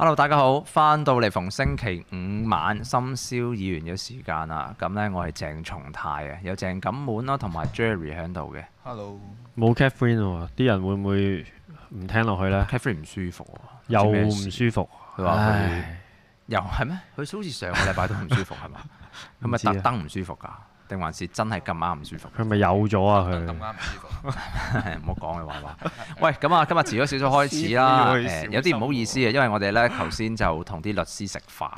Hello，大家好，翻到嚟逢星期五晚深宵議員嘅時間啦。咁咧，我係鄭松泰啊，有鄭錦滿啦，同埋 Jerry 喺度嘅。Hello。冇 Catherine 喎，啲人會唔會唔聽落去咧？Catherine 唔舒服，又唔舒服。佢話佢又係咩？佢好似上個禮拜都唔舒服係嘛？咁咪特登唔舒服㗎。定還是真係咁啱唔舒服？佢咪有咗啊佢？咁啱唔舒服，唔好講佢壞話。 喂，咁啊，今日遲咗少少開始啦、 呃。有啲唔好意思啊，因為我哋咧頭先就同啲律師食飯，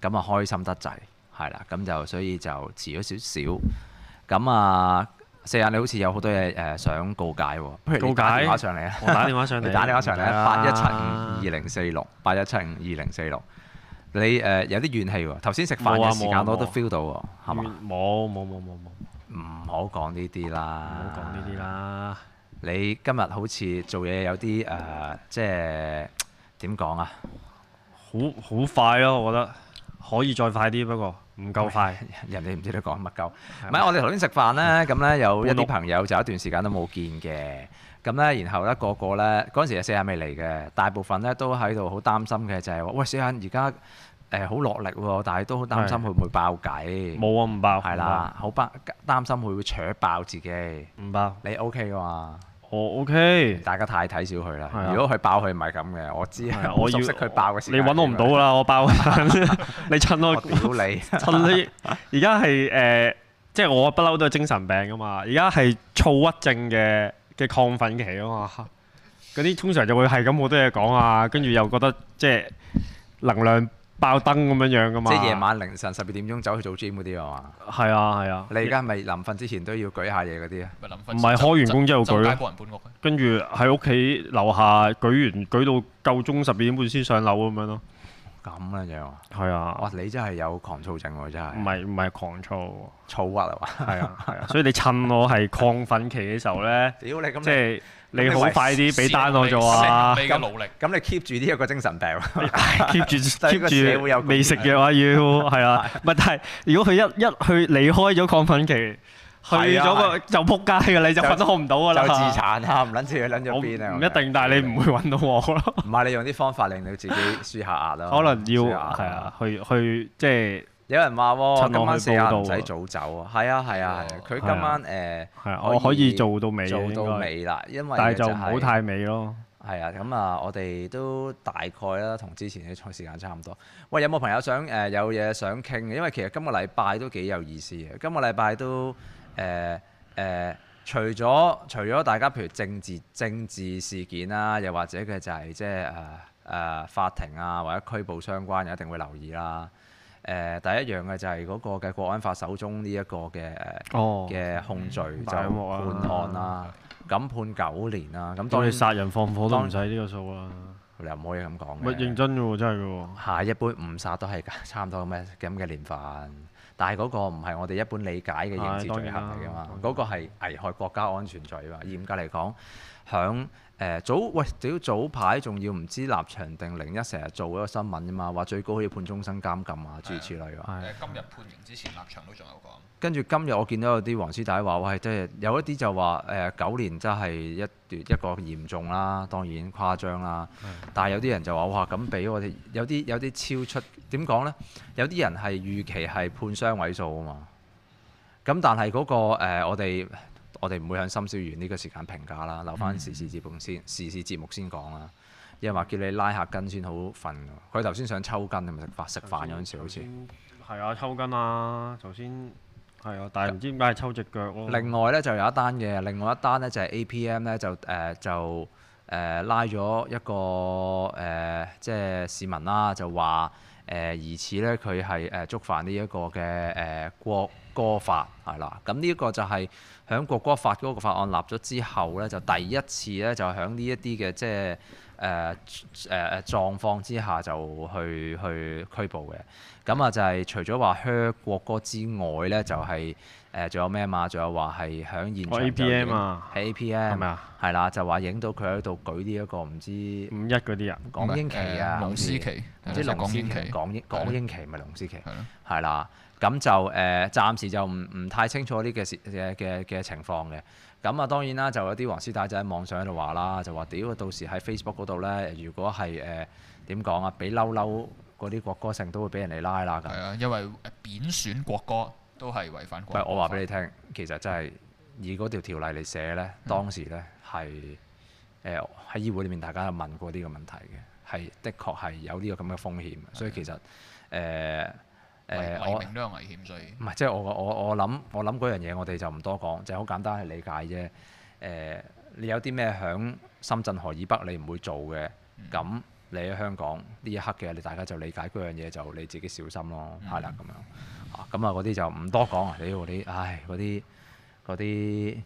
咁啊開心得滯，係啦，咁就所以就遲咗少少。咁啊，四眼你好似有好多嘢誒想告解喎，不如打電話上嚟啊！告解 我打電話上嚟， 打電話上嚟，八一七五二零四六，八一七五二零四六。你誒有啲怨氣喎，頭先食飯嘅時間我都 feel 到喎，係嘛、啊？冇冇冇冇冇，唔好講呢啲啦。唔好講呢啲啦。你今日好似做嘢有啲誒、呃，即係點講啊？好好快咯、啊，我覺得可以再快啲，不過唔夠快。 人哋唔知你講乜鳩。唔係，吧我哋頭先食飯咧，咁咧有一啲朋友就一段時間都冇見嘅，咁咧六然後咧個個咧嗰陣時係四眼未嚟嘅，大部分咧都喺度好擔心嘅、就是，就係話喂四眼，而家。誒好落力喎，但係都好擔心佢唔會爆偈。冇啊，唔爆係啦，好爆擔心佢會扯爆自己。唔爆你 O K 㗎嘛？我 O K。大家太睇小佢啦。如果佢爆，佢唔係咁嘅。我知啊，我識佢爆嘅時。你揾我唔到啦，我爆。你趁我，我揾到你。趁你而家係誒，即係我不嬲都係精神病㗎嘛。而家係躁鬱症嘅嘅亢奮期啊嘛。嗰啲通常就會係咁，好多嘢講啊，跟住又覺得即係能量。爆燈咁樣樣噶嘛？即係夜晚凌晨十二點鐘走去做 gym 嗰啲啊嘛？係啊係啊！啊你而家咪臨瞓之前都要舉下嘢嗰啲啊？唔係開完工之後舉咯。周街幫人搬屋。跟住喺屋企樓下舉完舉到夠鐘十二點半先上樓咁樣咯。咁嘅嘢啊？係啊！哇！你真係有狂躁症喎！真係。唔係唔係狂躁，躁鬱惑 啊。嘛？係啊係啊！啊 所以你趁我係亢奮期嘅時候咧，即係、 哎。你好快啲俾單我做啊！你咁努力，咁你 keep 住呢一個精神病，keep 住 keep 住未食嘅話要係啊，問題？但係如果佢一一去離開咗亢奮期，去咗個就撲街㗎，你就瞓得好唔到㗎啦，就自殘啊！唔撚知佢撚咗邊啊？唔一定，但係你唔會搵到我咯。唔係你用啲方法令你自己舒下壓啦。可能要係啊，去去即係。有人話喎、哦，我今晚四廿五仔早走、哦、啊！係啊，係啊，係、呃。佢今晚誒，係我可以做到尾做到尾啦，因為、就是、但係就唔好太尾咯。係啊，咁啊，我哋都大概啦，同之前嘅賽時間差唔多。喂，有冇朋友想誒、呃、有嘢想傾嘅？因為其實今個禮拜都幾有意思嘅。今個禮拜都誒誒、呃呃，除咗除咗大家譬如政治政治事件啦、啊，又或者嘅就係即係誒誒法庭啊，或者拘捕相關，一定會留意啦。誒、呃、第一樣嘅就係嗰個嘅國安法手中呢一個嘅嘅、哦、控罪就判案啦，咁、啊、判九年啦、啊。咁當你殺人放火都唔使呢個數啦，又唔你你可以咁講嘅。認真喎，真係嘅喎。係一般誤殺都係差唔多咩嘅咁嘅年份，但係嗰個唔係我哋一般理解嘅刑事罪行嚟㗎嘛，嗰、啊啊、個係危害國家安全罪㗎。嚴格嚟講，響。誒早喂，早早排仲要唔知立場定零一成日做嗰個新聞啫嘛，話最高可以判終身監禁啊，諸如此類㗎。對哎、呀今日判刑之前，立場都仲有講。跟住今日我見到有啲黃絲帶話，喂，即係有一啲就話誒九年真係一段一,一個嚴重啦，當然誇張啦。對但係有啲人就話，哇，咁俾我哋有啲有啲超出點講呢？有啲人係預期係判雙位數啊嘛。咁但係、那、嗰個、呃、我哋。我哋唔會喺深宵完呢個時間評價啦，留翻時事節目先。時事節目先講啦，又話叫你拉下筋先好瞓。佢頭先想抽筋係咪食飯食飯嗰陣時？好似係啊抽筋啊！頭先係啊，但係唔知點解係抽隻腳咯、啊。另外呢，就有一單嘢，另外一單呢，就係、是、APM 呢，就誒、呃、就誒、呃、拉咗一個誒、呃、即係市民啦、啊，就話。誒、呃，而此咧，佢係誒觸犯呢一個嘅誒、呃、國歌法係啦。咁呢一個就係喺國歌法嗰個法案立咗之後咧，就第一次咧就喺呢一啲嘅即係誒誒狀況之下就去去拘捕嘅。咁啊，就係除咗話唱國歌之外咧，就係、是。誒，仲有咩嘛？仲有話係響現場就影喺 A.P.M. 啊，係咪啊？係啦，就話影到佢喺度舉呢一個唔知五一嗰啲人港英旗啊，龍獅旗，唔知龍獅旗。港英港英旗咪龍獅旗，係啦。咁就誒，暫時就唔唔太清楚呢個嘅嘅嘅情況嘅。咁啊，當然啦，就有啲黃絲帶就喺網上喺度話啦，就話屌到時喺 Facebook 嗰度咧，如果係誒點講啊，俾嬲嬲嗰啲國歌聲都會俾人哋拉啦咁。係啊，因為貶損國歌。都係違反國。唔係，我話俾你聽，其實真係以嗰條條例嚟寫呢。當時呢，係喺醫會裏面，大家問過呢個問題嘅，係的確係有呢個咁嘅風險。所以其實誒誒，我明呢個危險，所以唔係即係我我我諗我諗嗰樣嘢，我哋就唔多講，就係、是、好簡單去理解啫。誒、呃，你有啲咩響深圳河以北你唔會做嘅，咁、嗯、你喺香港呢一刻嘅，你大家就理解嗰樣嘢，就你自己，自己小心咯，係啦、嗯，咁樣。啊咁啊嗰啲就唔多講啊，你要啲唉嗰啲啲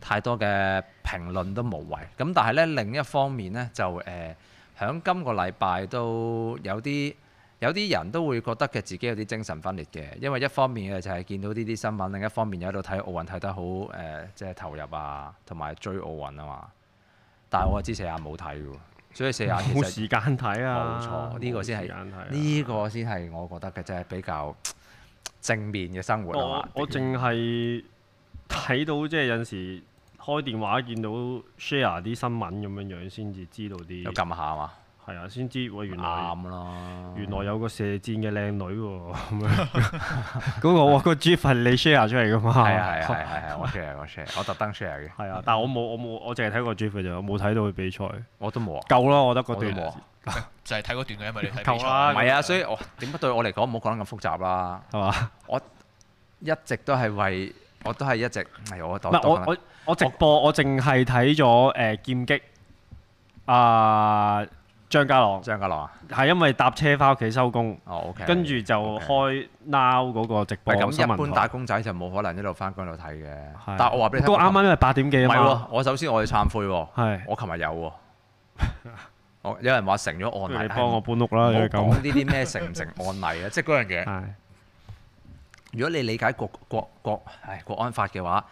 太多嘅評論都無謂。咁但係呢，另一方面呢，就誒，響、呃、今個禮拜都有啲有啲人都會覺得嘅自己有啲精神分裂嘅，因為一方面嘅就係見到呢啲新聞，另一方面又喺度睇奧運睇得好誒，即、呃、係、就是、投入啊，同埋追奧運啊嘛。但係我知四眼冇睇嘅，所以四眼冇時間睇啊。冇錯，呢、這個先係呢個先係我覺得嘅，真、就、係、是、比較。正面嘅生活我面我淨係睇到即係有時開電話見到 share 啲新聞咁樣樣，先至知道啲。有撳下嘛？係啊，先知喂，原來啱啦！嗯、原來有個射箭嘅靚女喎，咁樣嗰個哇個 GIF 係你 share 出嚟噶嘛？係係係係，我 share 我 share，我特登 share 嘅。係啊，但係我冇我冇我淨係睇個 GIF 就冇睇到佢比賽。我都冇啊，夠啦，我覺得嗰堆冇。就係睇嗰段嘅，因為你睇比賽。係啊，所以我點解對我嚟講唔好講得咁複雜啦，係嘛？我一直都係為，我都係一直，唔係我我我直播，我淨係睇咗誒劍擊啊張家朗。張家朗啊，係因為搭車翻屋企收工。OK 跟住就開 now 嗰個直播。咁一般打工仔就冇可能一路翻工度睇嘅。但係我話俾你聽，都啱啱因為八點幾啊嘛。我首先我要懺悔喎。我琴日有喎。有人話成咗案例，你幫我搬屋啦！你講呢啲咩成唔成案例啊？即係嗰樣嘢。如果你理解國國國係國安法嘅話，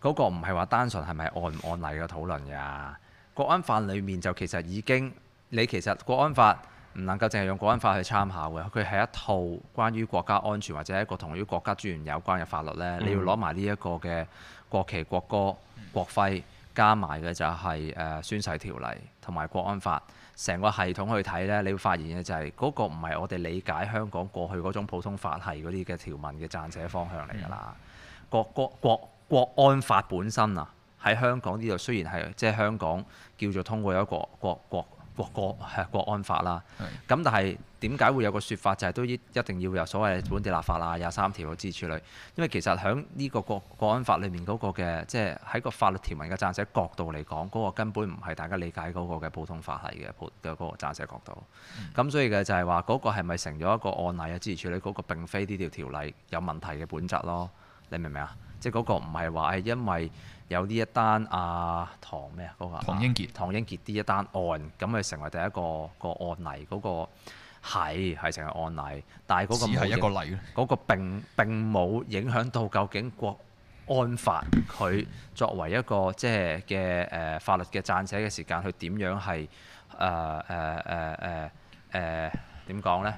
嗰個唔係話單純係咪案唔案例嘅討論呀？國安法裡面就其實已經。你其實國安法唔能夠淨係用國安法去參考嘅，佢係一套關於國家安全或者一個同於國家資源有關嘅法律呢。你要攞埋呢一個嘅國旗、國歌、國徽。加埋嘅就係誒宣誓條例同埋國安法，成個系統去睇咧，你會發現嘅就係嗰個唔係我哋理解香港過去嗰種普通法系嗰啲嘅條文嘅撰寫方向嚟噶啦。國國國國安法本身啊，喺香港呢度雖然係即係香港叫做通過一個國國。國國國係國安法啦，咁但係點解會有個説法就係、是、都一一定要有所謂本地立法啊？廿三條嘅支持處理，因為其實響呢個國國安法裏面嗰個嘅，即係喺個法律條文嘅撰寫角度嚟講，嗰、那個根本唔係大家理解嗰個嘅普通法係嘅，嘅、那、嗰、個、撰寫角度。咁所以嘅就係話嗰個係咪成咗一個案例啊？支持處理嗰個並非呢條條例有問題嘅本質咯，你明唔明啊？即係嗰個唔係話係因為。有呢一單阿、啊、唐咩啊嗰個唐英傑，啊、唐英傑呢一單案，咁佢成為第一個個案例，嗰、嗰個係係成為案例，但係嗰個只係一個例，嗰個並冇影響到究竟國安法佢作為一個即係嘅誒法律嘅撰寫嘅時間，佢點樣係誒誒誒誒誒點講咧？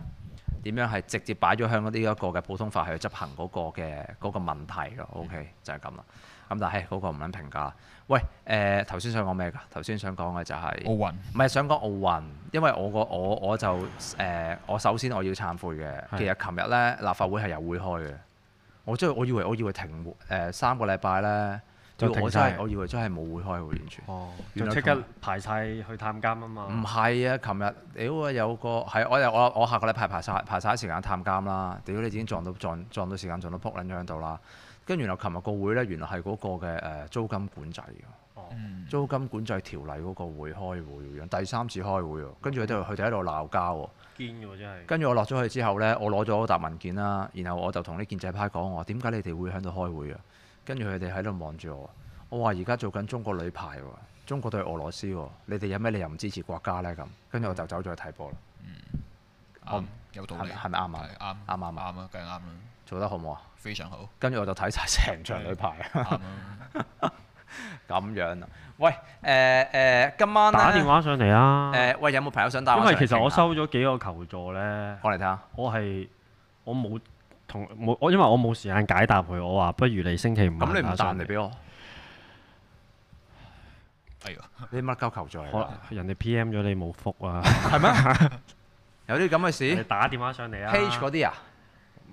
點、呃呃呃呃、樣係直接擺咗向呢一個嘅普通法去執行嗰、嗰個嘅嗰、嗰個問題咯？OK，就係咁啦。咁但係嗰個唔撚評價。喂，誒頭先想講咩㗎？頭先想講嘅就係奧運，唔係想講奧運，因為我個我我就誒我首先我要懺悔嘅。其實琴日咧立法會係有會開嘅，我即係我以為我以為停誒三個禮拜咧，就係我真係我以為真係冇會開嘅完全。哦，即刻排晒去探監啊嘛！唔係啊，琴日屌有個係、哎、我我我下個禮拜排晒排曬啲時間探監啦。屌你已經撞到撞撞到時間撞到仆撚樣度啦！跟住原來琴日個會呢，原來係嗰個嘅誒租金管制嘅，租金管制條例嗰個會開會，第三次開會喎。跟住佢哋喺度鬧交喎。堅嘅喎，真係。跟住我落咗去之後呢，我攞咗一沓文件啦，然後我就同啲建制派講：我點解你哋會喺度開會啊？跟住佢哋喺度望住我，我話而家做緊中國女排喎，中國對俄羅斯喎，你哋有咩理由唔支持國家呢？咁跟住我就走咗去睇波啦。嗯，有道理。係咪啱啊？啱，啱啱啊。啱啊，梗係啱啦。做得好唔好啊？非常好，跟住我就睇晒成場女排。咁 對 樣啊，喂，誒、呃、誒，今晚打電話上嚟啊！誒、呃，喂，有冇朋友想打？因為其實我收咗幾個求助咧，我嚟睇下。我係我冇同冇，我因為我冇時間解答佢，我話不如你星期五打上嚟。咁你唔打嚟俾我？哎呀呦，你乜鳩求助？人哋 PM 咗你冇覆啊？係咩 有啲咁嘅事？你打電話上嚟啊！Page 嗰啲啊？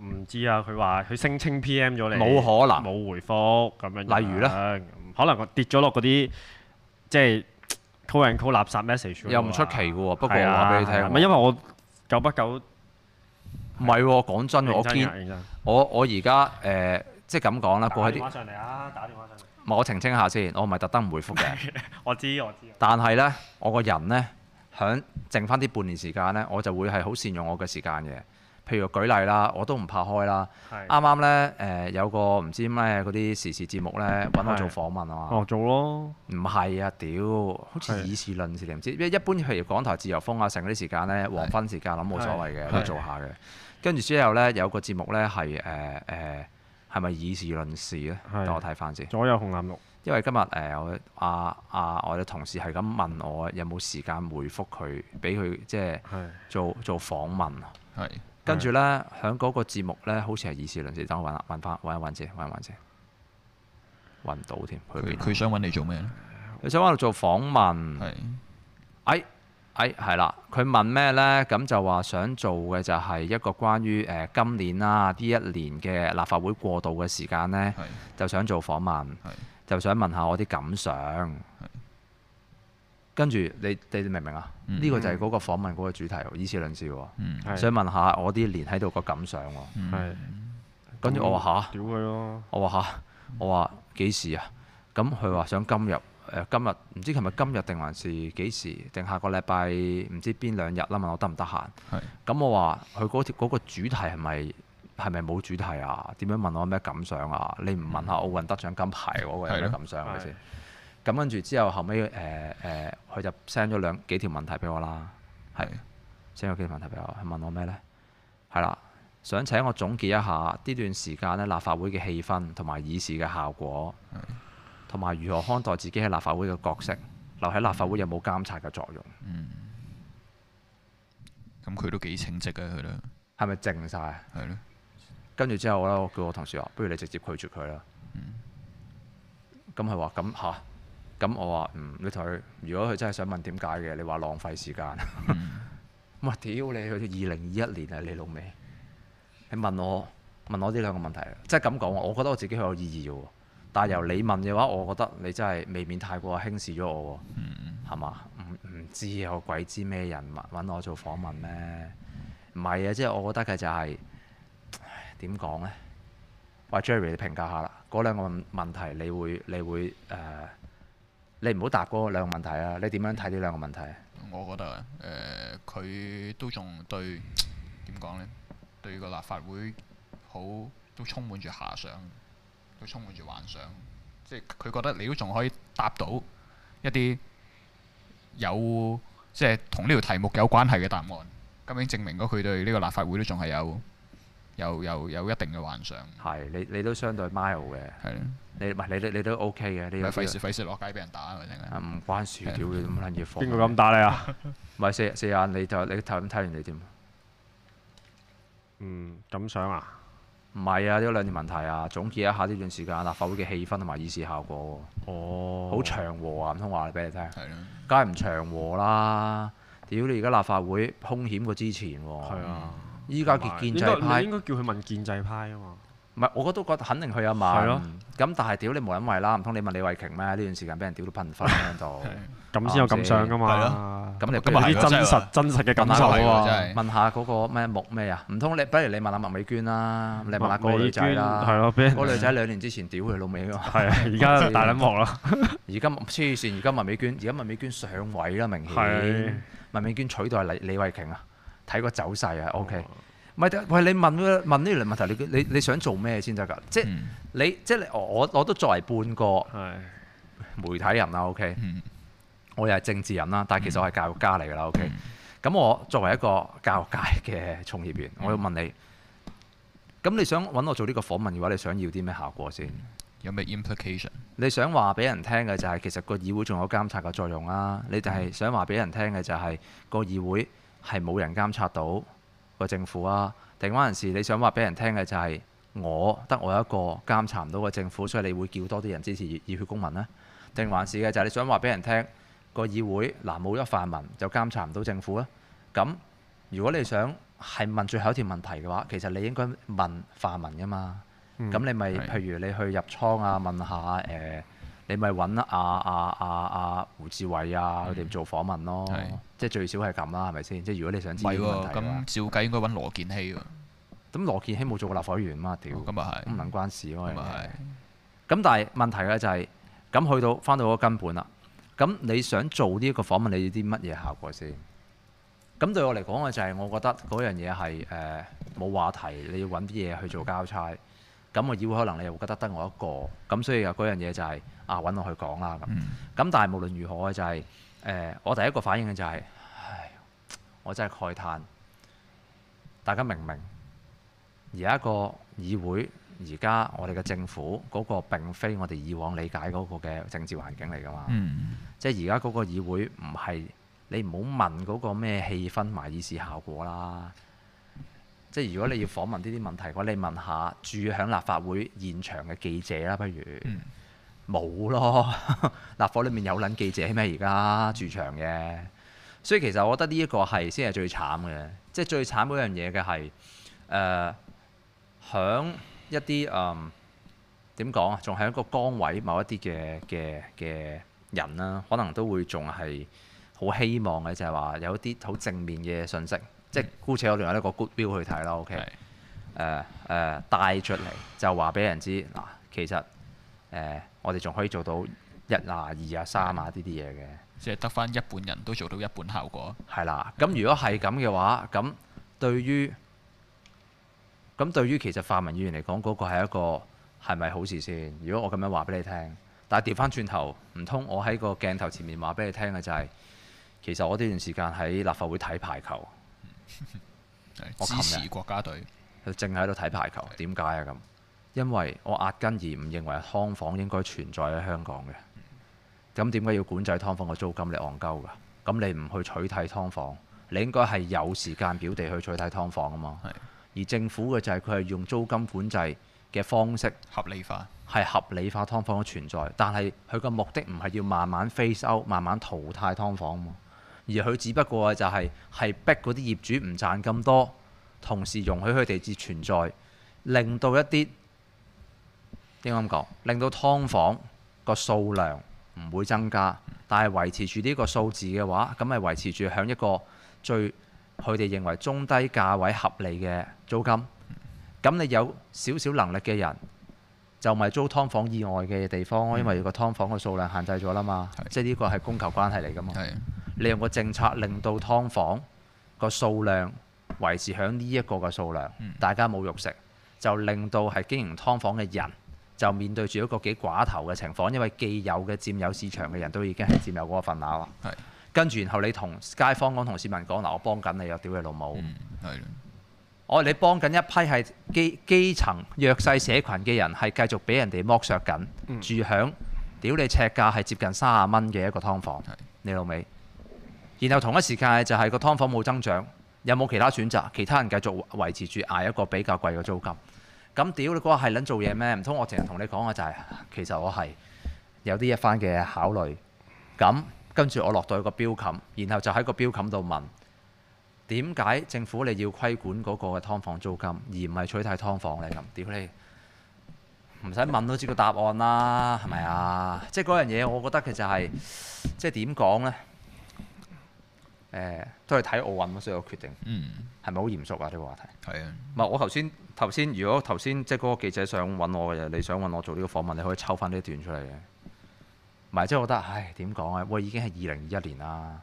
唔知啊，佢話佢聲稱 PM 咗你，冇可能冇回覆咁樣，例如咧，可能我跌咗落嗰啲即係 call c a 垃圾 message。又唔出奇嘅喎，不過我話俾你聽，唔係因為我久不久。唔係喎，講真，我我而家誒即係咁講啦，過去啲。打電話上嚟啊，打電話上嚟。我澄清下先，我唔係特登唔回覆嘅。我知我知。但係咧，我個人咧，響剩翻啲半年時間咧，我就會係好善用我嘅時間嘅。譬如舉例啦，我都唔怕開啦。啱啱呢，誒有個唔知咩嗰啲時事節目呢，揾我做訪問啊嘛。哦，做咯。唔係啊，屌，好似以事論事定唔知？是的 因為一般譬如港台自由風啊，剩啲時間呢，黃昏時間諗冇所謂嘅，都是的 做下嘅。跟住之後呢，有個節目呢，係誒誒，係、呃、咪以事論事咧？等我睇翻先。左右紅藍綠。因為今日誒、呃啊啊啊、我阿阿我哋同事係咁問我，有冇時間回覆佢，俾佢即係做做，做訪問啊。係。跟住呢，喺嗰個節目呢，好似係議事論事。等我揾下揾翻揾一揾先，揾一揾先，揾唔到添。佢想揾你做咩咧？佢想喺度做訪問。係是。係啦、哎。佢、哎、問咩呢？咁就話想做嘅就係一個關於誒、呃、今年啦、啊、呢一年嘅立法會過渡嘅時間呢，是就想做訪問，是就想問下我啲感想。跟住你，你明唔明啊？呢、嗯、個就係嗰個訪問嗰個主題，以事論事喎。嗯、想問下我啲年喺度個感想喎。嗯、跟住我話嚇，屌佢咯！哈我話嚇，我話幾時啊？咁佢話想今日，誒、呃、今日唔知係咪今日定還是幾時？定下個禮拜唔知邊兩日啦？問我得唔得閒？係是。咁我話佢嗰條個主題係咪係咪冇主題啊？點樣問我咩感想啊？你唔問,問下奧運得獎金牌嗰個人有咩感想係咪先？嗯咁跟住之後,後，後尾，誒誒，佢就 send 咗兩幾條問題俾我啦。係 send 咗幾條問題俾我，佢問我咩呢？係啦，想請我總結一下呢段時間呢立法會嘅氣氛同埋議事嘅效果，同埋對如何看待自己喺立法會嘅角色，留喺立法會有冇監察嘅作用？嗯。咁佢都幾稱職嘅佢啦。係咪靜晒？跟住之後我叫我同事話：不如你直接拒絕佢啦。嗯。咁佢話：咁、嗯、嚇。咁我話嗯，你同佢，如果佢真係想問點解嘅，你話浪費時間。我、嗯、 屌你，去到二零二一年啊，你老味，你問我問我呢兩個問題，即係咁講，我覺得我自己好有意義喎。但係由你問嘅話，我覺得你真係未免太過輕視咗我喎，係嘛、嗯嗯？唔唔知啊，我鬼知咩人物揾我做訪問咩？唔係啊，即係我覺得嘅就係點講呢？話 Jerry，你評價下啦。嗰兩個問題你，你會你會誒？呃你唔好答嗰兩個問題啊！你點樣睇呢兩個問題？我覺得誒，佢、呃、都仲對點講呢？對個立法會好都充滿住遐想，都充滿住幻想。即係佢覺得你都仲可以答到一啲有即係同呢條題目有關係嘅答案，咁樣證明咗佢對呢個立法會都仲係有。又有有，有一定嘅幻想。係你你都相對 mile 嘅。係的。你唔係你都你都 OK 嘅。你費事費事落街俾人打啊！唔有關事。屌的你咁撚嘢！邊個咁打你啊？唔係四四眼，你就你頭咁睇完你點？嗯，咁想啊？唔係啊！呢、這個、兩條問題啊，總結一下呢段時間立法會嘅氣氛同埋議事效果。哦。好祥和啊！唔通話俾你聽？係咯。梗係唔祥和啦！屌你而家立法會兇險過之前喎。係啊。的依家叫建制派，應該應該叫佢問建制派啊嘛。唔係，我覺得都覺得肯定佢啊嘛。係咯。咁但係屌你冇諗為啦，唔通你問李慧瓊咩？呢段時間俾人屌到噴噴就，咁先有感想噶嘛。係咯。咁你問啲真實真實嘅感受喎。問下嗰個咩木咩啊？唔通你不如你問下麥美娟啦，你問下嗰個女仔啦。係咯，嗰個女仔兩年之前屌佢老味啊嘛。係啊，而家大撚鑊啦。而家黐線，而家麥美娟，而家麥美娟上位啦，明顯。係。麥美娟取代係李李慧瓊啊。睇個走勢啊，OK。唔係，喂，你問問呢類問題，你你你想做咩先得㗎？即係、嗯、你，即係我，我都作為半個媒體人啦，OK、嗯。我又係政治人啦，但係其實我係教育家嚟㗎啦，OK、嗯。咁我作為一個教育界嘅從業員，嗯、我要問你，咁你想搵我做呢個訪問嘅話，你想要啲咩效果先？有咩 implication？你想話俾人聽嘅就係其實個議會仲有監察嘅作用啦。你就係想話俾人聽嘅就係個議會。係冇人監察到個政府啊！定還是你想話俾人聽嘅就係我得我一個監察唔到個政府，所以你會叫多啲人支持熱血公民咧？定還是嘅就係你想話俾人聽個議會嗱冇咗泛民就監察唔到政府啊。咁如果你想係問最後一條問題嘅話，其實你應該問泛民啊嘛。咁、嗯、你咪的譬如你去入倉啊，問下誒。呃你咪揾阿阿阿阿胡志偉啊，佢哋做訪問咯，的即係最少係咁啦，係咪先？即係如果你想知呢個問題，咁照計應該揾羅健熙喎。咁羅健熙冇做過立法員啊嘛，屌，咁又係，唔能、就是、關事喎。咁咁、就是、但係問題咧就係、是，咁去到翻到個根本啦，咁你想做呢一個訪問，你要啲乜嘢效果先？咁對我嚟講啊，就係我覺得嗰樣嘢係誒冇話題，你要揾啲嘢去做交差。咁個議會可能你又覺得得我一個，咁所以又嗰樣嘢就係、是、啊搵我去講啦咁。咁但係無論如何咧，就係、是、誒、呃，我第一個反應嘅就係、是，唉，我真係慨嘆，大家明唔明？而家個議會而家我哋嘅政府嗰個並非我哋以往理解嗰個嘅政治環境嚟㗎嘛。即係而家嗰個議會唔係你唔好問嗰個咩氣氛埋議事效果啦。即係如果你要訪問呢啲問題嘅話，你問下住喺立法會現場嘅記者啦，不如冇、嗯、咯。立法會裡面有撚記者咩？而家駐場嘅，所以其實我覺得呢一個係先係最慘嘅。即係最慘嗰樣嘢嘅係誒，響、呃、一啲誒點講啊？仲、呃、係一個崗位，某一啲嘅嘅嘅人啦、啊，可能都會仲係好希望嘅，就係、是、話有啲好正面嘅信息。即姑且我哋有一個 good view 去睇啦，OK？誒是、呃呃、帶出嚟就話俾人知嗱，其實、呃、我哋仲可以做到一啊、二啊、三啊呢啲嘢嘅，即係得翻一半人都做到一半效果。係啦，咁如果係咁嘅話，咁對於咁對於其實泛民議員嚟講，嗰、嗰個係一個係咪好事先？如果我咁樣話俾你聽，但係調翻轉頭，唔通我喺個鏡頭前面話俾你聽嘅就係、係，其實我呢段時間喺立法會睇排球。.我 支持國家隊。我琴日淨係喺度睇排球，點解啊咁？因為我壓根而唔認為劏房應該存在喺香港嘅。咁點解要管制劏房嘅租金？你戇鳩噶？咁你唔去取締劏房，你應該係有時間表地去取締劏房啊嘛。的而政府嘅就係佢係用租金管制嘅方式合理化，係合理化劏房嘅存在，但係佢嘅目的唔係要慢慢 face out、慢慢淘汰劏房啊嘛。而佢只不過就係、係、係逼嗰啲業主唔賺咁多，同時容許佢哋自己存在，令到一啲應該咁講，令到劏房個數量唔會增加，但係維持住呢個數字嘅話，咁咪維持住響一個最佢哋認為中低價位合理嘅租金。咁你有少少能力嘅人，就咪租劏房以外嘅地方，因為個劏房個數量限制咗啦嘛。嗯、即係呢個係供求關係嚟㗎嘛。嗯你用個政策令到劏房個數量維持喺呢一個嘅數量，嗯、大家冇肉食，就令到係經營劏房嘅人就面對住一個幾寡頭嘅情況，因為既有嘅佔有市場嘅人都已經係佔有嗰個份額啊。是跟住，然後你同街坊講同市民講：嗱，我幫緊你啊！屌你老母，係、嗯、我話你幫緊一批係基基層弱勢社群嘅人，係繼續俾人哋剝削緊、嗯、住響屌你尺價係接近三十蚊嘅一個劏房。你老味。是然後同一時間就係個劏房冇增長，有冇其他選擇？其他人繼續維持住捱一個比較貴嘅租金。咁屌你嗰個係撚做嘢咩？唔通我成日同你講嘅就係、是，其實我係有啲一番嘅考慮。咁跟住我落到去個標冚，然後就喺個標冚度問點解政府你要規管嗰個嘅劏房租金，而唔係取締劏房咧？咁屌你，唔使問都知個答案啦，係咪啊？即係嗰樣嘢，我覺得其實係即係點講呢？誒都係睇奧運咯，所以我決定，嗯，係咪好嚴肅啊？呢個話題係啊，唔係我頭先頭先，如果頭先即係嗰個記者想揾我嘅，你想揾我做呢個訪問，你可以抽翻呢一段出嚟嘅。唔係即我覺得，唉，點講咧？喂，已經係二零二一年啦。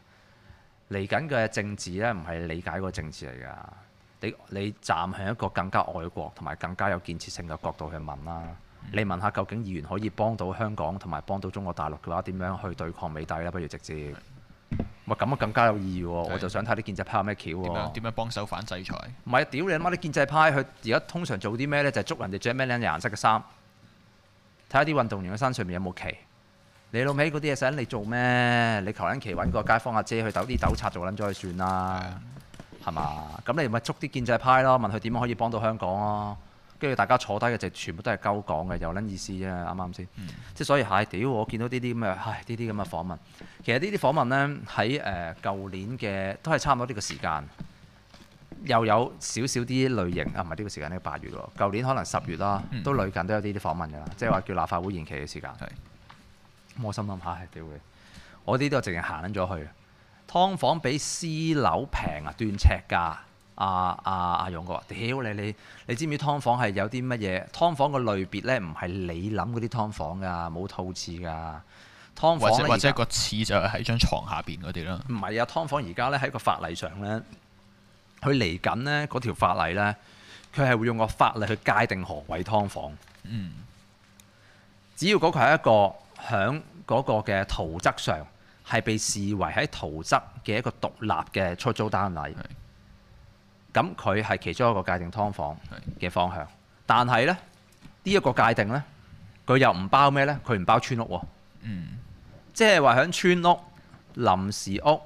嚟緊嘅政治咧，唔係理解嗰個政治嚟噶。你你站向一個更加愛國同埋更加有建設性嘅角度去問啦。你問下究竟議員可以幫到香港同埋幫到中國大陸嘅話，點樣去對抗美帝咧？不如直接。咪咁啊，更加有意義喎！對我就想睇啲建制派有咩橋喎？點樣點樣幫手反制裁？唔係啊！屌你阿媽啲建制派，佢而家通常做啲咩呢？就係、是、捉人哋着咩靚顏色嘅衫，睇下啲運動員嘅身上面有冇旗。你老味嗰啲嘢想你做咩？你求其揾個街坊阿姐去抖啲抖擦做撚咗去算啦，係嘛的？咁你咪捉啲建制派咯，問佢點樣可以幫到香港咯？跟住大家坐低嘅就全部都係鳩講嘅，有撚意思啫，啱啱先？嗯、即係所以，唉、哎、屌！我見到呢啲咁嘅，唉、哎，呢啲咁嘅訪問。其實訪呢啲訪問咧，喺誒舊年嘅都係差唔多呢個時間，又有少少啲類型啊，唔係呢個時間，呢、這個八月喎。舊年可能十月啦，嗯、都最近都有呢啲訪問㗎啦，即係話叫立法會延期嘅時間。咁、嗯、我心諗嚇，屌、哎哎！我呢啲都係直情行咗去㗎。劏房比私樓平啊，斷尺價。阿阿阿勇哥話：屌你你你知唔知劏房係有啲乜嘢劏房個類別呢，唔係你諗嗰啲劏房㗎，冇套廁㗎劏房或者，或者個廁就係喺張床下邊嗰啲啦。唔係啊，劏房而家呢，喺個法例上呢，佢嚟緊呢嗰條法例呢，佢係會用個法例去界定何為劏房。嗯，只要嗰個係一個響嗰個嘅圖則上係被視為喺圖則嘅一個獨立嘅出租單位。咁佢係其中一個界定劏房嘅方向，但係呢，呢、呢、一個界定呢，佢又唔包咩呢？佢唔包村屋、哦，嗯，即係話喺村屋、臨時屋、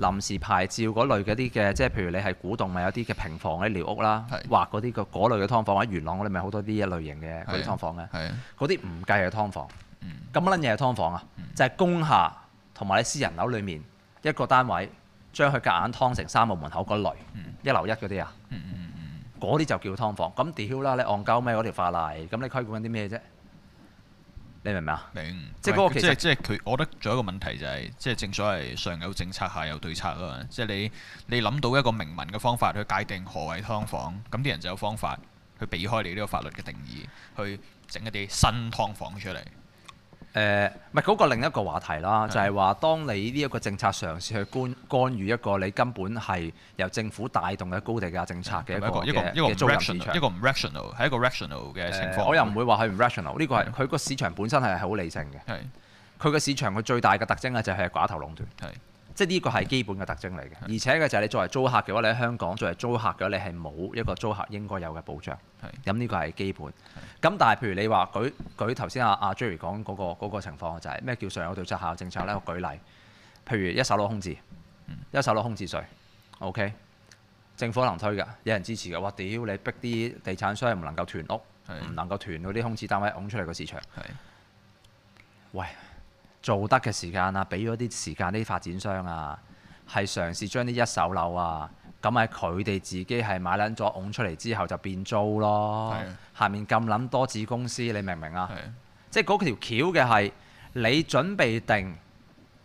臨時牌照嗰類嗰啲嘅，即係譬如你係古洞咪有啲嘅平房嗰啲寮屋啦，是或嗰啲個嗰類嘅劏房，或者元朗嗰度咪好多啲一類型嘅嗰啲劏房咧，嗰啲唔計嘅劏房，咁撚嘢係劏房啊，嗯、劏房就係公廈同埋私人樓裡面一個單位，將佢夾硬劏成三個門口嗰類，嗯、一樓一嗰啲啊，嗰啲、嗯嗯嗯、就叫劏房。咁屌啦，你按鳩咩嗰條法例？咁你規管緊啲咩啫？你明唔明啊？明。即係嗰個其實即係即係佢，我覺得仲有一個問題就係、是，即係正所謂上有政策下有對策啊。即係你你諗到一個明文嘅方法去界定何謂劏房，咁啲人就有方法去避開你呢個法律嘅定義，去整一啲新劏房出嚟。誒，唔係嗰個另一個話題啦，就係話，當你呢一個政策嘗試去干幹預一個你根本係由政府帶動嘅高地價政策嘅一,一個一個一個租樓市場，一個唔 rational，係一個 rational 嘅情況。呃、我又唔會話係唔 rational，呢個係佢的個市場本身係好理性嘅。佢個的市場佢最大嘅特徵呢，就係寡頭壟斷。的即係呢個係基本嘅特徵嚟嘅。的而且嘅就係你作為租客嘅話，你喺香港作為租客嘅話，你係冇一個租客應該有嘅保障。係的，咁呢個係基本。的咁但係，譬如你話舉舉頭先阿啊 Jerry 講嗰個嗰個情況就係、是、咩叫上有對策下有政策呢？我舉例，譬如一手攞空置，嗯、一手攞空置稅，OK，政府能推嘅，有人支持嘅。哇屌！你逼啲地產商唔能夠囤屋，唔的能夠囤嗰啲空置單位湧出嚟個市場。的喂，做得嘅時間啊，俾咗啲時間啲發展商啊，係嘗試將啲一,一手樓啊。咁係佢哋自己係買撚咗拱出嚟之後就變租咯。的下面咁撚多子公司，你明唔明啊？的即係嗰條橋嘅係你準備定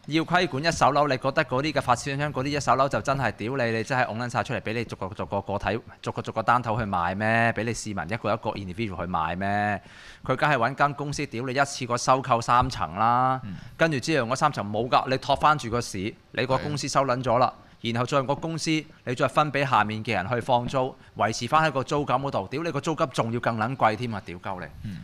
要規管一手樓，你覺得嗰啲嘅發展商，嗰啲一手樓就真係屌你，你真係拱撚晒出嚟俾你逐個逐個個體、逐個逐個單頭去買咩？俾你市民一個一個 individual 去買咩？佢梗係揾間公司屌你一次過收購三層啦，跟住、嗯、之後嗰三層冇㗎，你托翻住個市，你個公司收撚咗啦。的然後再用個公司，你再分俾下面嘅人去放租，維持翻喺個租金嗰度。屌，你個租金仲要更撚貴添啊！屌鳩你。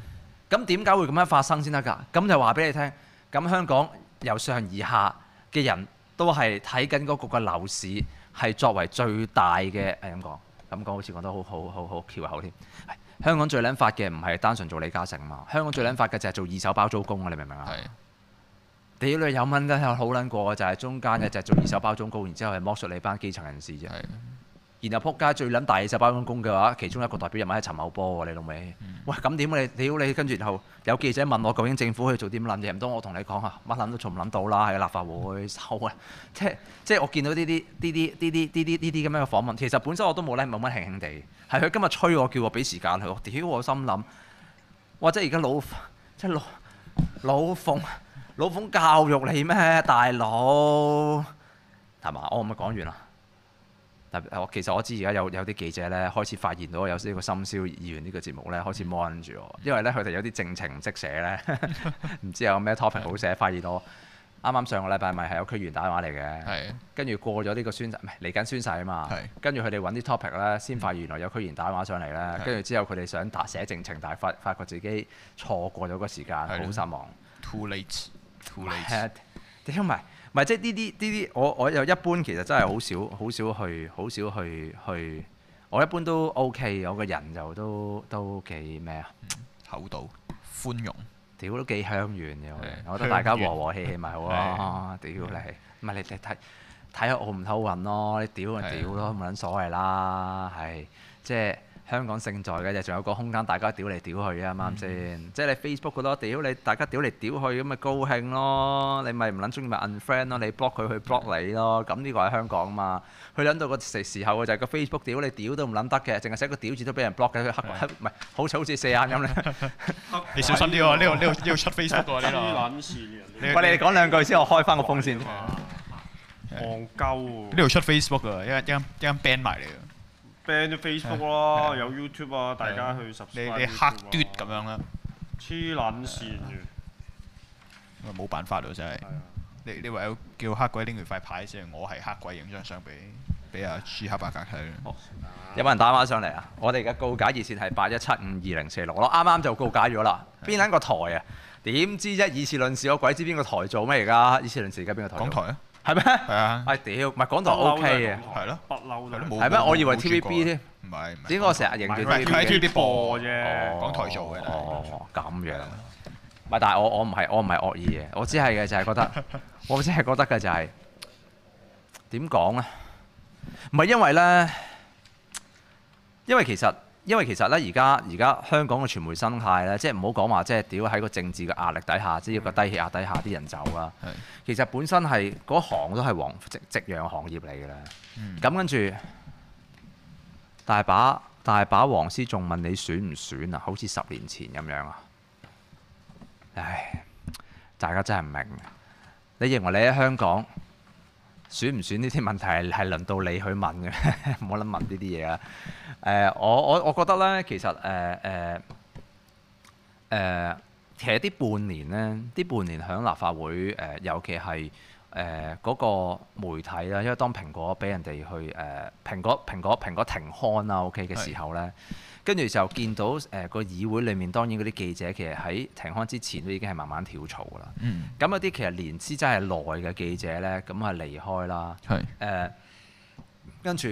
咁點解會咁樣發生先得㗎？咁就話俾你聽，咁香港由上而下嘅人都係睇緊嗰個嘅樓市，係作為最大嘅誒點講？咁講、嗯哎、好似講得好好好好翹口添。香港最撚發嘅唔係單純做李嘉誠啊嘛，香港最撚發嘅就係做二手包租公啊！你明唔明啊？係。屌，你有蚊嘅有好撚過嘅就係、是、中間嘅就係做二手包裝工，然之後係剝削你班基層人士啫。的然後撲街最撚大二手包裝工嘅話，其中一個代表人物係陳茂波，你明未？嗯、喂，咁點你屌你，跟住然後有記者問我究竟政府去做啲乜嘢，唔通我同你講啊，乜撚都諗唔撚到啦。喺立法會收、嗯、啊，即即我見到呢啲呢啲呢啲呢啲呢啲咁樣嘅訪問，其實本身我都冇咧，冇乜慶慶地。係佢今日催我叫我俾時間佢，屌、啊、我心諗，或者而家老即老老馮。老老奉教育你咩，大佬？係嘛？我咪講完啦。特別我其實我知而家有有啲記者咧，開始發現到有呢個深宵議員呢個節目咧，開始 mon 住我，因為咧佢哋有啲政情即寫咧，唔知有咩 topic 好寫，發現到，啱啱 是的 上個禮拜咪係有區議員打電話嚟嘅，跟住是的 過咗呢個宣唔係嚟緊宣誓啊嘛，跟住佢哋揾啲 topic 咧，先發現原來有區議員打電話上嚟咧，跟住之後佢哋想打寫政情，但係發發覺自己錯過咗個時間，好的失望。Too late. 係 Too 啊。屌，唔係唔係即係呢啲呢啲，我我又一般其實真係好少好少去好少去去，我一般都 OK，我個人就都都幾咩啊？厚道、寬容，屌都幾鄉願嘅，的我覺得大家和和氣氣咪好咯。屌你，唔係你你睇睇下我唔透運咯，你屌就屌咯，冇撚的所謂啦，係即係。就是香港勝在嘅就仲有個空間，大家屌嚟屌去啊，啱唔啱先？即係你 Facebook 嗰度，屌你，大家屌嚟屌去咁咪高興咯，你咪唔撚中意咪 unfriend 咯，你 block 佢，佢 block 你咯。咁呢個喺香港啊嘛，佢揾到個時時候嘅就係個 Facebook 屌你屌都唔撚得嘅，淨係寫個屌字都俾人 block 嘅黑黑，唔係好似好似四眼噉咧。你小心啲喎，呢度呢度呢度出 Facebook 嘅呢個。黐撚線嘅。喂，你哋講兩句先，我開翻個風扇。戇鳩。呢度出 Facebook 嘅，因為因為因為 ban 埋嚟嘅。Facebook 啦，有 YouTube 啊，大家去十。你黑端咁樣啦。黐撚線啊！我冇辦法咯，真係。你你唯有叫黑鬼拎住塊牌先，我係黑鬼影張相俾俾阿朱黑伯格睇。有冇人打電話上嚟啊？我哋而家告解熱線係八一七五二零四六咯，啱啱就告解咗啦。邊撚個台啊？點知啫？以事論事，我鬼知邊個台做咩，而家以事論事，而家邊個台？港台啊！係咩？係啊！係屌，唔係港台 O K 嘅，係咯，不嬲都冇。係咩？我以為 T V B 添。唔係唔係。點解我成日認住？睇 T V B 播啫，港台做嘅。哦，咁樣。唔係，但係我我唔係我唔係惡意嘅，我只係嘅就係覺得，我只係覺得嘅就係點講啊？唔係因為咧，因為其實。因為其實咧，而家而家香港嘅傳媒生態咧，即係唔好講話，即係屌喺個政治嘅壓力底下，即係個低氣壓底下啲人走啦。是的 其實本身係嗰行都係黃夕夕陽行業嚟嘅啦。咁、嗯、跟住大把大把黃絲仲問你選唔選啊？好似十年前咁樣啊！唉，大家真係唔明。你認為你喺香港？選唔選呢啲問題係係輪到你去問嘅，唔好諗問呢啲嘢啊！誒、呃，我我我覺得咧，其實誒誒誒，其實呢半年咧，呢半年喺立法會誒、呃，尤其係。誒嗰、呃那個媒體啦，因為當蘋果俾人哋去誒、呃、蘋果蘋果蘋果停刊啦。OK 嘅時候咧，跟住是的 就見到誒個、呃、議會裡面當然嗰啲記者其實喺停刊之前都已經係慢慢跳槽啦。嗯，咁一啲其實年資真係耐嘅記者咧，咁啊離開啦。係誒是的、呃，跟住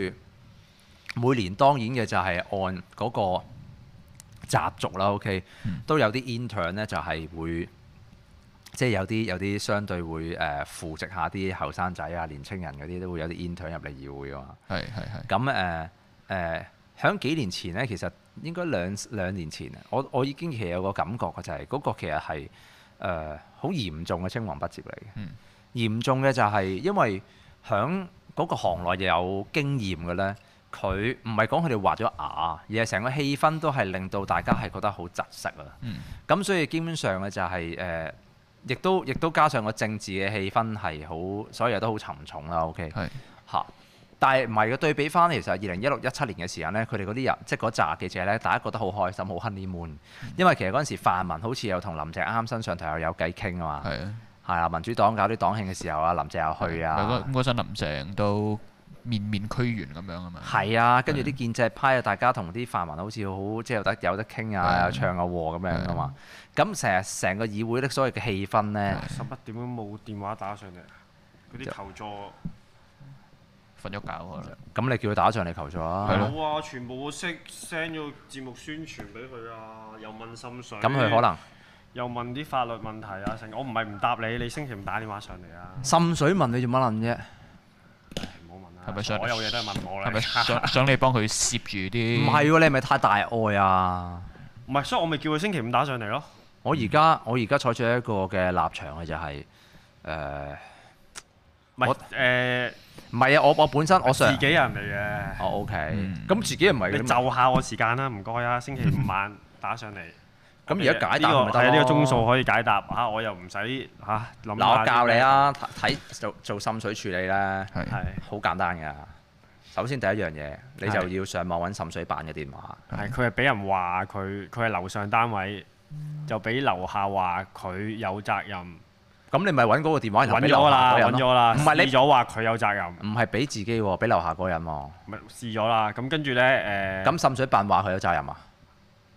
每年當然嘅就係按嗰個習俗啦。OK，嗯、都有啲 intern 咧就係會。即係有啲有啲相對會誒、呃、扶植下啲後生仔啊、年青人嗰啲都會有啲 intern 入嚟議會啊嘛。係係係。咁誒誒，喺、呃呃、幾年前咧，其實應該兩兩年前啊，我我已經其實有個感覺嘅就係嗰個其實係誒好嚴重嘅青黃不接嚟嘅。嗯。嚴重嘅就係因為喺嗰個行內又有經驗嘅咧，佢唔係講佢哋畫咗牙，而係成個氣氛都係令到大家係覺得好窒息啊。嗯。咁所以基本上咧就係、是、誒。呃呃亦都亦都加上個政治嘅氣氛係好，所以都好沉重啦。OK，係是但係唔係個對比翻？其實二零一六一七年嘅時間呢，佢哋嗰啲人即係嗰紮記者呢，大家覺得好開心、好 honeymoon、嗯、因為其實嗰陣時泛民好似又同林鄭啱啱身上台又有偈傾啊嘛。係啊，係啊，民主黨搞啲黨慶嘅時候啊，林鄭又去啊。嗰陣林鄭都。面面俱圓咁樣啊嘛，係啊，跟住啲建制派啊，大家同啲泛民好似好即係有得有得傾啊，唱下和咁樣啊嘛。咁成日成個議會的所謂嘅氣氛呢，十一點都冇電話打上嚟，嗰啲求助瞓咗覺佢，咁你叫佢打上嚟求助啊？冇啊，全部我識 send 咗節目宣傳俾佢啊，又問心水，咁佢可能又問啲法律問題啊。成我唔係唔答你，你星期五打電話上嚟啊。心水問你做乜撚啫？係咪想？所有嘢都係問我咧。係咪想？想你幫佢攝住啲？唔係喎，你係咪太大愛啊？唔係，所以我咪叫佢星期五打上嚟咯。我而家我而家採取一個嘅立場嘅就係誒，我誒唔係啊！我我本身我上自己人嚟嘅。哦，OK，咁自己又唔係，你就下我時間啦，唔該啊，星期五晚打上嚟。咁而家解答喺呢個鐘數可以解答嚇，我又唔使嚇。嗱，我教你啊，睇做做滲水處理咧，係好簡單嘅。首先第一樣嘢，你就要上網揾滲水辦嘅電話。係，佢係俾人話佢佢係樓上單位，就俾樓下話佢有責任。咁你咪揾嗰個電話，揾咗啦，揾咗啦，試咗話佢有責任。唔係俾自己喎，俾樓下個人喎。唔係試咗啦，咁跟住咧誒。咁滲水辦話佢有責任啊？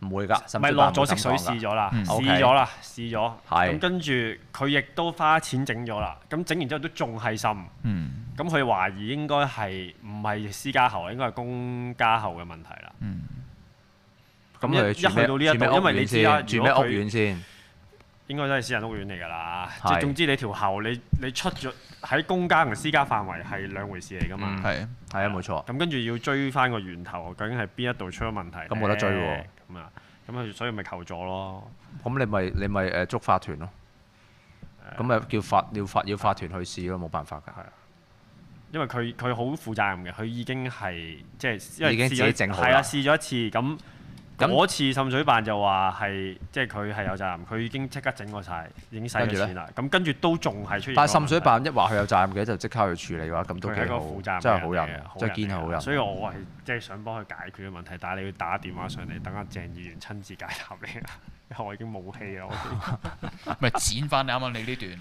唔會㗎，唔係落咗色水試咗啦，試咗啦，試咗。咁跟住佢亦都花錢整咗啦。咁整完之後都仲係深。咁佢懷疑應該係唔係私家喉，應該係公家喉嘅問題啦。咁一去到呢一度，因為你知啦，住咩屋苑先？應該都係私人屋苑嚟㗎啦。即係總之你條喉，你你出咗喺公家同私家範圍係兩回事嚟㗎嘛。係啊，係啊，冇錯。咁跟住要追翻個源頭，究竟係邊一度出咗問題？咁冇得追喎。咁啊，咁佢、嗯嗯、所以咪求助咯。咁你咪你咪誒捉法團咯。咁咪、嗯、叫法要法要法團去試咯，冇辦法㗎，係。因為佢佢好負責任嘅，佢已經係即係已經自己整好。係啊，試咗一次咁。嗰那次滲水辦就話係，即係佢係有責任，佢已經即刻整過晒，已經使咗錢啦。咁跟住都仲係出現。但係滲水辦一話佢有責任嘅，就即刻去處理嘅話，咁都幾負責任，真係好人，人真係堅好人。所以我係即係想幫佢解決嘅問題，但係你要打電話上嚟等阿鄭議員親自解答你。因為我已經冇氣啦，我。咪剪翻你啱啱你呢段。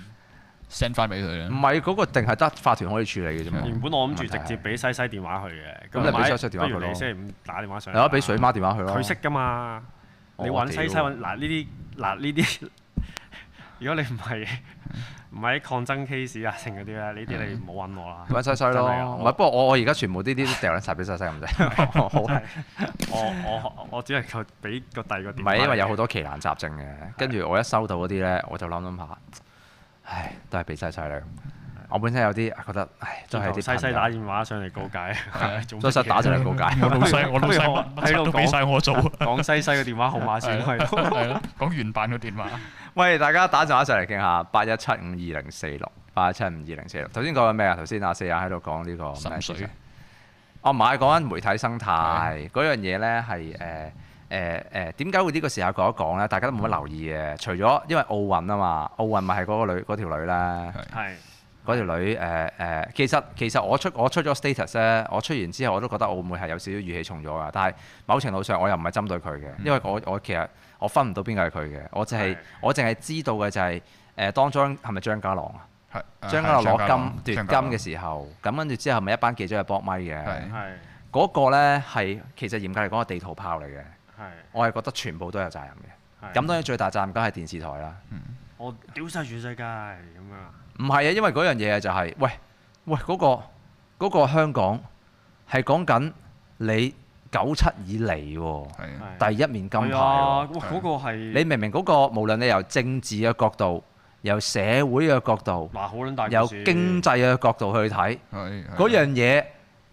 send 返俾佢唔係嗰個定係得法團可以處理嘅啫嘛。原本我諗住直接俾西西電話去嘅，咁你俾西西電話佢。不如你星期五打電話上嚟。係咯，俾水媽電話去。咯。佢識㗎嘛？你揾西西揾嗱呢啲嗱呢啲，如果你唔係唔係抗爭 case 啊剩嗰啲咧，呢啲你唔好揾我啦。揾西西咯，唔係，不過我我而家全部呢啲掉晒齊俾西西咁啫。好，我我我只係夠俾個第二個。唔係因為有好多奇難雜症嘅，跟住我一收到嗰啲咧，我就諗諗下。唉，都係俾晒晒你。我本身有啲覺得，唉，真係啲西西打電話上嚟告解，都想呀打上嚟告解。老水、嗯，我，老我老 都想喺度講，都俾曬我做。講 西西嘅電話號碼先，係咯了， 講原版嘅電話。 喂，大家打電話上嚟傾下，八一七五二零四六水，八一七五二零四六。頭先講緊咩啊？頭先阿四啊喺度講呢個咩哦，唔係講緊媒體生態嗰的樣嘢咧，係、呃、誒。誒誒，點解會呢個時候講一講咧？大家都冇乜留意嘅，除咗因為奧運啊嘛，奧運咪係嗰個女嗰條女咧，係嗰是條女誒誒、呃。其實其實我出我出咗 status 咧，我出完之後我都覺得奧運係有少少語氣重咗嘅。但係某程度上我又唔係針對佢嘅，因為我我其實我分唔到邊個係佢嘅，我就係、是、是我淨係知道嘅就係、是、誒、呃、當張係咪張家朗啊？係是張家朗攞金朗奪金嘅時候，咁跟住之後咪一班記者係搏咪嘅，係嗰個咧係其實嚴格嚟講係地圖炮嚟嘅。我係覺得全部都有責任嘅，咁當然最大責任梗係電視台啦。我屌晒全世界咁樣。唔係啊，因為嗰樣嘢就係，喂喂嗰個嗰個香港係講緊你九七以嚟第一面金牌。係啊，嗰個係。你明明嗰個，無論你由政治嘅角度、由社會嘅角度、嗱好撚由經濟嘅角度去睇，嗰樣嘢。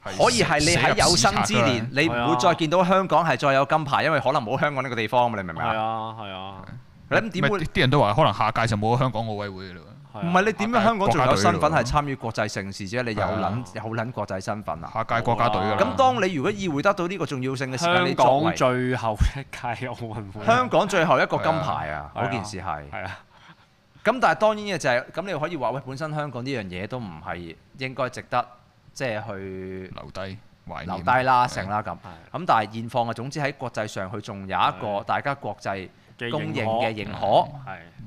可以係你喺有生之年，你唔會再見到香港係再有金牌，因為可能冇香港呢個地方你明唔明啊？係啊，係啊。你點會？啲人都話可能下屆就冇香港奧委會嘅嘞。唔係你點樣香港仲有身份係參與國際盛事啫？你有撚有撚國際身份啊？下屆國家隊啦。咁當你如果議會得到呢個重要性嘅時候，你講最後一屆奧運會，香港最後一個金牌啊，嗰件事係。係啊。咁但係當然嘅就係，咁你可以話喂，本身香港呢樣嘢都唔係應該值得。即係去留低，留低啦，的成啦咁。咁但係現況啊，總之喺國際上，佢仲有一個大家國際公認嘅認可，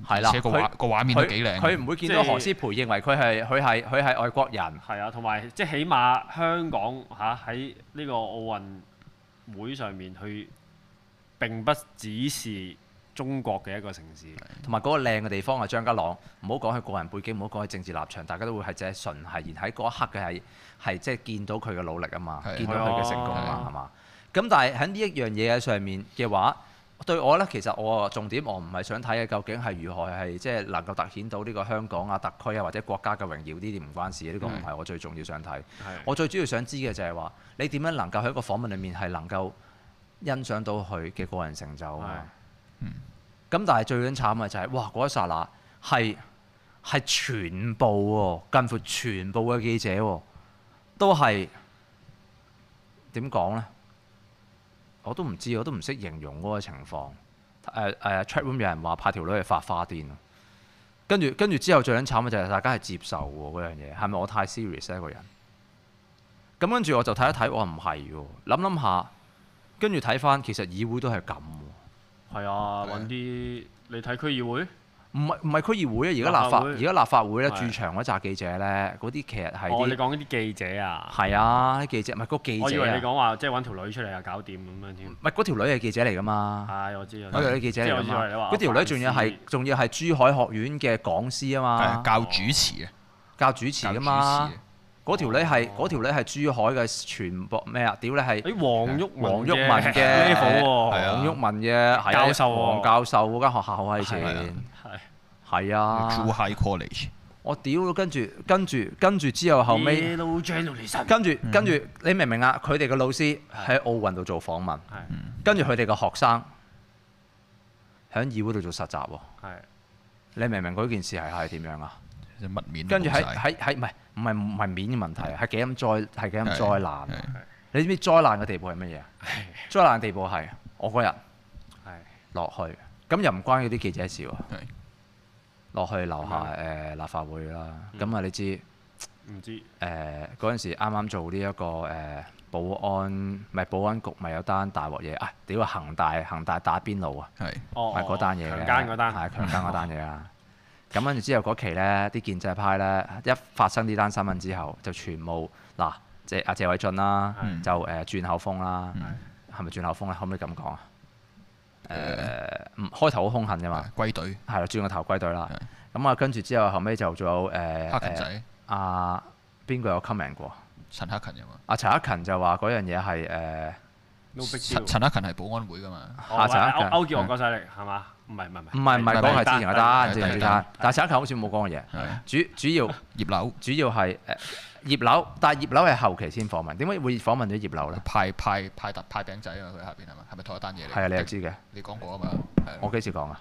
係啦，個畫個他畫面都幾靚。佢唔會見到何詩蓓認為佢係佢係佢係外國人。係啊，同埋即係起碼香港嚇喺呢個奧運會上面佢並不只是中國嘅一個城市。同埋嗰個靚嘅地方係張家朗，唔好講佢個人背景，唔好講佢政治立場，大家都會係淨係純係而喺嗰一刻嘅係。係即係見到佢嘅努力啊嘛，是見到佢嘅成功啊嘛，係嘛咁。但係喺呢一樣嘢喺上面嘅話，對我呢，其實我重點我唔係想睇嘅，究竟係如何係即係能夠突顯到呢個香港啊、特區啊或者國家嘅榮耀呢啲唔關事，呢、呢個唔係我最重要想睇。是我最主要想知嘅就係話你點樣能夠喺一個訪問裡面係能夠欣賞到佢嘅個人成就啊？咁、啊嗯、但係最慘嘅就係、是、哇，嗰一剎那係、個、係全部喎、啊，近乎全部嘅記者喎、啊。都係點講呢？我都唔知，我都唔識形容嗰個情況。誒、啊、誒、啊、chatroom 有人話派條女去發花癲，跟住跟住之後最撚慘嘅就係大家係接受喎嗰樣嘢，係咪我太 serious、啊、一個人？咁跟住我就睇一睇，我唔係喎。諗諗下，跟住睇返，其實議會都係咁。係啊，揾啲你睇區議會。唔係唔係區議會啊！而家立法而家立法會咧駐場嗰紮記者咧，嗰啲其實係啲。我哋講啲記者啊。係啊，啲記者唔係個記者。我以為你講話即係揾條女出嚟啊，搞掂咁樣添。唔係嗰條女係記者嚟噶嘛？係，我知。嗰條女記者嚟啊嘛。嗰條女仲要係仲要係珠海學院嘅講師啊嘛。教主持嘅。教主持啊嘛。主持。嗰條女係嗰條女係珠海嘅傳播咩啊？屌你係。誒，黃玉文嘅。呢個喎。係啊。黃玉文嘅。教授。黃教授嗰間學校係前。係啊，high college，我屌，跟住跟住跟住之後後尾，跟住跟住，你明唔明啊？佢哋嘅老師喺奧運度做訪問，跟住佢哋嘅學生喺議會度做實習。係，你明唔明嗰件事係係點樣啊？即係乜面，跟住喺喺喺唔係唔係唔係面嘅問題，係幾咁災係幾咁災難。你知唔知災難嘅地步係乜嘢啊？災難嘅地步係我個人落去，咁又唔關嗰啲記者事喎。落去樓下誒、呃、立法會啦，咁啊、嗯、你知？唔、嗯、知？誒嗰陣時啱啱做呢、這、一個誒、呃、保安，唔係保安局，咪有單大鑊嘢啊！屌啊恒大，恒大打邊爐啊！係是，咪嗰單嘢嘅，強姦嗰單，係強姦嗰單嘢啦。咁跟住之後嗰期咧，啲建制派咧一發生呢單新聞之後，就全部嗱、啊、謝阿謝偉俊啦，嗯、就誒、呃、轉口風啦，係咪、嗯、轉口風啊？可唔可以咁講啊？誒唔開頭好兇狠啫嘛，歸隊係啦，轉個頭歸隊啦。咁啊，跟住之後後尾就仲有阿勤仔，阿邊個有 comment 過？陳克勤啊嘛。阿陳克勤就話嗰樣嘢係誒，陳克勤係保安會噶嘛。阿陳克勤，歐建王夠晒力，係嘛？唔係唔係唔係，唔係唔係之前，朱廷阿丹，朱朱但係陳克勤好似冇講過嘢。主主要葉柳，主要係誒。葉劉，但係葉劉係後期先訪問，點解會訪問咗葉劉咧？派派派特派餅仔啊佢下邊係嘛？係咪同一單嘢嚟？係啊，你又知嘅。你講過啊嘛？我幾時講啊？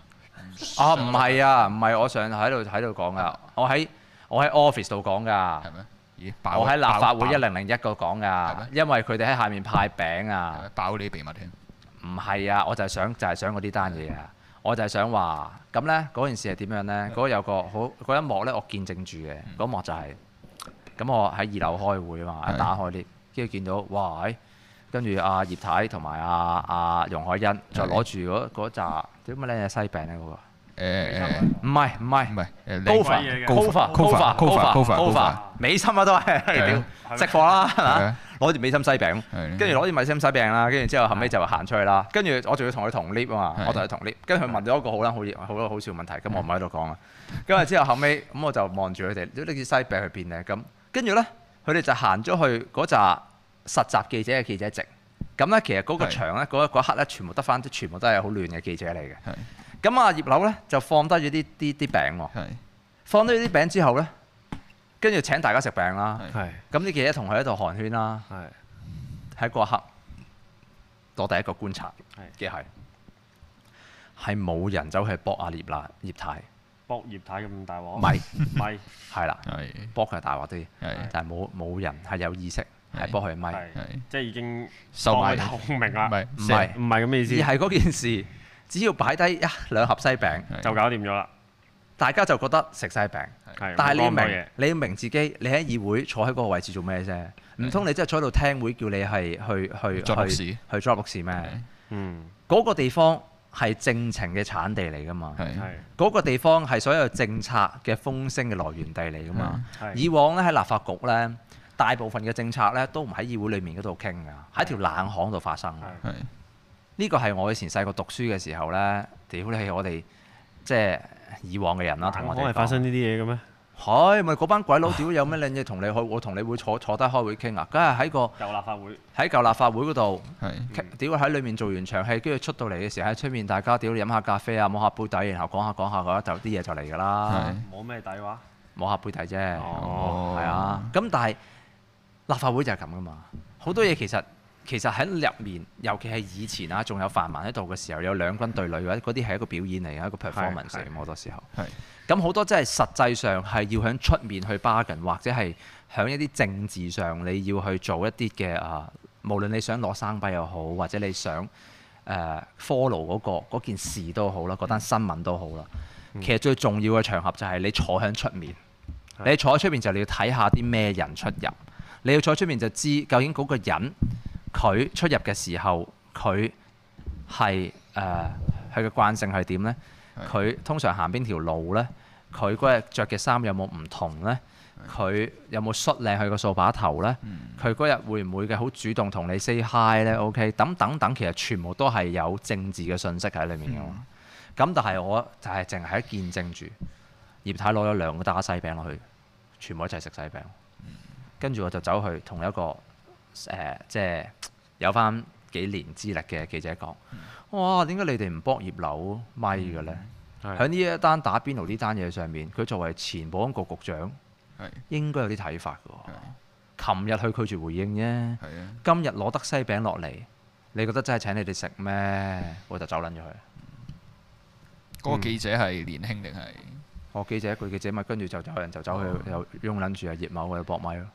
啊，唔係啊，唔係我上喺度喺度講噶，我喺我喺 office 度講噶。係咩？咦？我喺立法會一零零一個講噶，因為佢哋喺下面派餅啊，爆你啲秘密添。唔係啊，我就係想就係想啲單嘢啊，我就係想話咁咧嗰件事係點樣咧？嗰有個好嗰一幕咧，我見證住嘅嗰一幕就係。咁我喺二樓開會啊嘛，一打開啲，跟住見到，哇！跟住阿葉太同埋阿阿容海恩就攞住嗰嗰扎，屌乜靚嘢西餅啊嗰個，唔係唔係，唔係，高凡高凡高凡高凡高凡美心啊都係，屌，識貨啦，攞住美心西餅，跟住攞住美心西餅啦，跟住之後後尾就行出去啦，跟住我仲要同佢同 lift 啊嘛，我同佢同 lift，跟住問咗一個好撚好好多好笑問題，咁我唔喺度講啦，跟住之後後尾，咁我就望住佢哋，呢啲西餅喺邊咧？咁跟住呢，佢哋就行咗去嗰紮實習記者嘅記者席。咁呢，其實嗰個場呢，嗰一刻呢，全部得返，全部都係好亂嘅記者嚟嘅。咁阿是的 葉劉呢，就放低咗啲啲啲餅喎。放低咗啲餅之後呢，跟住請大家食餅啦。咁啲是的 記者同佢喺度寒暄啦。喺嗰是的 一刻，我第一個觀察嘅係，係冇是的 人走去搏阿葉劉葉太。博葉太咁大鑊，咪咪係啦，博佢係大鑊啲，但係冇冇人係有意識係博佢咪。即係已經曬透明啦，唔係唔係唔係咁嘅意思，而係嗰件事只要擺低一兩盒西餅就搞掂咗啦，大家就覺得食西餅，但係你明你明自己你喺議會坐喺嗰個位置做咩啫？唔通你真係坐喺度聽會叫你係去去去裝飾去裝飾咩？嗯，嗰個地方。係政情嘅產地嚟噶嘛？係係嗰個地方係所有政策嘅風聲嘅來源地嚟噶嘛？是以往咧喺立法局咧，大部分嘅政策咧都唔喺議會裡面嗰度傾㗎，喺是條冷巷度發生。呢個係我以前細個讀書嘅時候咧，屌你係我哋即係以往嘅人啦。同我哋係發生呢啲嘢嘅咩？係咪嗰班鬼佬屌有咩靚嘢同你去？我同你會坐坐低開會傾啊！梗係喺個舊立法會，喺舊立法會嗰度，屌喺裡面做完場戲，跟住出到嚟嘅時候喺出面，大家屌飲下咖啡啊，摸下杯底，然後講下講下就啲嘢就嚟㗎啦。冇咩的底話，摸下杯底啫。哦，係啊。咁但係立法會就係咁㗎嘛，好多嘢其實。其實喺入面，尤其係以前啊，仲有泛民喺度嘅時候，有兩軍對壘嗰嗰啲係一個表演嚟嘅，一個 performance 好 多時候，咁好 多即係實際上係要喺出面去 bargain，或者係喺一啲政治上你要去做一啲嘅啊，無論你想攞生幣又好，或者你想誒 follow 嗰個件事都好啦，嗰單新聞都好啦。其實最重要嘅場合就係你坐喺出面，你坐喺出面就你要睇下啲咩人出入，你要坐喺出面就知究竟嗰個人。佢出入嘅時候，佢係誒佢嘅慣性係點呢？佢是的 通常行邊條路呢？佢嗰日着嘅衫有冇唔同呢？佢是的 有冇梳靚佢個掃把頭呢？佢嗰日會唔會嘅好主動同你 say hi 呢？OK，咁等等，其實全部都係有政治嘅信息喺裏面嘅嘛。咁、嗯、但係我就係淨係喺度見證住，葉太攞咗兩個打細餅落去，全部一齊食細餅，跟住我就走去同一個。誒、呃，即係有翻幾年資歷嘅記者講：嗯、哇，點解你哋唔搏葉劉咪嘅呢？喺呢、嗯、一單打邊爐呢單嘢上面，佢作為前保安局局長，是的 應該有啲睇法嘅。琴日是的 去拒絕回應啫，是的 今日攞得西餅落嚟，你覺得真係請你哋食咩？我就走撚咗佢。嗰、嗯、個記者係年輕定係？個記者一句記者咪跟住就有人就走去又擁撚住啊葉某去搏米咯，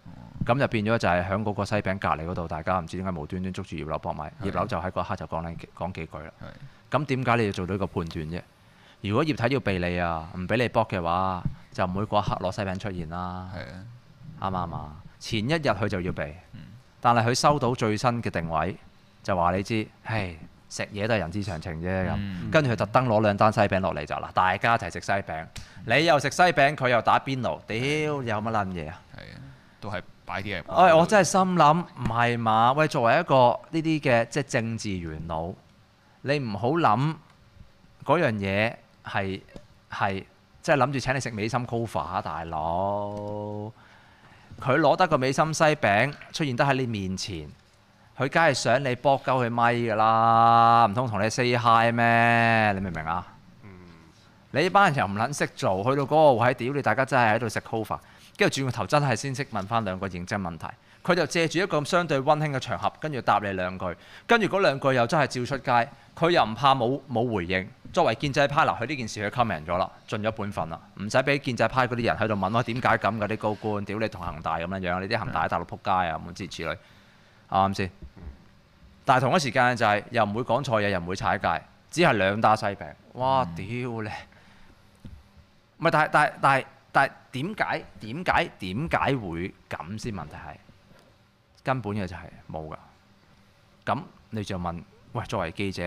咁、哦、就變咗就係喺嗰個西餅隔離嗰度，大家唔知點解無端端捉住葉柳搏米，的葉柳就喺嗰刻就講兩講幾句啦。咁點解你要做到個判斷啫？如果葉太要避你啊，唔俾你搏嘅話，就唔會嗰刻攞西餅出現啦。啱嘛？啱嘛，前一日佢就要避，嗯、但係佢收到最新嘅定位，就話你知，係。食嘢都係人之常情啫咁，跟住佢特登攞兩單西餅落嚟就啦，嗯、大家一齊食西餅，嗯、你又食西餅，佢又打邊爐，嗯、屌有乜撚嘢啊？係啊，都係擺啲嘢。哎，我真係心諗唔係嘛？喂，作為一個呢啲嘅即係政治元老，你唔好諗嗰樣嘢係係即係諗住請你食美心西餅嚇大佬，佢攞得個美心西餅出現得喺你面前。佢梗係想你搏鳩佢咪㗎啦，唔通同你 say hi 咩？你明唔明啊？嗯。你呢班人又唔撚識做，去到嗰個位，屌你！大家真係喺度食 coffee。跟住轉個頭真係先識問翻兩個認真問題。佢就借住一個咁相對溫馨嘅場合，跟住答你兩句，跟住嗰兩句又真係照出街。佢又唔怕冇冇回應。作為建制派嚟，佢呢件事佢 commit 咗啦，盡咗本分啦，唔使俾建制派嗰啲人喺度問我點解咁㗎啲高官，屌你同恒大咁樣樣，你啲恒大喺大陸撲街啊，諸如此類。啱唔啱先？嗯、但係同一時間就係又唔會講錯嘢，又唔會踩界，只係兩打西餅。哇！屌咧、嗯！唔係，但係但係但係但係點解點解點解會咁先？問題係根本嘅就係冇㗎。咁你就問喂，作為記者，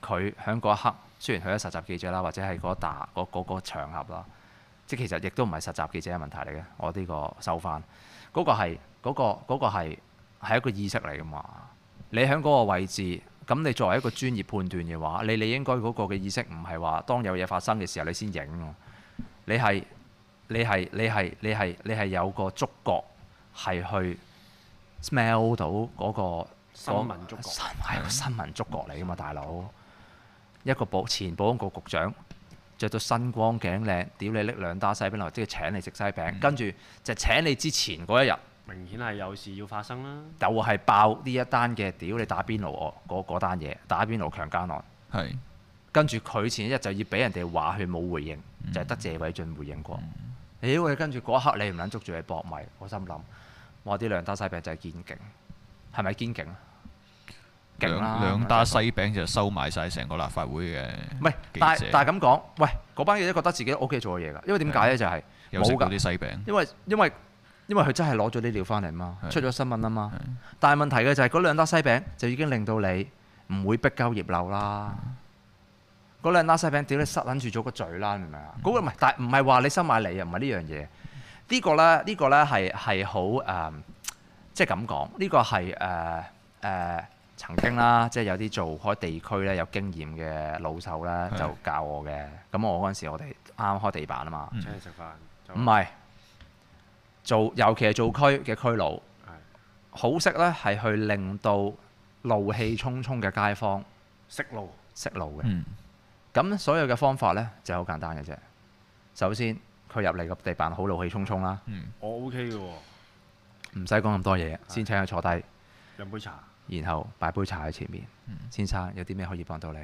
佢喺嗰一刻雖然佢係實習記者啦，或者係嗰打嗰嗰、嗰個場合啦，即其實亦都唔係實習記者嘅問題嚟嘅。我呢個收翻嗰、嗰個係嗰、嗰個嗰、嗰個係。係一個意識嚟噶嘛？你喺嗰個位置，咁你作為一個專業判斷嘅話，你你應該嗰個嘅意識唔係話當有嘢發生嘅時候，你先影你係你係你係你係你係有個觸覺係去 smell 到嗰、那個、個新聞觸覺，係個新聞觸覺嚟噶嘛，大佬 一個保前保安局局長着到新光頸靚，屌你拎兩打西餅來，即、就、係、是、請你食西餅，跟住、嗯、就請你之前嗰一日。明顯係有事要發生啦，又係爆呢一單嘅屌你打邊爐喎，嗰單嘢打邊爐強姦案，係跟住佢前一日就要俾人哋話佢冇回應，嗯、就係得謝偉俊回應過，屌你跟住嗰一刻你唔撚捉住佢搏迷，我心諗哇啲兩打西餅就係堅勁，係咪堅勁啊？勁啦，兩打西餅就收埋晒成個立法會嘅，唔係，但者但咁講，喂嗰班嘢都覺得自己 O K 做嘢㗎，因為點解咧就係冇㗎，因為因為。因為佢真係攞咗啲料翻嚟嘛，的出咗新聞啊嘛。的但係問題嘅就係嗰兩打西餅就已經令到你唔會逼溝業流啦。嗰、嗯、兩打西餅屌你塞捻住咗個嘴啦，明唔明啊？嗰唔係，但係唔係話你收埋你啊？唔係呢樣嘢。呢、呢個咧，呢個咧係係好誒，即係咁講。呢個係誒誒曾經啦，即、就、係、係、有啲做開地區咧有經驗嘅老手咧就教我嘅。咁的我嗰陣時我哋啱開地板啊嘛。出去食飯。唔係、嗯。做尤其係做區嘅區路，好識呢係去令到怒氣沖沖嘅街坊識路識路嘅，咁所有嘅方法呢，就好簡單嘅啫。首先佢入嚟嘅地盤好怒氣沖沖啦，我 OK 嘅喎，唔使講咁多嘢，先請佢坐低，飲杯茶，然後擺杯茶喺前面，先生有啲咩可以幫到你？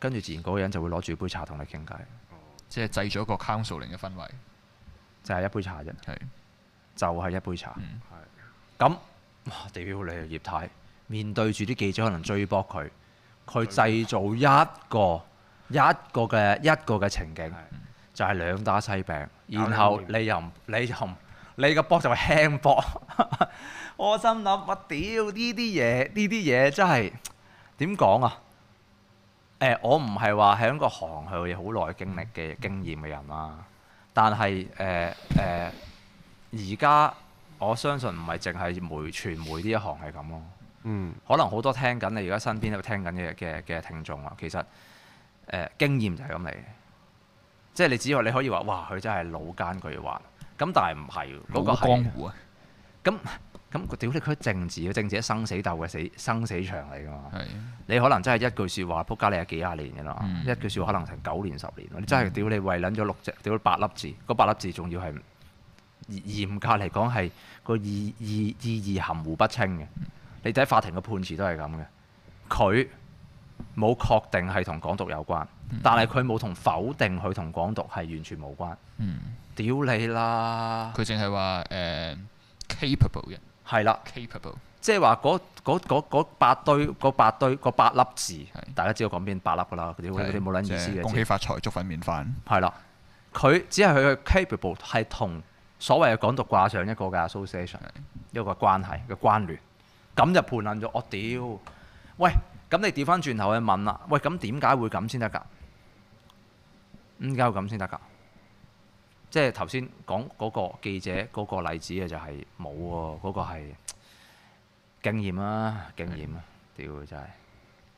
跟住自然嗰個人就會攞住杯茶同你傾偈，即係製咗個 counselling 嘅氛圍，就係一杯茶一。就係一杯茶。咁、嗯、哇，屌你啊，葉太！面對住啲記者可能追博佢，佢製造一個一個嘅一個嘅情景，嗯、就係兩打西餅。然後你又唔，你又你個博就輕博。 我心諗、啊啊呃，我屌呢啲嘢，呢啲嘢真係點講啊？誒，我唔係話喺個行去好耐經歷嘅經驗嘅人啦，但係誒誒。呃呃而家我相信唔係淨係媒傳媒呢一行係咁咯，可能好多聽緊你而家身邊喺度聽緊嘅嘅嘅聽眾啊，其實誒經驗就係咁嚟嘅，即係你只要你可以話哇佢真係老奸巨猾，咁但係唔係嗰個江湖啊，咁咁佢屌你佢政治，佢政治生死鬥嘅死生死場嚟㗎嘛，你可能真係一句説話，撲街你係幾廿年㗎啦，一句説話可能成九年十年，你真係屌你為撚咗六隻，屌八粒字，嗰八粒字仲要係。嚴格嚟講係個意意意義含糊不清嘅，mm. 你睇法庭嘅判詞都係咁嘅。佢冇確定係同港獨有關，mm. 但係佢冇同否定佢同港獨係完全無關。Mm. 屌你啦！佢淨係話誒 capable 嘅啦，係啦，capable，即係話嗰八堆嗰八堆嗰八粒字，Yes. 大家知道講邊八粒㗎啦？啲冇撚意思嘅，恭喜發財，粥粉麵飯。係啦，佢只係佢嘅 capable 係同。所謂嘅港獨掛上一個嘅 association，一個關係嘅關聯，咁就判論咗。我、oh, 屌，喂，咁你調翻轉頭去問啦，喂，咁點解會咁先得㗎？點解會咁先得㗎？即係頭先講嗰個記者嗰個例子嘅就係冇喎，嗰、嗰個係經驗啊，經驗啊，屌真係，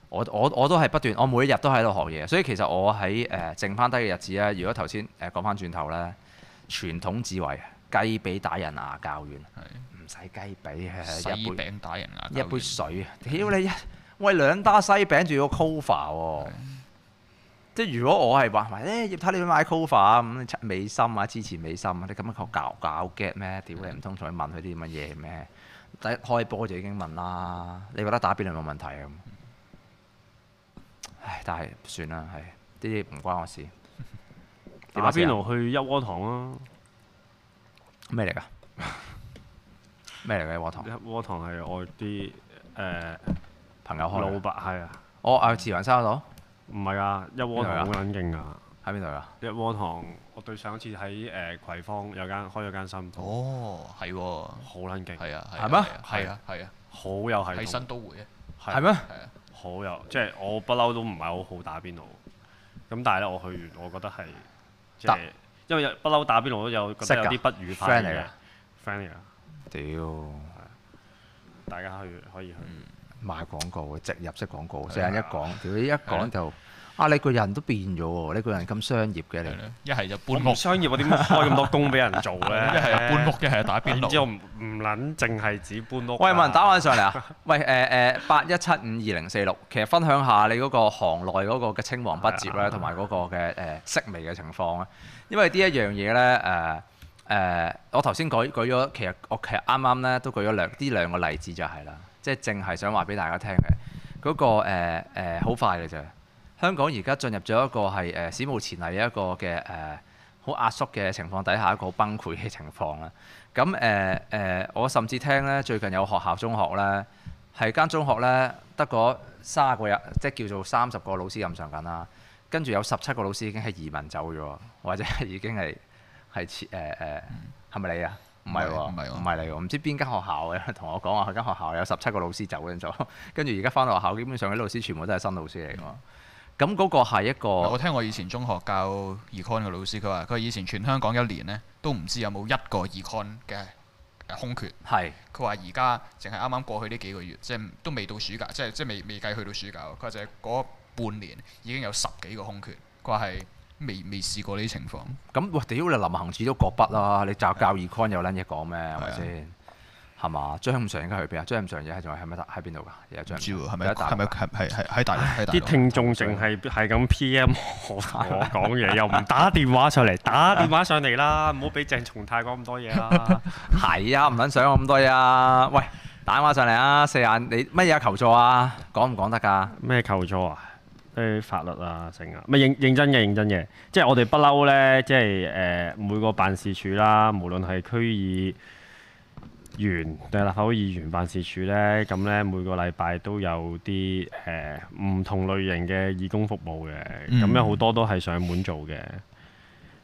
我我我都係不斷，我每一日都喺度學嘢，所以其實我喺誒、呃、剩翻低嘅日子咧，如果頭先誒講翻轉頭咧，傳統智慧。雞髀打人牙骹軟，唔使的雞髀啊！西餅打人牙，一杯水啊！屌你、嗯、然喂兩打西餅，仲要個 cover 喎！的即係如果我係話埋咧，要、葉太，睇你買 cover 咁美心啊，支持美心啊！你咁樣搞搞 get 咩？屌你唔通同佢問佢啲乜嘢咩？第一的開波就已經問啦！你覺得打邊爐有問題啊？嗯、唉，但係算啦，係呢啲唔關我事。 打邊爐 al 去一鍋糖咯、啊。咩嚟噶？咩嚟嘅？一窩堂一窩堂係我啲誒朋友開嘅。老伯係啊！我阿慈雲山嗰度唔係啊！一窩堂好撚勁啊！喺邊度啊？一窩堂我對上一次喺誒葵芳有間開咗間新鋪。哦，係喎，好撚勁，係啊，係咩？係啊，係啊，好有喺新都會嘅，係咩？係啊，好有，即係我不嬲都唔係好好打邊爐。咁但係咧，我去完我覺得係即係。因為不嬲打邊爐都有覺得啲不語派嘅 friend 嚟嘅，friend 嚟嘅。屌，係大家去可以去賣廣告嘅，植入式廣告。成日的的一講，你一講就啊！你個人都變咗喎，你個人咁商業嘅，你一係就搬屋，商業啊？點解開咁多工俾人做咧？一係搬屋，一係打邊爐。唔撚淨係指搬屋。喂，問打橫上嚟啊！ 喂，誒誒八一七五二零四六，其實分享下你嗰個行內嗰個嘅青黃不接咧，同埋嗰個嘅誒息微嘅情況啊。因為呢一樣嘢呢，誒、呃、誒、呃，我頭先舉舉咗，其實我其實啱啱呢都舉咗兩啲兩個例子就係啦，即係淨係想話俾大家聽嘅嗰個誒好、呃呃、快嘅啫。香港而家進入咗一個係誒、呃、史無前例嘅一個嘅誒好壓縮嘅情況底下，一個好崩潰嘅情況啦。咁誒誒，我甚至聽呢，最近有學校中學呢，係間中學呢得嗰卅個日即係叫做三十個老師任上緊啦。跟住有十七個老師已經係移民走咗，或者已經係係撤誒誒，係咪，呃嗯、你啊？唔係喎，唔係唔係你喎，唔、嗯、知邊間學校嘅，同 我講話，佢間學校有十七個老師走咗。跟住而家翻到學校，基本上啲老師全部都係新老師嚟嘅。咁嗰、嗯、個係一個我聽我以前中學教 Econ 嘅老師，佢話佢以前全香港一年呢都唔知有冇一個 Econ 嘅空缺。係是。佢話而家淨係啱啱過去呢幾個月，即係都未到暑假，即係即係未即未計去到暑假。佢就係嗰。半年已經有十幾個空缺，佢話係未未試過呢啲情況。咁哇屌你林行止都割筆啦，你詐教二 con 有撚嘢講咩？係咪先？係嘛？張五常而家去邊啊？張五常嘢係仲係咪得？喺邊度㗎？而家張唔知喎，係咪係咪係係係喺大陸？啲聽眾淨係係咁 PM 我講嘢，又唔打電話上嚟，打電話上嚟啦，唔好俾鄭松泰講咁多嘢啦。係啊，唔撚想我咁多嘢啊！喂，打電話上嚟啊，四眼你乜嘢求助啊？講唔講得㗎？咩求助啊？哎、法律啊，成啊，咪認認真嘅，認真嘅，即係我哋不嬲呢，即係誒、呃、每個辦事處啦，無論係區議員定係立法會議員辦事處呢，咁呢每個禮拜都有啲誒唔同類型嘅義工服務嘅，咁有好多都係上門做嘅，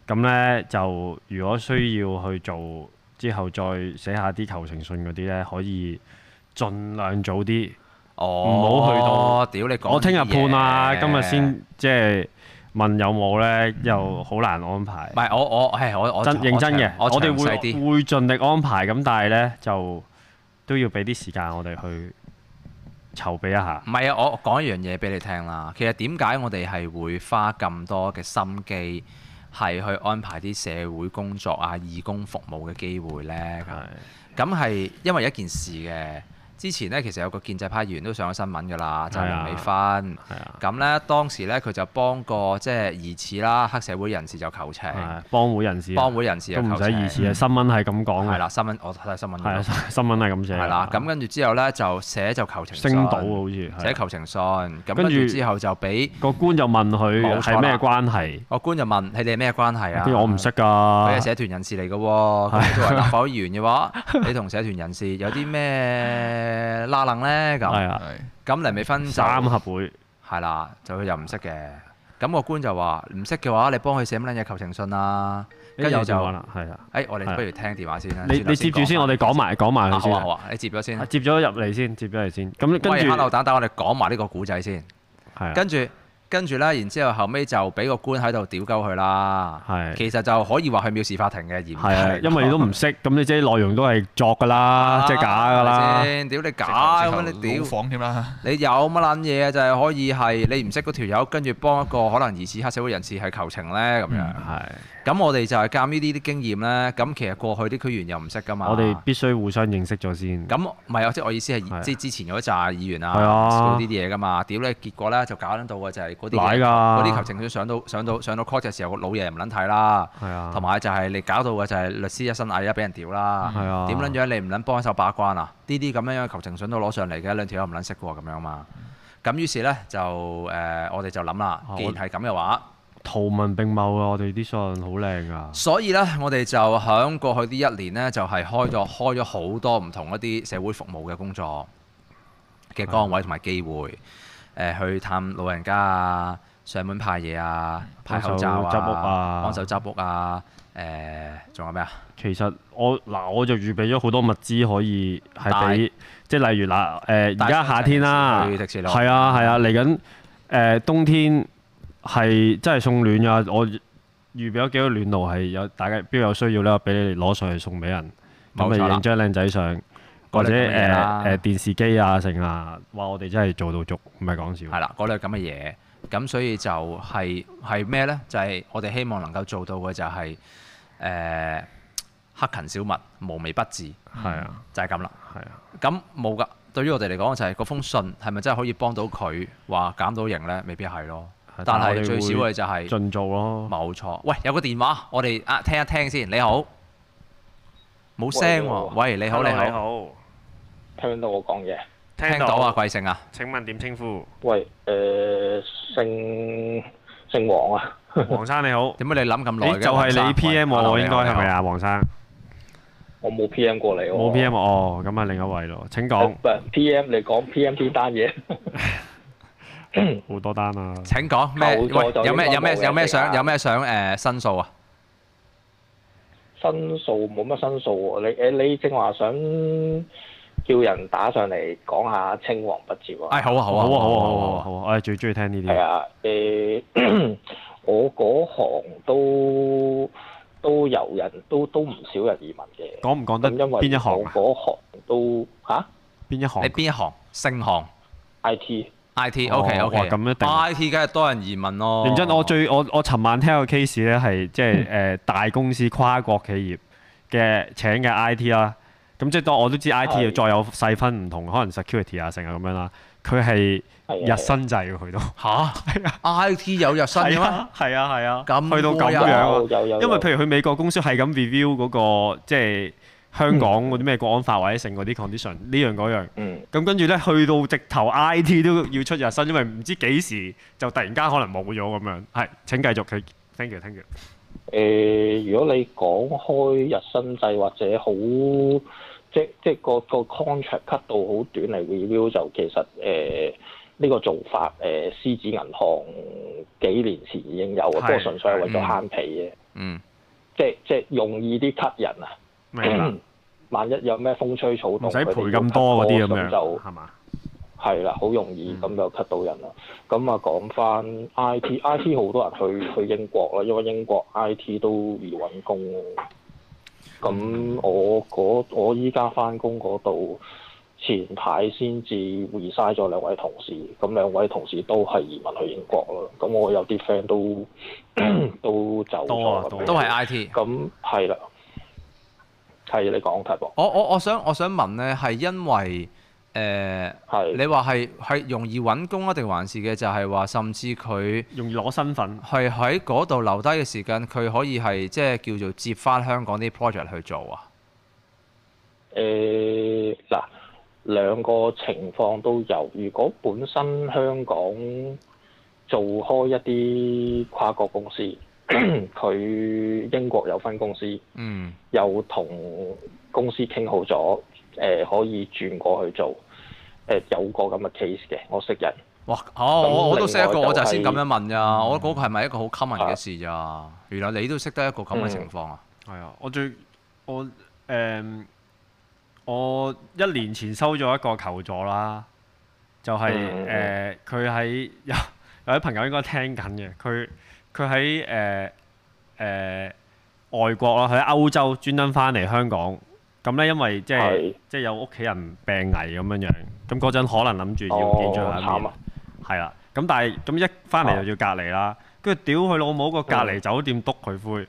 咁呢，就如果需要去做之後再寫下啲求情信嗰啲呢，可以盡量早啲。唔好去到，你講我聽日判啊，今日先即係問有冇咧，又好難安排。唔係我我係我我認真嘅，我哋會會盡力安排，咁但係咧就都要俾啲時間我哋去籌備一下。唔係啊，我講一樣嘢俾你聽啦。其實點解我哋係會花咁多嘅心機係去安排啲社會工作啊、義工服務嘅機會咧？咁咁係因為一件事嘅。之前咧，其實有個建制派議員都上咗新聞㗎啦，就林美芬。咁咧當時咧，佢就幫個即係疑似啦，黑社會人士就求情，幫會人士，幫會人士都唔使疑似啊。新聞係咁講㗎。係啦，新聞我睇下新聞。係新聞係咁寫。係啦，咁跟住之後咧就寫就求情信。升到好似寫求情信。跟住之後就俾個官就問佢係咩關係。個官就問：你哋咩關係啊？我唔識㗎。佢係社團人士嚟㗎喎。佢做立法會議員嘅話，你同社團人士有啲咩？誒拉楞咧咁，咁黎美芬三合會係啦、嗯啊，就佢又唔識嘅，咁、嗯、個官就話唔識嘅話，你幫佢寫乜撚嘢求情信啦、啊，跟住就係啦，係啦、欸，我哋不如聽電話先啦、啊先，你你接住先，先說先我哋講埋講埋先、啊好啊，好啊，你接咗先、啊、先，接咗入嚟先，接咗嚟先，咁跟住，我哋我哋講埋呢個古仔先，係啊，跟住。跟住啦，然之後後尾就俾個官喺度屌鳩佢啦。係是，其實就可以話係藐視法庭嘅，而唔係。因為你都唔識，咁你即係內容都係作㗎啦，即係、啊、假㗎啦。屌、啊、你假，咁你屌，房添啦。你有乜撚嘢就係、是、可以係你唔識嗰條友，跟住幫一個可能疑似黑社會人士係求情咧咁樣。係、嗯。咁我哋就係鑒呢啲經驗咧，咁其實過去啲區員又唔識噶嘛。我哋必須互相認識咗先。咁唔係啊，即係我意思係，即係之前有一扎議員啊，做呢啲嘢噶嘛。屌咧，結果咧就搞到到嘅就係嗰啲嘢，嗰啲求情信上到上到上到 court 嘅時候，個老爺唔撚睇啦。同埋、啊、就係你搞到嘅就係律師一身矮，一俾人屌啦。係啊。點撚樣你唔撚幫一手把關啊？呢啲咁樣嘅求情信都攞上嚟嘅，兩條友唔撚識喎咁樣嘛。咁於是咧就誒、呃，我哋就諗啦，既然係咁嘅話。圖文並茂啊！我哋啲相好靚噶，所以呢，我哋就喺過去呢一年呢，就係、是、開咗開咗好多唔同一啲社會服務嘅工作嘅崗位同埋機會的、呃，去探老人家啊，上門派嘢啊，派口罩啊，幫手執屋啊，誒，仲有咩啊？呃、其實我嗱，我就預備咗好多物資可以係俾，但即係例如嗱，誒而家夏天啦，係啊係啊，嚟緊、嗯啊呃、冬天。係真係送暖㗎。我預備咗幾多暖爐係有，大家邊有需要咧？我俾你攞上去送俾人，咁咪影張靚仔相或者誒誒、呃、電視機啊，剩啊話我哋真係做到足，唔係講笑。係啦，嗰類咁嘅嘢，咁，所以就係係咩咧？就係、是、我哋希望能夠做到嘅就係誒克勤小物無微不至。係、嗯、啊，的就係咁啦。係啊的，咁冇噶。對於我哋嚟講，就係、是、嗰封信係咪真係可以幫到佢話減到刑咧？未必係咯。但係最少嘅就係盡做咯，冇錯。喂，有個電話，我哋啊聽一聽先。你好，冇聲喎。喂，你好，你好，你好，聽唔聽到我講嘢？聽到啊，貴姓啊？請問點稱呼？喂，誒，姓姓黃啊？黃生你好，點解你諗咁耐嘅？就係你 P.M. 我，應該係咪啊，黃生？我冇 P.M. 過你喎。冇 P.M. 哦，咁啊，另一位咯。請講。唔係 P.M. 你講 P.M. 呢單嘢。好多單啊，請講咩？有咩有咩有咩想有咩想誒申訴啊？申訴冇乜申訴喎，你誒你正話想叫人打上嚟講下青黃不接喎。哎好啊好啊好啊好啊好啊！我係最中意聽呢啲。係啊，誒我嗰行都都有人都都唔少人移民嘅。講唔講得？邊一行啊？邊一行？你邊一行？星行 IT。I T、oh, OK OK 咁一定 I T 梗係多人移民咯。認真，我最我我尋晚聽個 case 咧係即係誒、 呃、大公司跨國企業嘅請嘅 I T 啦，咁即係當我都知 I T 要再有細分唔同，可能 security 啊成啊咁樣啦。佢係日薪制嘅，佢都吓 I T 有日薪嘅咩？係啊，係啊，去到咁樣，因為譬如佢美國公司係咁 review 嗰、那個即係。香港嗰啲咩國安法或者成嗰啲 condition 呢樣嗰樣，咁、嗯、跟住咧去到直頭 IT 都要出日薪，因為唔知幾時就突然間可能冇咗咁樣。係，請繼續佢，Thank you, thank you。誒、呃，如果你講開日薪制或者好即即，即個個 contract cut 到好短嚟 review，就其實誒呢、呃這個做法誒、呃，獅子銀行幾年前已經有，是不過純粹係為咗慳皮嘅，嗯，嗯即即，即容易啲 cut 人。啊。嗯，萬一有咩風吹草動嗰啲，使攰咁多嗰啲咁就係嘛？係啦，好容易咁就 cut 到人啦。咁啊，講翻 I T，I T 好多人去去英國啦，因為英國 I T 都易揾工。咁我我依家翻工嗰度，前排先至 recycle 咗兩位同事，咁兩位同事都係移民去英國啦。咁我有啲 friend 都都走咗，都係 I T。咁係啦。係，你講太過我我我想我想問咧，係因為誒，呃、是你話係係容易揾工啊，定還是嘅就係話，甚至佢容易攞身份，係喺嗰度留低嘅時間，佢可以係即係叫做接翻香港啲 project 去做啊？誒嗱、呃，兩個情況都有。如果本身香港做開一啲跨國公司。佢 英國又分公司，嗯，有同公司傾好咗，誒、呃，可以轉過去做，誒、呃，有個咁嘅 case 嘅，我識人。哇，好、哦，就是，我我都識一個，我就先咁樣問呀，嗯、我嗰個係咪一個好 common 嘅事咋、啊？啊、原來你都識得一個咁嘅情況啊？係啊、嗯嗯嗯，我最我誒、呃，我一年前收咗一個求助啦，就係、是、誒，佢喺、嗯嗯呃、 有有啲朋友應該聽緊嘅，佢。佢喺誒誒外國啦，佢喺歐洲專登翻嚟香港，咁咧因為、係啦即係即係有屋企人病危咁樣樣，咁嗰陣可能諗住要見最後、哦、一面，係啦，咁但係咁一翻嚟就要隔離啦，跟住屌佢老母個隔離酒店篤佢灰，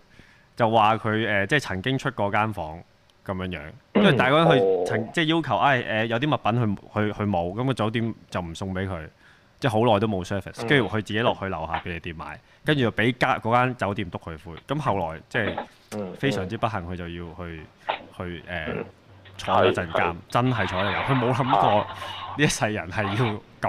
就話佢誒即係曾經出過間房咁樣樣，跟住大家去，曾哦、即係要求誒誒、呃、有啲物品去佢，佢冇，咁個酒店就唔送俾佢，即係好耐都冇 service，跟住佢自己落去樓下便利店買，跟住又俾家間酒店督佢灰。咁後來即係非常之不幸，佢就要去去誒坐一陣監，真係坐一日，佢冇諗過呢一世人係要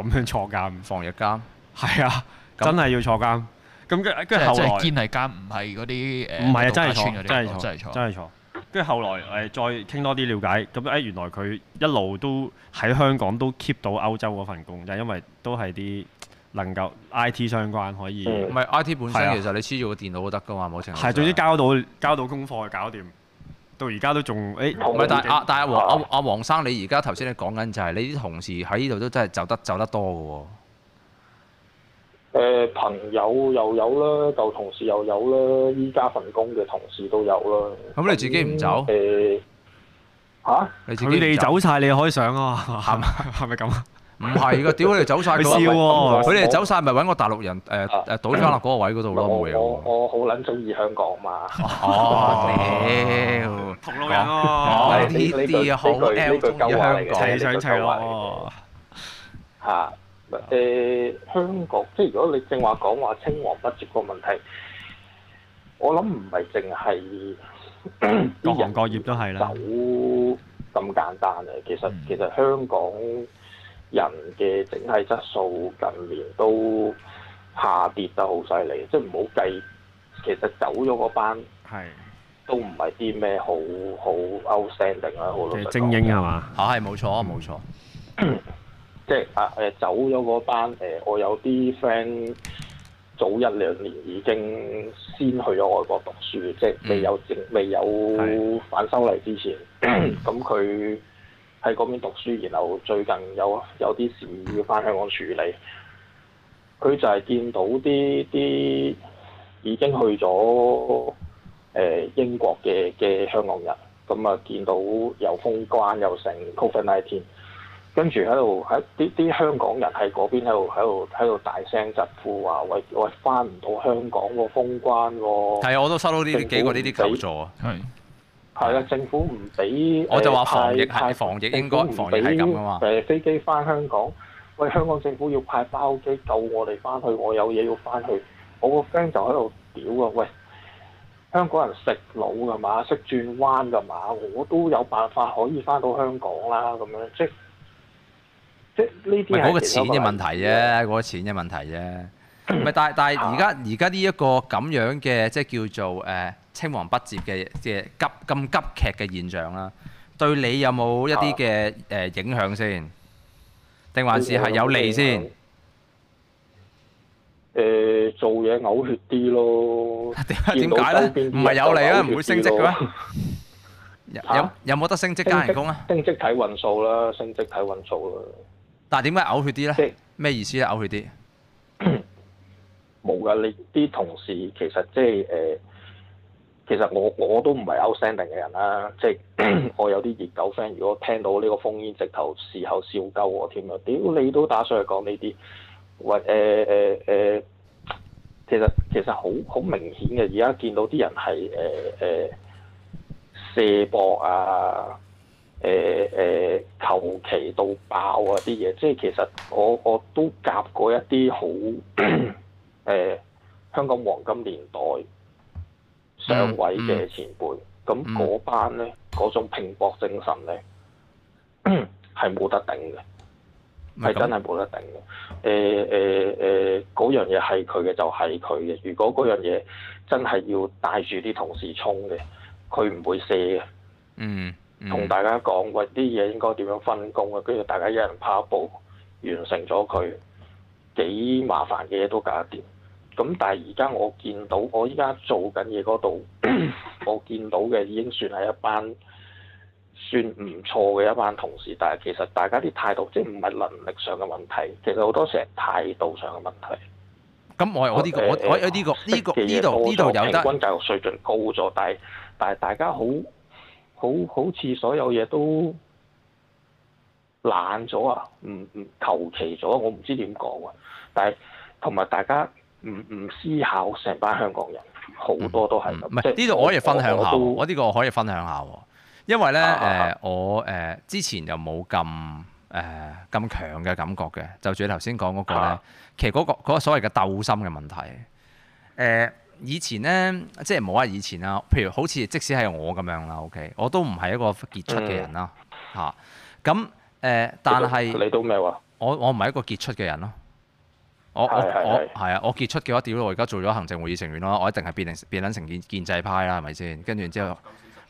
咁樣坐監，防疫監。係啊，真係要坐監。咁跟跟後來即係堅係監，唔係嗰啲誒，唔係啊，真係坐，真係真係坐。跟住後來誒再傾多啲了解，咁誒原來佢一路都喺香港都 keep 到歐洲嗰份工，就因為都係啲能夠 IT 相關可以，唔係 IT 本身，其實你黐住個電腦都得噶嘛，冇錯、啊。係，總之、啊、的交到交到功課就搞掂，到而家都仲誒。唔、哎、係文，但係阿但係阿黃生，你而家頭先你講緊就係你啲同事喺呢度都真係走得走得多嘅喎。誒朋友又有啦，舊同事又有啦，依家份工嘅同事都有啦。咁你自己唔走？誒嚇，你自己走？你走曬，你可以上啊？係咪係咪咁啊？唔係噶，屌你走曬！你笑喎，佢哋走曬，咪揾個大陸人誒誒倒裝落嗰個位嗰度咯。我我我好撚中意香港嘛！哦，屌，同路人喎！呢呢句呢句舊話嚟嘅，齊上齊落嚇。誒、呃、香港，即係如果你正話講話青黃不接個問題，我諗唔係淨係各行各業都係啦，走咁簡單啊！其實、嗯、其實香港人嘅整體質素近年都下跌得好犀利，即係唔好計，其實走咗嗰班係是都唔係啲咩好好 outstanding 啊，好多即係精英係嘛？嚇係冇錯冇錯。啊 即係啊誒、呃、走咗嗰班誒、呃，我有啲 friend 早一兩年已經先去咗外國讀書、嗯、即係未有未有反修例之前，咁佢喺嗰邊讀書，然後最近有有啲事要返香港處理，佢就係見到啲啲已經去咗誒、呃、英國嘅嘅香港人，咁、嗯、啊見到又封關又成 COVID-19 跟住喺度喺啲啲香港人喺嗰邊喺度喺度喺度大聲疾呼話：喂喂，翻唔到香港喎封關喎！係我都收到呢啲幾個呢啲求助啊，係係啊！政府唔俾我就話防疫係防疫應該防疫係咁啊嘛？誒飛機翻香港，喂香港政府要派包機救我哋翻去，我有嘢要翻去，我個 friend 就喺度屌啊！喂，香港人食腦㗎嘛，識轉彎㗎嘛，我都有辦法可以翻到香港啦咁樣，即唔係嗰個錢嘅問題啫，嗰個錢嘅問題啫。唔係，但係但係而家而家呢一個咁樣嘅，即係叫做誒青黃不接嘅嘅急咁急劇嘅現象啦。對你有冇一啲嘅誒影響先？定還是係有利先？誒做嘢嘔血啲咯。點解點解咧？唔係有利啊？唔會升職㗎咩？有有冇得升職加人工啊？升職睇運數啦，升職睇運數啦。但係點解嘔血啲咧？即咩意思咧？嘔血啲冇噶，你啲同事其實即係誒，其實我我都唔係 outstanding 嘅人啦。即係我有啲熱狗 friend，如果聽到呢個烽煙直頭，事後笑鳩我添啊！屌你都打算去講呢啲，喂、呃，誒誒誒，其實其實好好明顯嘅。而家見到啲人係誒誒卸膊啊！誒誒求其到爆啊啲嘢，即係其實我我都夾過一啲好誒香港黃金年代上位嘅前輩，咁嗰、嗯嗯、班咧嗰種拼搏精神咧係冇得頂嘅，係真係冇得頂嘅。誒誒誒，嗰、呃呃、樣嘢係佢嘅就係佢嘅，如果嗰樣嘢真係要帶住啲同事衝嘅，佢唔會卸嘅。嗯。同、嗯、大家講喂，啲嘢應該點樣分工啊，跟住大家一人跑一步，完成咗佢幾麻煩嘅嘢都搞得掂。咁但係而家我見到我依家做緊嘢嗰度，我見到嘅已經算係一班算唔錯嘅一班同事，但係其實大家啲態度即係唔係能力上嘅問題，其實好多時係態度上嘅問題。咁我係我呢個、呃、我、這個、我呢個呢個呢度呢度有得平均教育水準高咗，但係但係大家好。好好似所有嘢都爛咗啊！唔唔求其咗，我唔知點講啊！但係同埋大家唔唔思考，成班香港人好多都係咁。唔係呢度，我可以分享下。我呢即個可以分享下，可以分享下，因為咧誒，我誒、啊啊呃、之前又冇咁誒咁強嘅感覺嘅。就住你頭先講嗰個咧，啊、其實嗰、嗰個所謂嘅鬥心嘅問題，誒、呃。以前咧，即係冇話以前啦。譬如好似即使係我咁樣啦，OK，我都唔係一個傑出嘅人啦。嚇、嗯，咁誒、啊，但係你到咩是、啊、話？我我唔係一個傑出嘅人咯。我我我係啊！我傑出嘅話，屌！我而家做咗行政會議成員咯，我一定係變成變緊成建建制派啦，係咪先？跟住之後，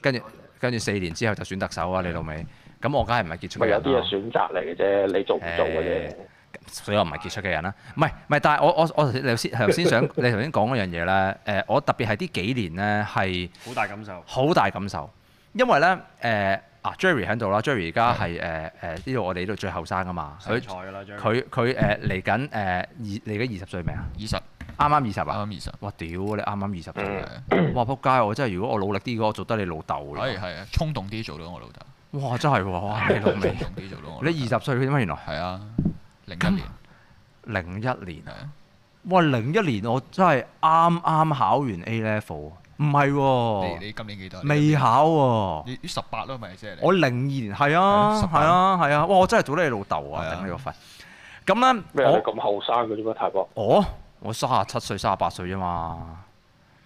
跟住跟住四年之後就選特首啊！嗯、你老味。咁我梗係唔係傑出嘅啦。咪有啲嘢選擇嚟嘅啫，你做唔做嘅啫、欸。所以我唔係傑出嘅人啦，唔係唔係，但係我我我頭先頭先想你頭先講嗰樣嘢咧。誒，我特別係呢幾年咧係好大感受，好大感受，因為咧誒啊 Jerry 喺度啦，Jerry 而家係誒誒呢度我哋呢度最後生㗎嘛，佢佢佢嚟緊誒二嚟緊二十歲未啊？二十，啱啱二十啊？啱二十，哇屌你啱啱二十歲，哇撲街我真係如果我努力啲我做得你老豆嘅，係係啊，衝動啲做到我老豆，哇真係哇，你衝動啲做到我，你二十歲點解原來係啊？零一年，零一年，哇、啊，零一年我真係啱啱考完 A level，唔係，你你今年幾多？未考喎，十八咯，咪即係。我零二年，係啊，係啊，係啊，18? 啊，啊，哇，我真係做得你老豆啊！頂你個肺！咁咧麼我，我咁後生嘅啫嘛，泰伯。哦，我三十七歲、三十八歲啫嘛，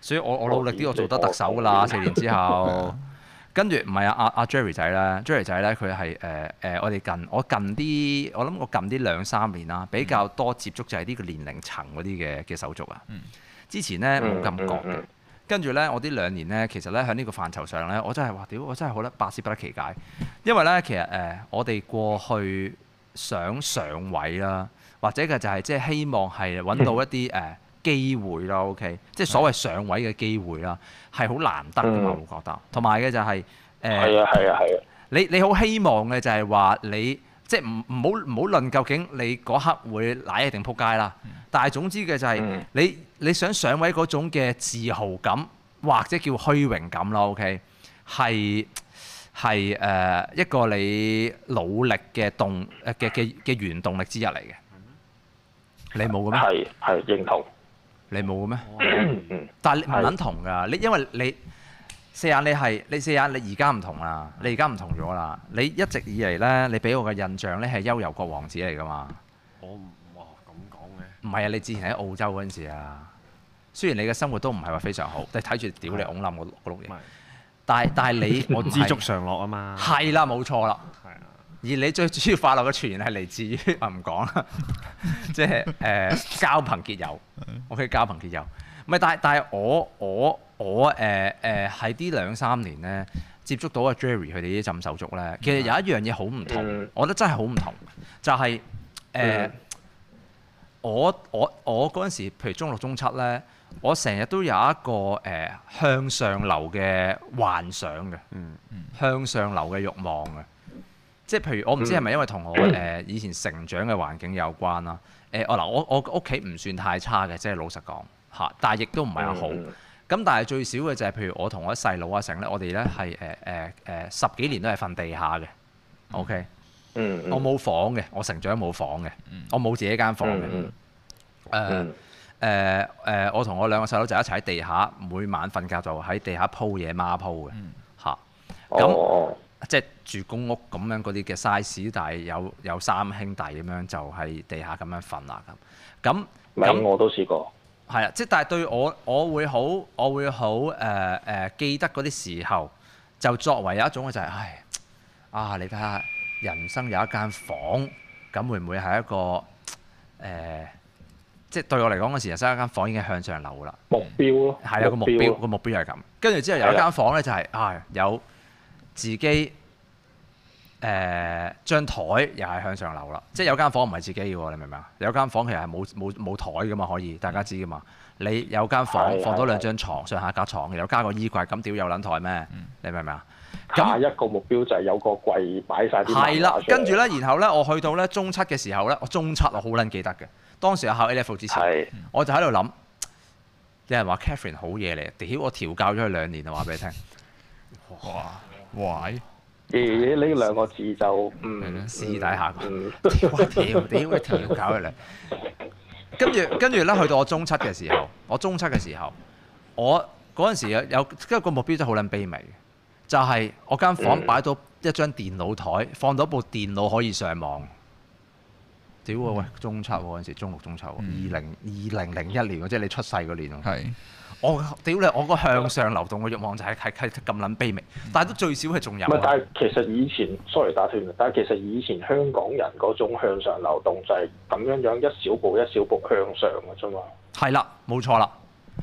所以我我努力啲，我做得特首㗎啦，四年之後。 跟住唔係啊，阿阿 Jerry 仔啦 Jerry 仔咧佢係誒誒我哋近我近啲，我諗我近啲兩三年啦，比較多接觸就係呢個年齡層嗰啲嘅嘅手續啊。嗯、之前咧冇咁覺嘅，跟住咧我呢兩年咧，其實咧喺呢個範疇上咧，我真係話屌我真係好得百思不得其解。因為咧其實誒、呃、我哋過去想上位啦，或者嘅就係即係希望係揾到一啲誒。嗯機會啦，OK，即係所謂上位嘅機會啦，係好難得嘅，我覺得。同埋嘅就係誒，係啊，係啊，係啊。你你好希望嘅就係話你即係唔唔好唔好論究竟你嗰刻會一定撲街啦。但係總之嘅就係你你想上位嗰種嘅自豪感或者叫虛榮感啦，OK，係係誒一個你努力嘅動嘅嘅嘅原動力之一嚟嘅。你冇咁咩？係係認同。你冇咩？ 但你唔肯同㗎。是你因為你四眼你，你係你四眼你，你而家唔同啦。你而家唔同咗啦。你一直以嚟呢，你俾我嘅印象呢係優柔國王子嚟㗎嘛。我哇咁講嘅？唔係啊！你之前喺澳洲嗰陣時啊，雖然你嘅生活都唔係話非常好，但係睇住屌你拱冧個個碌嘢。但係但係你我知足常樂啊嘛。係啦， 冇錯啦。係啊。而你最主要快樂嘅傳言係嚟自於我唔講啦，即係誒交朋結友，OK，交朋結友。咪但係但係我我我誒誒喺呢兩三年咧接觸到阿 Jerry 佢哋呢啲浸手足咧，其實有一樣嘢好唔同，嗯、我覺得真係好唔同就係、是、誒、欸嗯、我我我嗰陣時，譬如中六中七咧，我成日都有一個誒向上流嘅幻想嘅，向上流嘅慾望嘅。即係譬如我唔知係咪因為同我誒以前成長嘅環境有關啦？誒我嗱我我屋企唔算太差嘅，即係老實講嚇，但係亦都唔係好。咁但係最少嘅就係譬如我同我啲細佬啊成咧，我哋咧係誒誒誒十幾年都係瞓地下嘅。OK，嗯嗯我冇房嘅，我成長冇房嘅，我冇自己間房嘅。誒誒誒，我同我兩個細佬就一齊喺地下，每晚瞓覺就喺地下鋪嘢孖鋪嘅嚇。咁、啊即係住公屋咁樣嗰啲嘅 size，但係有有三兄弟咁樣就喺地下咁樣瞓啦咁。咁咁是那我都試過。係啊，即係但係對我，我會好，我會好誒誒記得嗰啲時候，就作為有一種嘅就係、是、唉，啊你睇下人生有一間房，咁會唔會係一個誒、呃？即係對我嚟講嗰時，人生一間房已經向上流啦。目標咯、啊。係有個目標個目標又係咁。跟住之後有一間房咧、就是，就係啊有。有有有自己誒張台又係向上流啦，即係有間房唔係自己嘅喎，你明唔明啊？有間房其實係冇冇冇台嘅嘛，可以大家知嘅嘛。你有間房、嗯、放多兩張床，嗯、上下架牀，又加個衣櫃，咁屌有撚台咩？嗯、你明唔明啊？咁一個目標就係有個櫃擺晒啲。係啦，跟住、嗯嗯、呢。然後呢，我去到呢中七嘅時候呢，我中七我好撚記得嘅，當時我考 A Level 之前，嗯嗯、我就喺度諗，有人話 Catherine 好嘢嚟，屌我調教咗佢兩年就話俾你聽。喂，誒呢兩個字就嗯私、嗯、底下，哇屌屌，解條條搞出嚟？跟住跟住咧，去到我中七嘅時候，我中七嘅時候，我嗰陣時有有，跟個目標真係好撚卑微嘅，就係、是、我間房擺到一張電腦台，嗯、放到部電腦可以上網。屌、哎、喂，中七喎嗰時，中六中七喎，二零二零零一年即係、就是、你出世嗰年喎。嗯。我屌你！我個向上流動嘅慾望就係係係咁撚卑微，嗯、但係都最少係仲有。但係其實以前，sorry 打斷啦。但係其實以前香港人嗰種向上流動就係咁樣樣，一小步一小步向上嘅啫嘛。係啦，冇錯啦。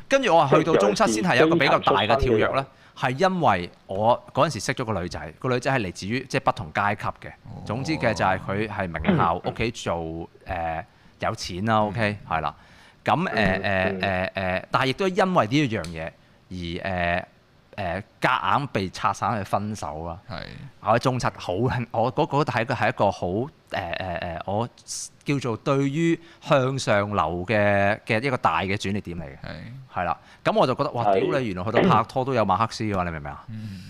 跟住我話去到中七先係有個比較大嘅跳躍咧，係因為我嗰陣時識咗個女仔，個女仔係嚟自於即係、就是、不同階級嘅。哦、總之嘅就係佢係名校，屋企做誒有錢啦。OK，係啦。咁誒誒誒誒，嗯嗯、但係亦都因為呢一樣嘢而誒誒，夾、呃呃呃、硬被拆散去分手啊。係是，我中七好，我、那、嗰個係一個好誒誒誒，我叫做對於向上流嘅嘅一個大嘅轉捩點嚟嘅。係是，係啦。咁我就覺得哇！屌你是，原來去到拍拖都有馬克思嘅話，你明唔明啊？嗯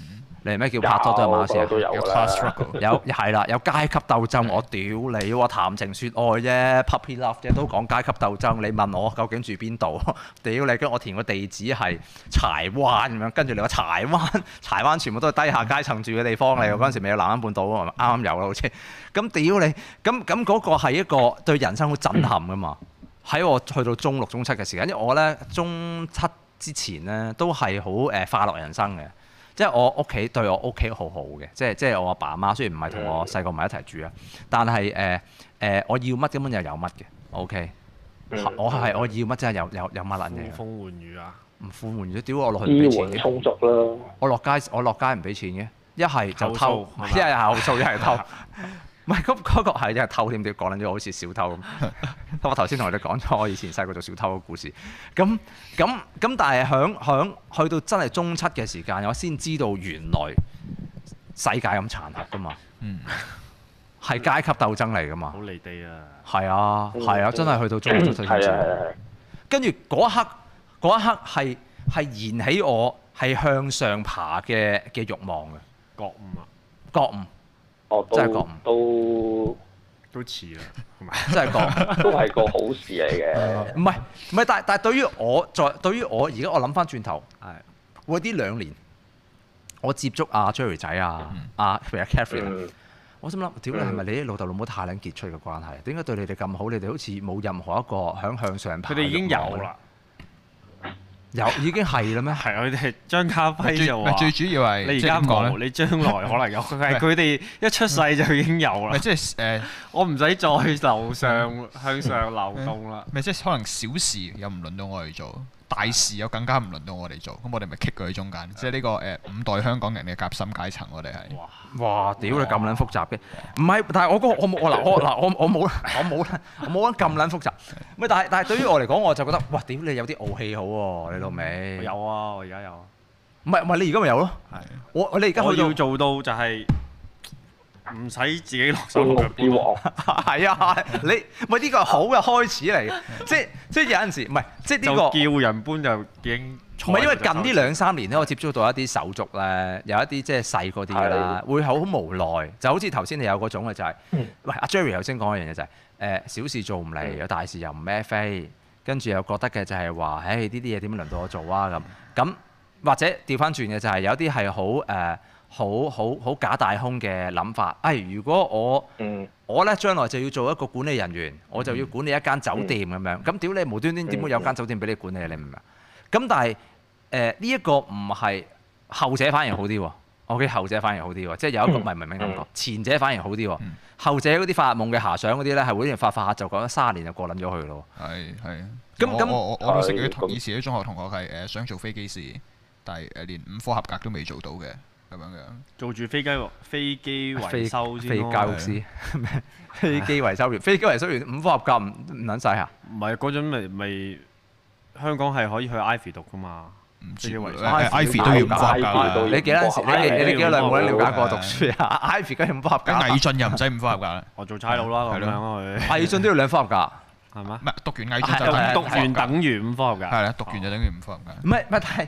你係咩叫拍拖都係馬事啊？有係啦 class struggle， 有階級鬥爭。我屌你，我談情説愛啫，puppy love 啫，都講階級鬥爭。你問我究竟住邊度？屌你，跟我填個地址係柴灣咁樣，跟住你話柴灣，柴灣全部都係低下階層住嘅地方嚟。嗰陣、嗯、時未有藍灣半島啊，啱啱有啦好似。咁屌你，咁咁嗰個係一個對人生好震撼㗎嘛。喺我去到中六中七嘅時間，因為我咧中七之前咧都係好誒快樂人生嘅。即係我屋企對我屋企好好嘅，即係即係我阿爸阿媽雖然唔係同我細個唔係一齊住啊，嗯、但係誒誒我要乜根本又有乜嘅，OK，我係我要乜真係有有有乜撚嘢。呼風喚雨啊？唔呼喚雨，屌我落去唔俾錢嘅。資源充足啦。我落街我落街唔俾錢嘅，一係就偷，一係後收，一係偷。 唔係，咁嗰、嗰個係真係偷添，啲講緊啲好似小偷咁。我頭先同你哋講咗我以前細個做小偷嘅故事。咁、咁、咁，但係響響去到真係中七嘅時間，我先知道原來世界咁殘酷噶嘛。嗯。係階級鬥爭嚟噶嘛。好離地啊！係啊，係啊，真係去到中七。跟住嗰一刻，嗰一刻係係燃起我係向上爬嘅嘅慾望嘅。覺悟啊！覺悟。哦，真係講都都似啊！真係講都係 個好事嚟嘅。唔係唔係，但但對於我，在對於我而家，我諗翻轉頭，係我呢兩年，我接觸阿 Jerry 仔啊，阿 Frankie，我心諗，點解係咪你啲老豆老母太撚傑出嘅關係？點解對你哋咁好？你哋好似冇任何一個響向，向上。佢哋已經有啦。嗯。有已經係啦咩？係啊，佢哋張家輝就最，最主要係 你而家冇，你 將來可能有。佢哋 一出世就已經有啦。即係誒，我唔使再流上 向上流動啦。咪即係可能小事又唔輪到我去做。大事又更加唔輪到我哋做，咁我哋咪棘佢喺中間，的即係呢個誒五代香港人嘅夾心階層，我哋係。哇！哇！屌你咁撚複雜嘅，唔係，但係我我冇我嗱我嗱我我冇我冇啦，我冇咁撚複雜。唔 但係但係對於我嚟講，我就覺得哇！屌你有啲傲氣好喎、啊，你老味。有啊，我而家有。唔係唔係，你而家咪有咯？係的。我我你而家我要做到就係、是。唔使自己落手腳，係啊！你咪呢個好嘅開始嚟嘅， 即係即係有陣時唔係即係呢個叫人搬就已經唔因為近呢兩三年咧，我接觸到一啲手續咧，是的 有一啲即係細嗰啲啦，是的 會好無奈，就好似頭先你有嗰種嘅就係、是， 喂阿 Jerry 頭先講嘅樣嘢就係、是，誒、呃、小事做唔嚟，有大事又唔孭飛，跟住又覺得嘅就係話，唉呢啲嘢點樣輪到我做啊咁？咁或者調翻轉嘅就係、是、有啲係好誒。呃呃好好好假大空嘅諗法。誒、哎，如果我、嗯、我咧將來就要做一個管理人員，我就要管理一間酒店咁樣。咁點咧？無端端點會有間酒店俾你管理？你明唔明？咁但係呢一個唔係後者反而好啲喎。我覺得後者反而好啲喎，即係有一個唔係明明感覺。嗯、前者反而好啲喎。嗯、後者嗰啲發夢嘅遐想嗰啲呢，係會啲人發發下就覺得三年就過撚咗去咯。係係咁咁，我我都識啲以前啲中學同學係想做飛機師，但係誒連五科合格都未做到嘅。咁樣樣做住飛機喎，飛機維修先咯。飛機公司維修員，飛機維修員五科合格唔唔撚曬嚇？唔係嗰種咪咪香港係可以去 Ivy 讀噶嘛？唔知 Ivy 都要五科合格。你幾多？你你你幾多兩位了解過讀書啊？Ivy 梗係五科合格。魏俊又唔使五科合格。我做差佬啦咁樣。魏俊都要兩科合格，係嘛？唔係讀完魏俊就讀完，等於五科合格。係啦，讀完就等於五科合格。唔係唔係，但係。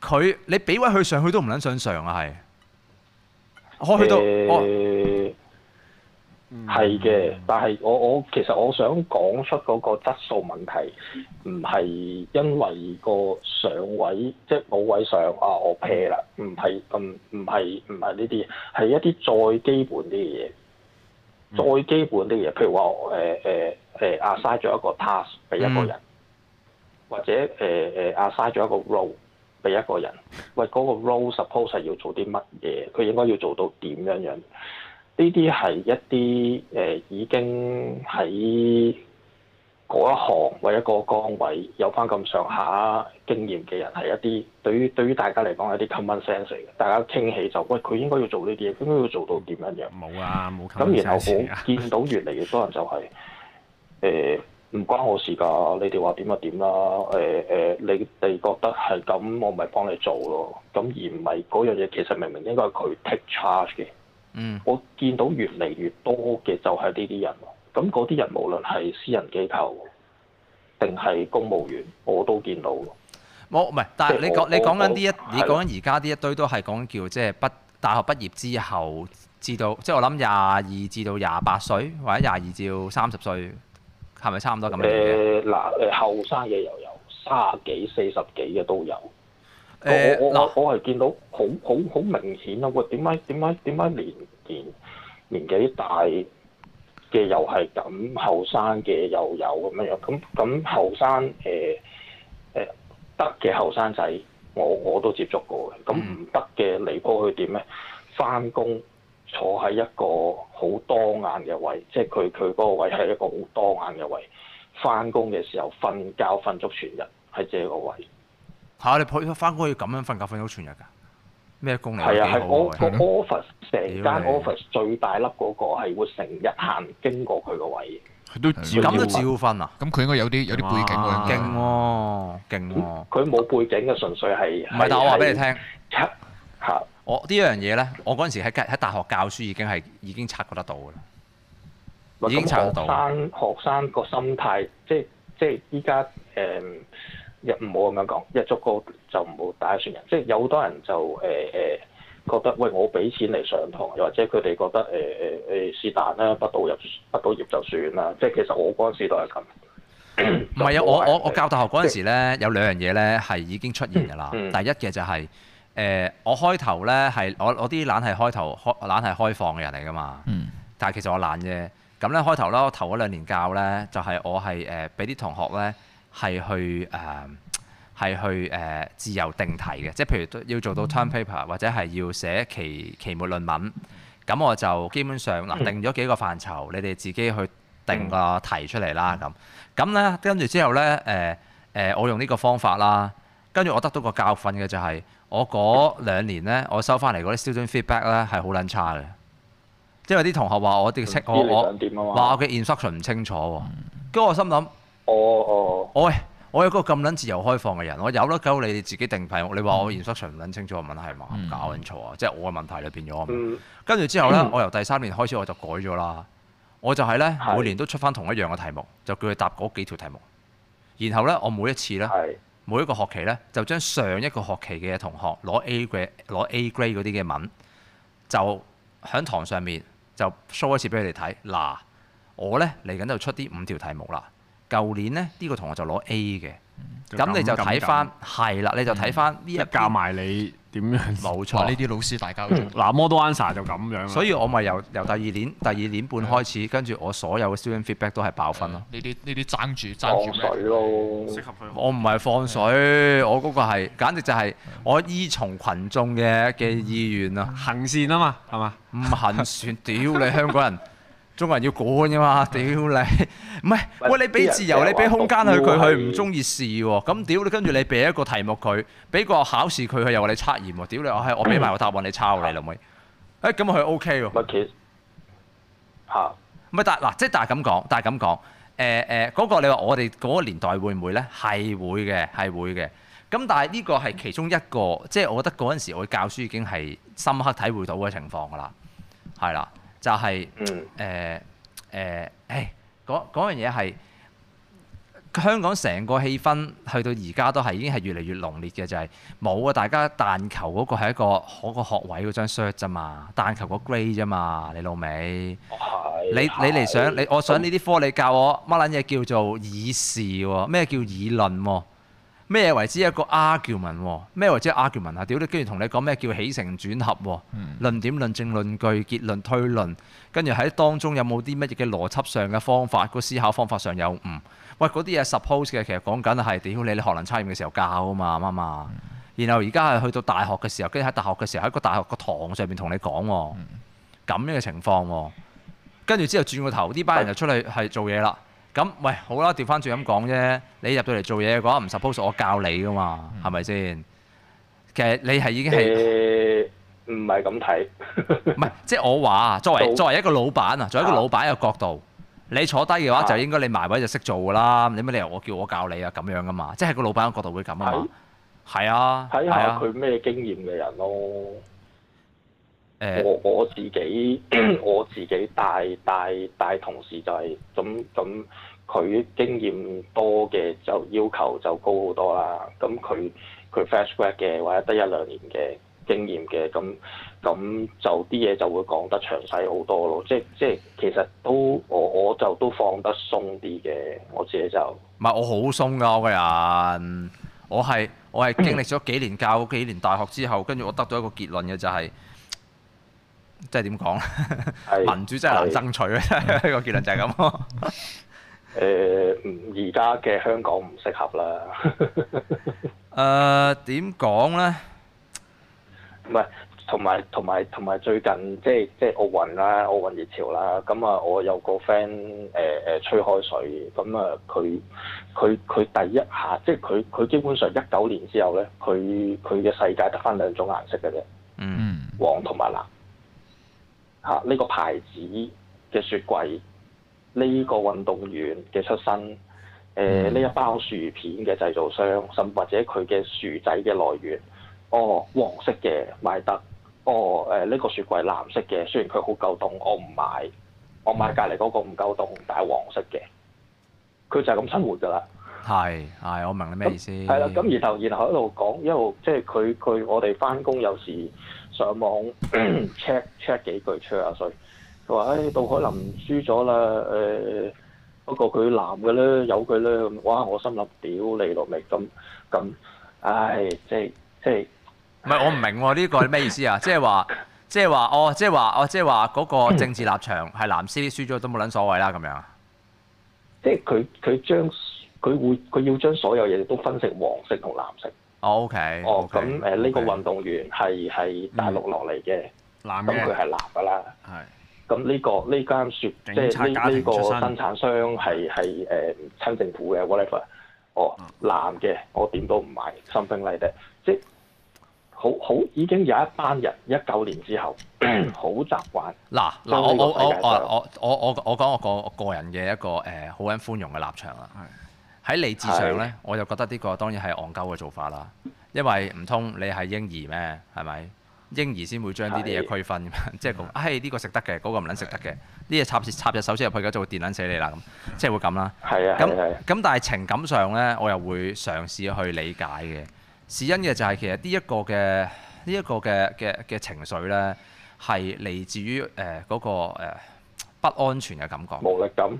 佢你俾位佢上去，都上去都唔撚上上啊！係我去到，係嘅、呃。但係我我其實我想講出嗰個質素問題，唔係因為個上位即冇位上啊，我 pair 啦，唔係唔唔係唔係呢啲，係、嗯、一啲再基本啲嘅嘢，嗯、再基本啲嘢。譬如話誒誒誒 assign 咗一個 pass 俾一個人，嗯、或者誒誒 assign 咗一個 role。俾一個人，喂嗰、那個 role suppose 要做啲乜嘢？佢應該要做到點樣樣？呢啲係一啲誒、呃、已經喺嗰一行或、呃、一,一個崗位有翻咁上下經驗嘅人，係一啲對於對於大家嚟講係一啲 common sense 嚟嘅。大家傾起就喂佢應該要做呢啲嘢，應該要做到點樣樣？冇啊，冇咁。然後我、啊、 見到越嚟越多人就係、是、誒。呃唔關我事㗎，你哋話點就點啦。誒、呃、誒、呃，你哋覺得係咁，我咪幫你做咯。咁而唔係嗰樣嘢，其實明明應該係佢 take charge 嘅。嗯，我見到越嚟越多嘅就係呢啲人。咁嗰啲人無論係私人機構定係公務員，我都見到。冇唔係，但係你講我你講緊呢一，我你講緊而家呢一堆都係講叫即係畢大學畢業之後至到，即係我諗廿二至到廿八歲，或者廿二至到三十歲。係咪差唔多咁樣？誒嗱，誒後生嘅又有，卅幾、四十幾嘅都有。誒嗱、呃，我係見到好好好明顯啊！哇，點解點解點解年年年紀大嘅又係咁，後生嘅又有咁樣。咁咁後生誒誒得嘅後生仔，我我都接觸過嘅。咁唔得嘅離波去點咧？翻工。坐喺一個好多眼嘅位，即係佢佢嗰個位係一個好多眼嘅位。翻工嘅時候瞓覺瞓足全日，係借個位。嚇、啊！你破翻工要咁樣瞓覺瞓足全日㗎？咩工嚟？係啊，係我個 office 成間 office 最大粒嗰個係會成日行經過佢個位。佢都咁都照瞓啊？咁佢應該有啲有啲背景㗎，勁勁佢冇背景嘅，純粹係。唔係是，但是我話俾你聽，嚇。啊啊我呢樣嘢呢，我嗰陣時喺喺大學教書已經係已經察覺得到嘅啦，已經察得到。學生學生個心態，即係即係依家誒，唔好咁樣講，入足高就唔好打算。人，即係有好多人就誒誒、欸、覺得，喂、欸，我俾錢嚟上堂，又或者佢哋覺得誒誒誒是但啦，畢到業畢到業就算啦，即係其實我嗰陣時都係咁。唔係啊，我我是我教大學嗰陣時咧，即有兩樣嘢呢係已經出現嘅啦。第一嘅就係、是。 誒、呃，我開頭咧係我我啲懶係開頭開懶係開放嘅人嚟㗎嘛，嗯、但係其實我懶啫。咁咧開頭啦，我頭嗰兩年教咧，就係、是、我係誒俾啲同學咧係去誒係、呃、去誒、呃、自由定題嘅，即係譬如要做到 term paper 或者係要寫期期末論文。咁我就基本上嗱、呃、定咗幾個範疇，你哋自己去定個題出嚟啦。咁咁咧跟住之後咧誒誒，我、呃呃呃、用呢個方法啦。跟住我得到個教訓嘅就係、是。我嗰兩年咧，我收翻嚟嗰啲 student feedback 咧係好撚差嘅，即係有啲同學話我哋 check 我我話我嘅 instruction 唔清楚喎，跟住、嗯、我心諗、哦，哦哦，我我係一個咁撚自由開放嘅人，我有得鳩你哋自己定題目，你話我 instruction 唔撚清楚題，我問係嘛？搞錯啊！即係我嘅問題就變咗，跟住之後咧，我由第三年開始我就改咗啦，我就係咧每年都出翻同一樣嘅題目，就叫佢答嗰幾條題目，然後咧我每一次咧，每一個學期呢，就將上一個學期嘅同學攞 A, A grade、攞 A grade 嗰啲嘅文，就喺堂上面就 show 一次俾佢哋睇。嗱、啊，我呢，嚟緊就出啲五條題目啦。舊年呢，呢、這個同學就攞 A 嘅，咁、嗯、這樣 你就睇翻係啦，嗯嗯、你就睇翻呢一。教埋你。點樣？冇錯，呢啲老師大家嗱，Model Answer 就咁樣。所以我咪由由第二年、第二年半開始，跟住我所有嘅 Student Feedback 都係爆分啦。呢啲呢啲爭住爭住咯，適合佢。我唔係放水，我嗰個係，簡直就係我依從群眾嘅嘅意願啊，行線啊嘛，係嘛？唔行線，屌你香港人！中國人要管啫嘛！屌你，唔 係，喂，你俾自由，你俾空間佢，佢唔中意試喎。咁屌你，跟住你俾一個題目佢，俾個考試佢，佢又話你測驗喎。屌你、嗯啊，我係我俾埋個答案你抄你老妹！可以？咁 佢、啊、OK 喎。乜嘢？唔、啊、係但嗱，即係但係咁講，但係咁講。誒誒，嗰、呃呃嗰個你話我哋嗰個年代會唔會咧？係會嘅，係會嘅。咁但係呢個係其中一個，即、就、係、是、我覺得嗰陣時我教書已經係深刻體會到嘅情況㗎啦。係啦。就係誒誒，唉、呃，嗰、呃哎、樣嘢係香港成個氣氛，去到而家都係已經係越嚟越濃烈嘅，就係、是、冇啊！大家但求嗰個係一個嗰個學位嗰張 cert 啫嘛，但求個 grade 啫嘛，你老味的，你你嚟想的你，我想呢啲科你教我乜撚嘢叫做「議事」喎，咩叫議論喎、啊？咩為之一個 argument 咩為之 argument 啊？屌你！居然同你講咩叫起承轉合喎？嗯、論點、論證、論據、結論、推論，跟住喺當中有冇啲乜嘢嘅邏輯上嘅方法？個思考方法上有誤。喂、哎，嗰啲嘢 suppose 嘅，其實講緊係屌你，你學能測驗嘅時候教啊嘛，啱嘛、嗯。然後而家係去到大學嘅時候，跟住喺大學嘅時候喺個大學個堂上面同你講喎，咁、嗯、樣嘅情況喎。跟住之後轉個頭，呢班人就出嚟係做嘢啦。咁喂，好啦，調翻轉咁講啫。你入到嚟做嘢嘅話，唔 suppose 我教你噶嘛，係咪先？其實你係已經係誒，唔係咁睇。唔係，即係我話啊，作為作為一個老闆啊，作為一個老闆嘅角度，你坐低嘅話就應該你埋位就識做噶啦。你咩理由我叫我教你啊？咁樣噶嘛，即係個老闆嘅角度會咁啊嘛。係啊，係啊，係啊，睇下佢咩經驗嘅人咯。欸、我我自己我自己帶帶帶同事就係咁咁，佢經驗多嘅就要求就高好多啦。咁佢佢 fresh grad 嘅或者得一兩年嘅經驗嘅，咁咁就啲嘢就會講得詳細好多咯。即即其實都我我就都放得鬆啲嘅，我自己就唔係我好鬆㗎，我個人我係我係經歷咗幾年教幾年大學之後，跟住我得到一個結論嘅就係、是。即係點講咧？是 民主真係難爭取咧，個結論就係咁咯。誒，而家嘅香港唔適合啦 、uh,。誒，點講咧？唔係，同埋同埋同埋最近即係即係奧運啦，奧運熱潮啦。咁啊，我有個 friend 誒誒吹開水，咁啊佢佢佢第一下，即係佢佢基本上一九年之後咧，佢佢嘅世界得翻兩種顏色嘅啫。嗯，黃同埋藍。呢、啊這個牌子嘅雪櫃，呢、這個運動員嘅出身，誒呢一包薯片嘅製造商，甚至或者佢嘅薯仔嘅來源，哦黃色嘅買得，哦誒呢、呃這個雪櫃藍色嘅，雖然佢好夠凍，我唔買，嗯、我買隔離嗰個唔夠凍，但係黃色嘅，佢就係咁生活㗎啦。係係，我明你咩意思？係啦，咁然後然後一路講，一路即係佢佢我哋翻工有時。上網 check check 幾句，吹下水。佢、哎、話，誒，杜海林輸咗啦。誒、呃，不過佢男嘅咧，有佢咧。哇！我心諗，屌你落嚟咁咁，唉、哎，即係即係。唔係，我唔明喎、啊，呢個係咩意思啊？ 即係話，即係話，哦，即係話，哦，即係話，嗰、哦嗰個政治立場係藍絲輸咗都冇撚所謂啦、啊，咁樣即。即係佢佢將佢會佢要將所有嘢都分成黃色同藍色。OK 哦，咁誒呢個運動員係係大陸落嚟嘅，男咁佢係男噶啦。係。咁呢個呢間雪，即係呢呢個生產商係係誒親政府嘅，whatever。哦，嗯、男嘅，我點都唔係 something like that，即係好好已經有一班人，一九年之後 好習慣。嗱嗱，我我我我我我我講我個個人嘅一個誒好撚寬容嘅立場啊。係。喺理智上呢，我就覺得呢個當然係戇鳩嘅做法啦。因為唔通你係嬰兒咩？係咪嬰兒先會將呢啲嘢區分？哎、 即係咁，哎呢、呢個食得嘅，嗰、嗰個唔撚食得嘅。呢隻插插入手指入去嘅就會電撚死你啦。咁即係會咁啦。係啊，咁但係情感上呢，我又會嘗試去理解嘅、就是這個這個。事因嘅就係其實呢一個嘅呢一個嘅嘅嘅情緒呢，係嚟自於誒嗰個不安全嘅感覺。無力感。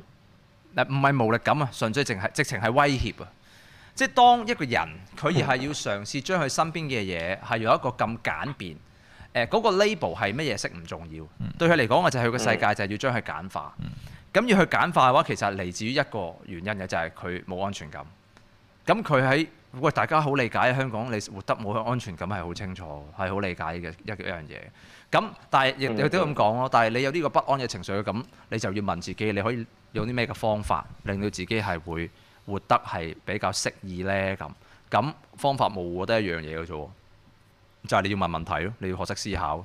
嗱，唔係無力感啊，純粹淨係直情係威脅啊！即係當一個人佢而係要嘗試將佢身邊嘅嘢係用一個咁簡便，誒嗰個 label 係乜嘢色唔重要，對佢嚟講，我就係佢個世界就係要將佢簡化。咁要去簡化嘅話，其實嚟自於一個原因嘅就係佢冇安全感。咁佢喺。喂，大家好理解香港，你活得冇安全感係好清楚，係好理解嘅一一樣嘢。咁但係亦都咁講咯。但係、嗯、也你有呢個不安嘅情緒，咁你就要問自己，你可以用啲咩嘅方法令到自己係會活得係比較適宜咧？咁咁方法模糊都係一樣嘢嘅啫，就係、是、你要問問題咯，你要學識思考。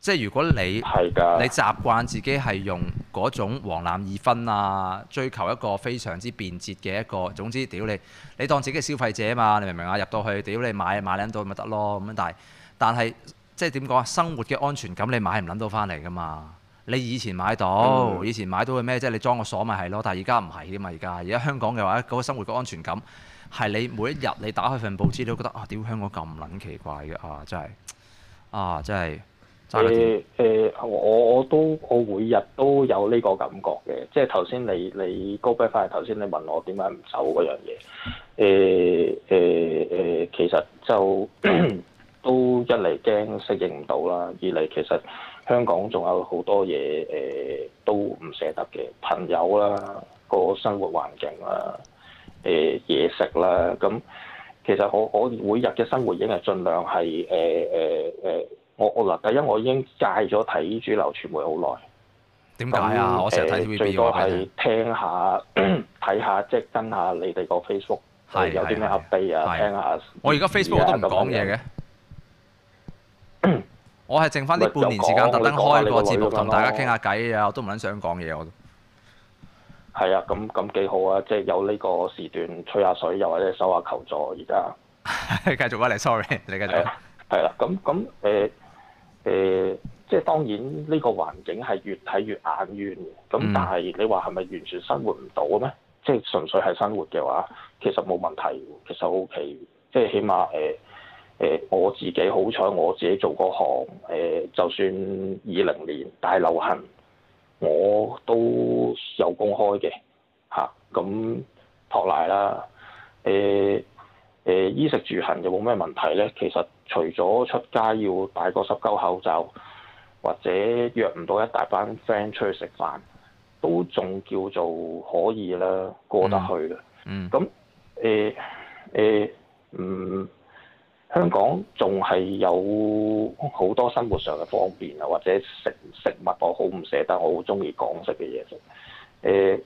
即係如果你的你習慣自己係用。嗰種黃藍二分啊，追求一個非常之便捷嘅一個，總之，屌你，你當自己係消費者啊嘛，你明唔明啊？入到去，屌你買買撚到咪得咯咁樣，但係，但係即係點講啊？生活嘅安全感你買唔撚到翻嚟噶嘛？你以前買到，哦、以前買到嘅咩？即係你裝個鎖咪係咯，但係而家唔係嘅嘛，而家而家香港嘅話，嗰個生活嘅安全感係你每一日你打開份報紙你都覺得啊，屌香港咁撚奇怪嘅啊，真係啊，真係。誒誒、嗯呃呃，我我都我每日都有呢個感覺嘅，即係頭先你你高 back 翻嚟，頭先你問我點解唔走嗰樣嘢，誒誒誒，其實就 都一嚟驚適應唔到啦，二嚟其實香港仲有好多嘢誒、呃、都唔捨得嘅，朋友啦，個生活環境啦，誒、呃、嘢食啦，咁、嗯、其實我我每日嘅生活已經係盡量係誒誒誒。呃呃我我嗱，第一我已經戒咗睇主流傳媒好耐。點解啊？我成日睇 TVB 最多係聽下、睇下，即係跟下你哋個 Facebook 係有啲咩 update 啊。聽下。我而家 Facebook 都唔講嘢嘅。我係剩翻啲半年時間，特登開個節目同大家傾下偈啊！我都唔撚想講嘢我都。係啊，咁咁幾好啊！即係有呢個時段吹下水，又或者收下求助而家。繼續啊，返嚟。Sorry，你繼續。係啦，咁咁誒。誒、呃，即係當然呢個環境係越睇越眼冤嘅，咁、嗯、但係你話係咪完全生活唔到嘅咩？即係純粹係生活嘅話，其實冇問題，其實 O K，即係起碼誒誒、呃呃，我自己好彩，我自己做嗰行，誒、呃，就算二零年大流行，我都有工開嘅，嚇、啊，咁托賴啦，誒誒、呃呃呃，衣食住行有冇咩問題咧，其實。除咗出街要戴個濕嚿口罩，或者約唔到一大班 friend 出去食飯，都仲叫做可以啦，過得去啦、嗯。嗯，咁誒誒，嗯，香港仲係有好多生活上嘅方便啊，或者食食物我好唔捨得，我好中意港式嘅嘢食。誒、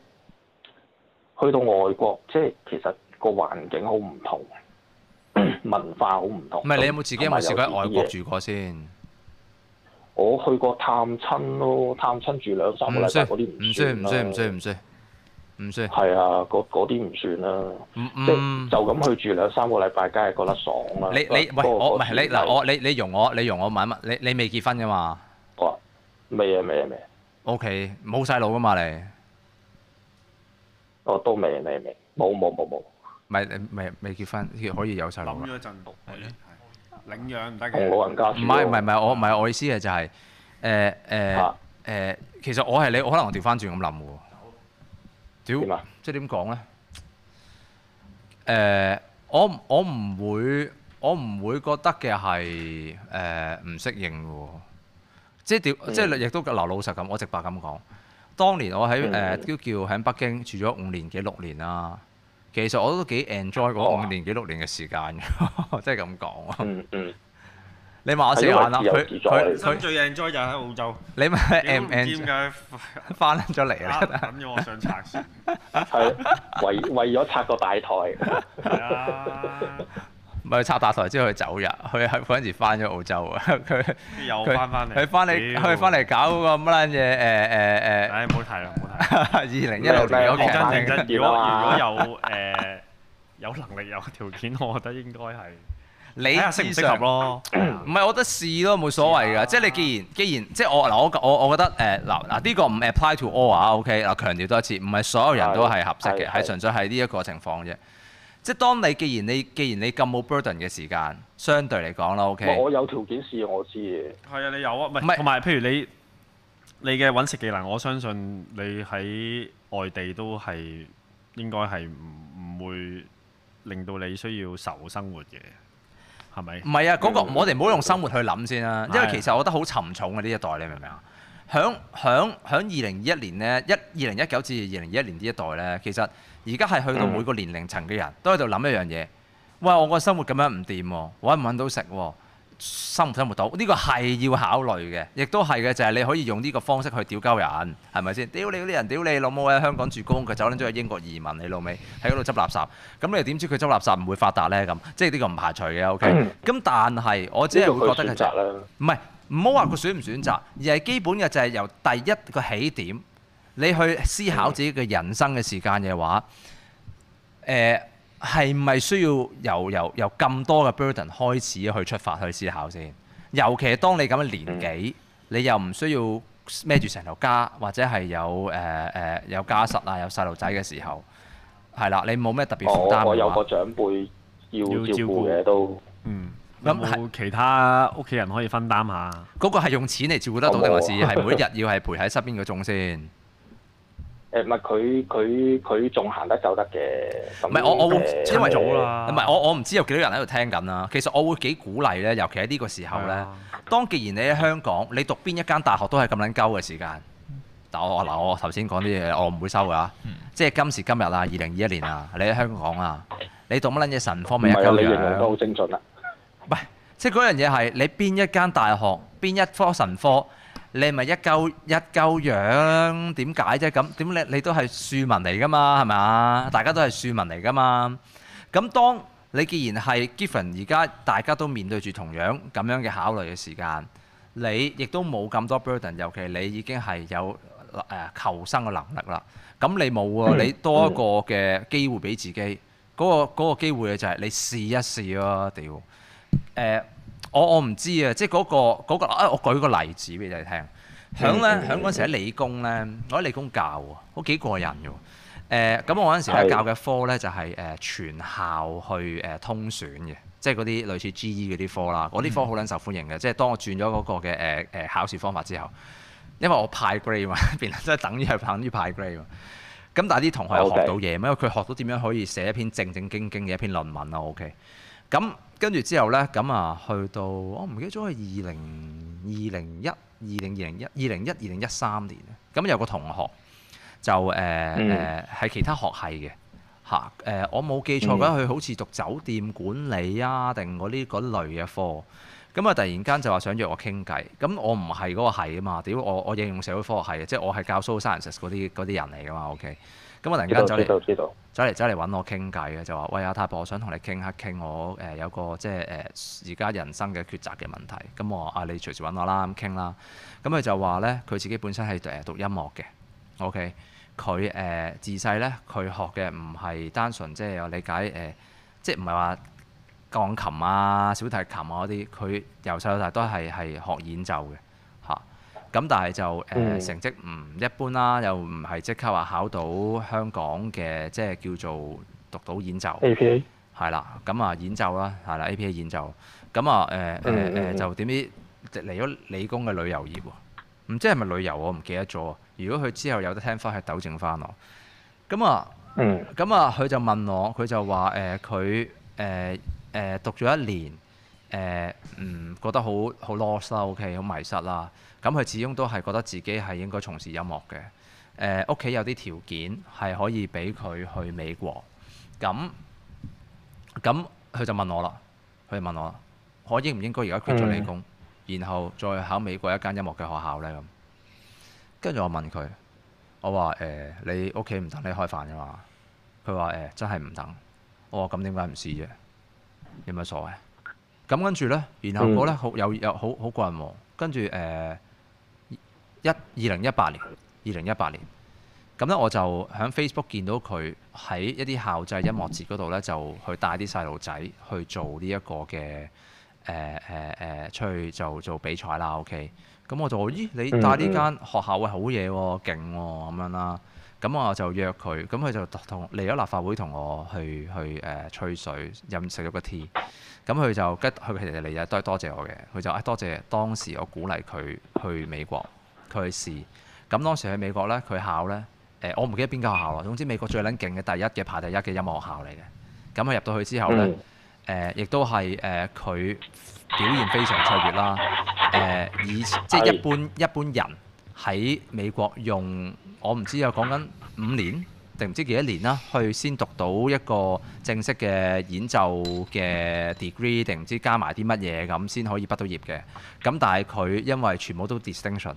呃，去到外國，即係其實個環境好唔同。文化好唔同。唔係你有冇自己有冇試過喺外國住過先？我去過探親咯，探親住兩三個禮拜唔算唔算唔算唔算唔算係啊，嗰啲唔算啦。就咁去住兩三個禮拜，梗係覺得爽啦。你，你喂，我唔係你，嗱，我你你容我你容我問一問你，你未結婚㗎嘛？哦，未啊未啊未。OK，冇細路㗎嘛你？我都未未未，冇冇冇冇。未未未結婚，可以有細路。諗咗陣，領養唔使嘅。老人家唔係唔係唔係，我唔係我意思嘅就係誒誒誒，其實我係你，我可能調翻轉咁諗喎。屌、啊，即係點講咧？誒、呃，我我唔會，我唔會覺得嘅係誒唔適應喎。即係點？即係亦、嗯、都嗱，老實咁，我直白咁講。當年我喺誒都叫喺北京住咗五年幾六年啦。其實我都幾 enjoy 嗰五年、哦啊、幾六年嘅時間嘅，即係咁講。嗯嗯，你望我死眼啦、啊！佢佢佢最 enjoy 就喺澳洲。你咪 M m 點解翻咗嚟啊！咁我想拆，係 為為咗拆個大台。 唔係插大台之後佢走人，佢喺嗰陣時翻咗澳洲啊！佢又翻翻嚟，佢翻嚟佢翻嚟搞嗰個乜嘢誒誒誒？唔好提啦！二零一六年真競爭，如果如果有誒、呃、有能力、有條件，我覺得應該係你適唔適合咯？唔係 我覺得試都冇所謂㗎。吧即係你既然既然即係我嗱，我我我覺得誒嗱嗱呢個唔 apply to all 啊？OK 嗱，強調多一次，唔係所有人都係合適嘅，係純粹係呢一個情況啫。即係當你既然你既然你咁冇 burden 嘅時間，相對嚟講啦，OK。我有條件試，我知嘅。係啊，你有啊，唔係同埋，譬如你你嘅揾食技能，我相信你喺外地都係應該係唔唔會令到你需要愁生活嘅，係咪？唔係啊，嗰、那個我哋唔好用生活去諗先啦，啊、因為其實我覺得好沉重嘅、啊、呢、啊、一代，你明唔明啊？響響響二零二一年呢，一二零一九至二零二一年呢一代呢，其實。而家係去到每個年齡層嘅人、嗯、都喺度諗一樣嘢，哇！我個生活咁樣唔掂喎，揾唔揾到食喎、啊，生唔生活到？呢、呢個係要考慮嘅，亦都係嘅，就係、係、你可以用呢個方式去屌鳩人，係咪先？屌你嗰啲人，屌你老母喺香港住工，佢走撚咗去英國移民，你老味喺嗰度執垃圾，咁你又點知佢執垃圾唔會發達呢？咁即係呢個唔排除嘅，OK、嗯。咁但係我只係會覺得佢唔係唔好話佢選唔選，選擇，而係基本嘅就係由第一個起點。你去思考自己嘅人生嘅時間嘅話，誒係咪需要由由由咁多嘅 burden 開始去出發去思考先？尤其係當你咁嘅年紀，嗯、你又唔需要孭住成頭家，或者係有誒誒、呃呃、有家室啊，有細路仔嘅時候，係啦，你冇咩特別負擔嘅話、哦、有個長輩要照顧嘅都、嗯，嗯，咁係其他屋企人可以分擔下。嗰個係用錢嚟照顧得到定沒還是係每一日要係陪喺身邊嗰種先？ 誒唔係佢佢佢仲行得走得嘅，唔係我我因為早口啦，唔係我我唔知有幾多人喺度聽緊啦。其實我會幾鼓勵咧，尤其喺呢個時候咧。是啊、當既然你喺香港，你讀邊一間大學都係咁撚鳩嘅時間。是啊、但我嗱我頭先講啲嘢，我唔會收㗎。是啊、即係今時今日啦，二零二一年啊，你喺香港啊，你讀乜撚嘢神科咪？唔係你形容都好精準啦、啊啊。唔係即係嗰樣嘢係你邊一間大學，邊一科神科。你咪一鳩一鳩羊點解啫？咁點你你都係庶民嚟噶嘛？係咪啊？大家都係庶民嚟噶嘛？咁當你既然係 given 而家大家都面對住同樣咁樣嘅考慮嘅時間，你亦都冇咁多 burden，尤其你已經係有誒求生嘅能力啦。咁你冇啊？你多一個嘅機會俾自己嗰個嗰個機會嘅就係你試一試咯。屌誒！我我唔知啊，即係嗰、嗰個嗰、嗰個啊！我舉個例子俾你聽。響咧，響嗰陣時喺理工咧，我喺理工教啊，好幾個人嘅。誒、呃、咁我嗰陣時喺教嘅科咧就係、係、誒、呃、全校去誒、呃、通選嘅，即係嗰啲類似 G.E. 嗰啲科啦。嗰啲科好撚受歡迎嘅。即係當我轉咗嗰個嘅誒誒考試方法之後，因為我派 grade 嘛，變即係等於係等於派 grade 喎。咁但係啲同學又學到嘢，Okay. 因為佢學到點樣可以寫一篇正正經經嘅一篇論文啊。OK，咁。跟住之後呢，咁啊去到我唔記得咗係二零二零一、二零二零一、二零一二零一三年咧。咁有個同學就誒誒係其他學系嘅。嚇、啊、誒、呃、我冇記錯佢好似讀酒店管理啊定嗰啲嗰類嘅科。咁啊突然間就話想約我傾偈。咁我唔係嗰個系啊嘛，點我我應用社會科學系即係我係教 social sciences 嗰啲啲人嚟噶嘛，OK？咁、嗯、我突然間走嚟，走嚟走嚟揾我傾偈嘅，就話：喂，阿太婆，我想同你傾下傾，我誒有個即係誒而家人生嘅抉擇嘅問題。咁、嗯、我話：啊，你隨時揾我啦，咁傾啦。咁、嗯、佢就話咧，佢自己本身係誒讀音樂嘅，OK。佢、呃、誒自細咧，佢學嘅唔係單純即係我理解誒、呃，即係唔係話鋼琴啊、小提琴啊嗰啲，佢由細到大都係係學演奏嘅。咁但係就誒、呃、成績唔一般啦，又唔係即刻話考到香港嘅即係叫做讀到演奏。A.P.A. 係啦，咁啊演奏啦係啦，A.P.A. 演奏。咁啊誒誒誒就點知嚟咗理工嘅旅遊業喎、啊？唔知係咪旅遊，我唔記得咗。如果佢之後有得聽翻，佢糾正翻我。咁啊、嗯，咁啊、嗯，佢、嗯呃、就問我，佢就話誒佢誒誒讀咗一年誒、呃，嗯覺得好好 lost 啦，OK，好迷失啦。咁佢始終都係覺得自己係應該從事音樂嘅，呃、屋企有啲條件係可以俾佢去美國。咁咁佢就問我啦，佢就問我，我應唔應該而家缺咗理工，然後再考美國一間音樂嘅學校呢？咁，跟住我問佢，我話誒、呃、你屋企唔等你開飯嘅嘛？佢話誒真係唔等。我話咁點解唔試啫？有乜所謂？咁跟住呢，然後嗰個呢、嗯、好有又好好過人喎。跟住誒。一二零一八年，二零一八年咁咧，我就喺 Facebook 見到佢喺一啲校際音樂節嗰度咧，就去帶啲細路仔去做呢一個嘅誒誒誒，出去就做，做比賽啦。OK，咁我就咦，你帶呢間學校會、欸、好嘢喎、哦，勁喎咁樣啦。咁我就約佢，咁佢就同嚟咗立法會同我去去誒、呃、吹水飲食咗個 tea。咁佢就跟佢其實嚟日都係多謝我嘅，佢就誒、哎、多謝當時我鼓勵佢去美國。佢試咁當時喺美國咧，佢考咧誒、呃，我唔記得邊間學校啦。總之美國最撚勁嘅第一嘅排第一嘅音樂學校嚟嘅。咁佢入到去之後咧，誒、嗯呃、亦都係誒佢表現非常卓越啦。誒、呃、以即係一般、哎、一般人喺美國用我唔知有講緊五年定唔知幾多年啦，去先讀到一個正式嘅演奏嘅 degree，定唔知加埋啲乜嘢咁先可以畢到業嘅。咁但係佢因為全部都 distinction。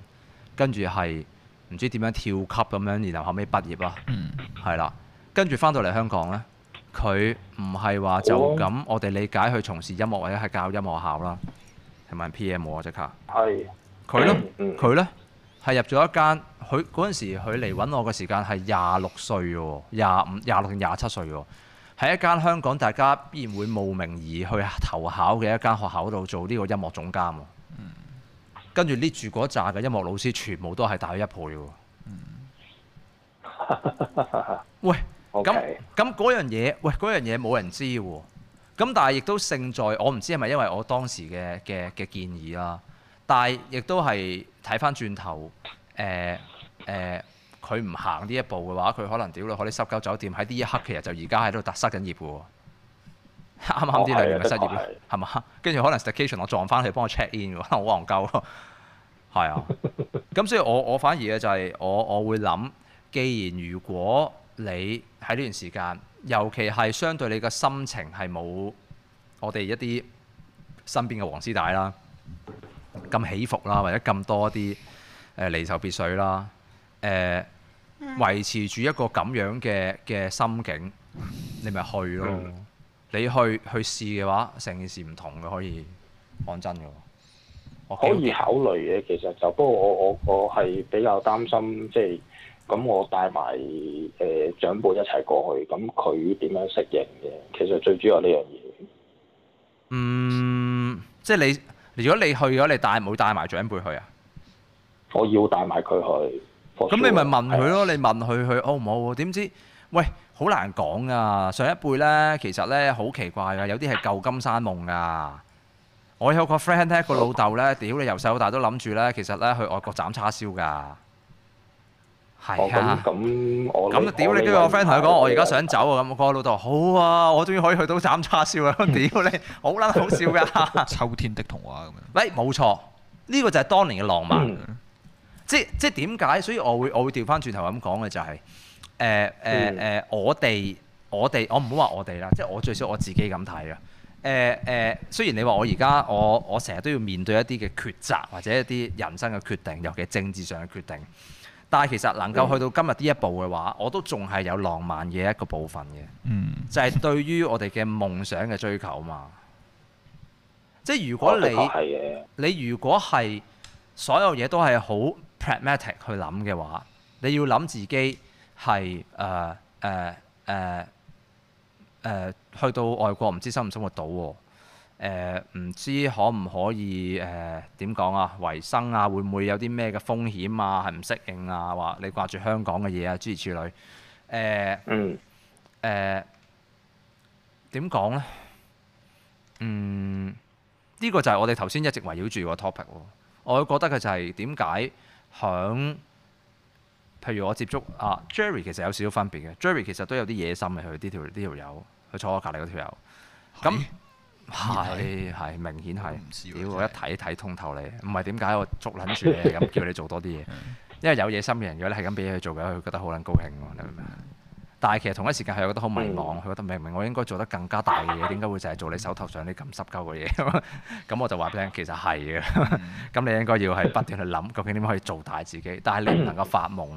跟住係唔知點樣跳級咁樣，然後後尾畢業咯，係啦、嗯。跟住翻到嚟香港呢，佢唔係話就咁，我哋理解去從事音樂或者係教音樂學校啦。係咪 P.M. 喎即刻。係佢咧，佢呢？係入咗一間，佢嗰陣時佢嚟揾我嘅時間係廿六歲喎，廿五、廿六定廿七歲喎，喺一間香港大家必然會慕名而去投考嘅一間學校度做呢個音樂總監。跟住拎住嗰扎嘅音樂老師，全部都係大咗一倍喎。喂，咁咁嗰樣嘢，喂嗰樣嘢冇人知喎。咁但係亦都勝在，我唔知係咪因為我當時嘅嘅嘅建議啦。但係亦都係睇翻轉頭，誒、呃、誒，佢唔行呢一步嘅話，佢可能屌咯，我啲濕鳩酒店喺呢一刻其實就而家喺度搭塞緊業。啱啱啲兩年咪失業咯，係嘛？跟住可能 staycation 我撞翻去幫我 check in，可能好戇鳩咯。係 啊，咁 所以我我反而嘅就係、是、我我會諗，既然如果你喺呢段時間，尤其係相對你嘅心情係冇我哋一啲身邊嘅黃絲帶啦，咁起伏啦，或者咁多啲誒離愁別緒啦，誒、呃、維持住一個咁樣嘅嘅心境，你咪去咯。嗯。你去去試嘅話，成件事唔同嘅，可以講真嘅。我可以考慮嘅，其實就不過我我我係比較擔心，即係咁我帶埋誒、呃、長輩一齊過去，咁佢點樣適應嘅？其實最主要係呢樣嘢。嗯，即係你，如果你去咗，你帶冇帶埋長輩去啊？我要帶埋佢去。咁、sure. 你咪問佢咯，Yeah. 你問佢去，好唔好、啊？點知？喂，好難講啊！上一輩呢，其實呢，好奇怪嘅，有啲係舊金山夢噶。我有個 friend 咧，個老豆呢，屌你由細到大都諗住呢。其實呢，去外國斬叉燒噶。係啊。咁咁我。咁，屌你啲個 friend 同佢講，我而家想走啊！咁個老豆好啊，我終於可以去到斬叉燒啊。屌你，好撚好笑嘅。秋天的童話咁樣。喂，冇錯，呢個就係當年嘅浪漫。即即點解？所以我會我會調翻轉頭咁講嘅就係。誒誒誒，我哋我哋我唔好話我哋啦，即係我最少我自己咁睇啊。誒、呃、誒、呃，雖然你話我而家我我成日都要面對一啲嘅抉擇或者一啲人生嘅決定，尤其政治上嘅決定，但係其實能夠去到今日呢一步嘅話，我都仲係有浪漫嘅一個部分嘅，嗯、就係對於我哋嘅夢想嘅追求嘛。即係如果你是是你如果係所有嘢都係好 pragmatic 去諗嘅話，你要諗自己。係，誒誒誒，誒去到外國唔知生唔生活到喎，誒，唔知可唔可以，誒，點講啊，衞生啊，會唔會有啲咩嘅風險啊，係唔適應啊，話你掛住香港嘅嘢啊，諸如此類，誒、呃、嗯，誒，點講咧？嗯，呢個就係我哋頭先一直圍繞住個 topic 喎，我覺得嘅就係點解響譬如我接觸啊 Jerry 其實有少少分別嘅，Jerry 其實都有啲野心嘅，佢呢條呢條友，佢坐我隔離嗰條友，咁係係明顯係，屌我，啊，我一睇睇通透你，唔係點解我捉撚住你，咁 叫你做多啲嘢， 因為有野心嘅人如果你係咁俾佢做嘅，佢覺得好撚高興喎，你明唔明 但係其實同一時間佢覺得好迷茫，佢的覺得明明我應該做得更加大嘅嘢，點解會就係做你手頭上啲咁濕鳩嘅嘢？咁 我就話俾你聽，其實係嘅。咁 你應該要係不斷去諗，究竟點樣可以做大自己？但係你唔能夠發夢。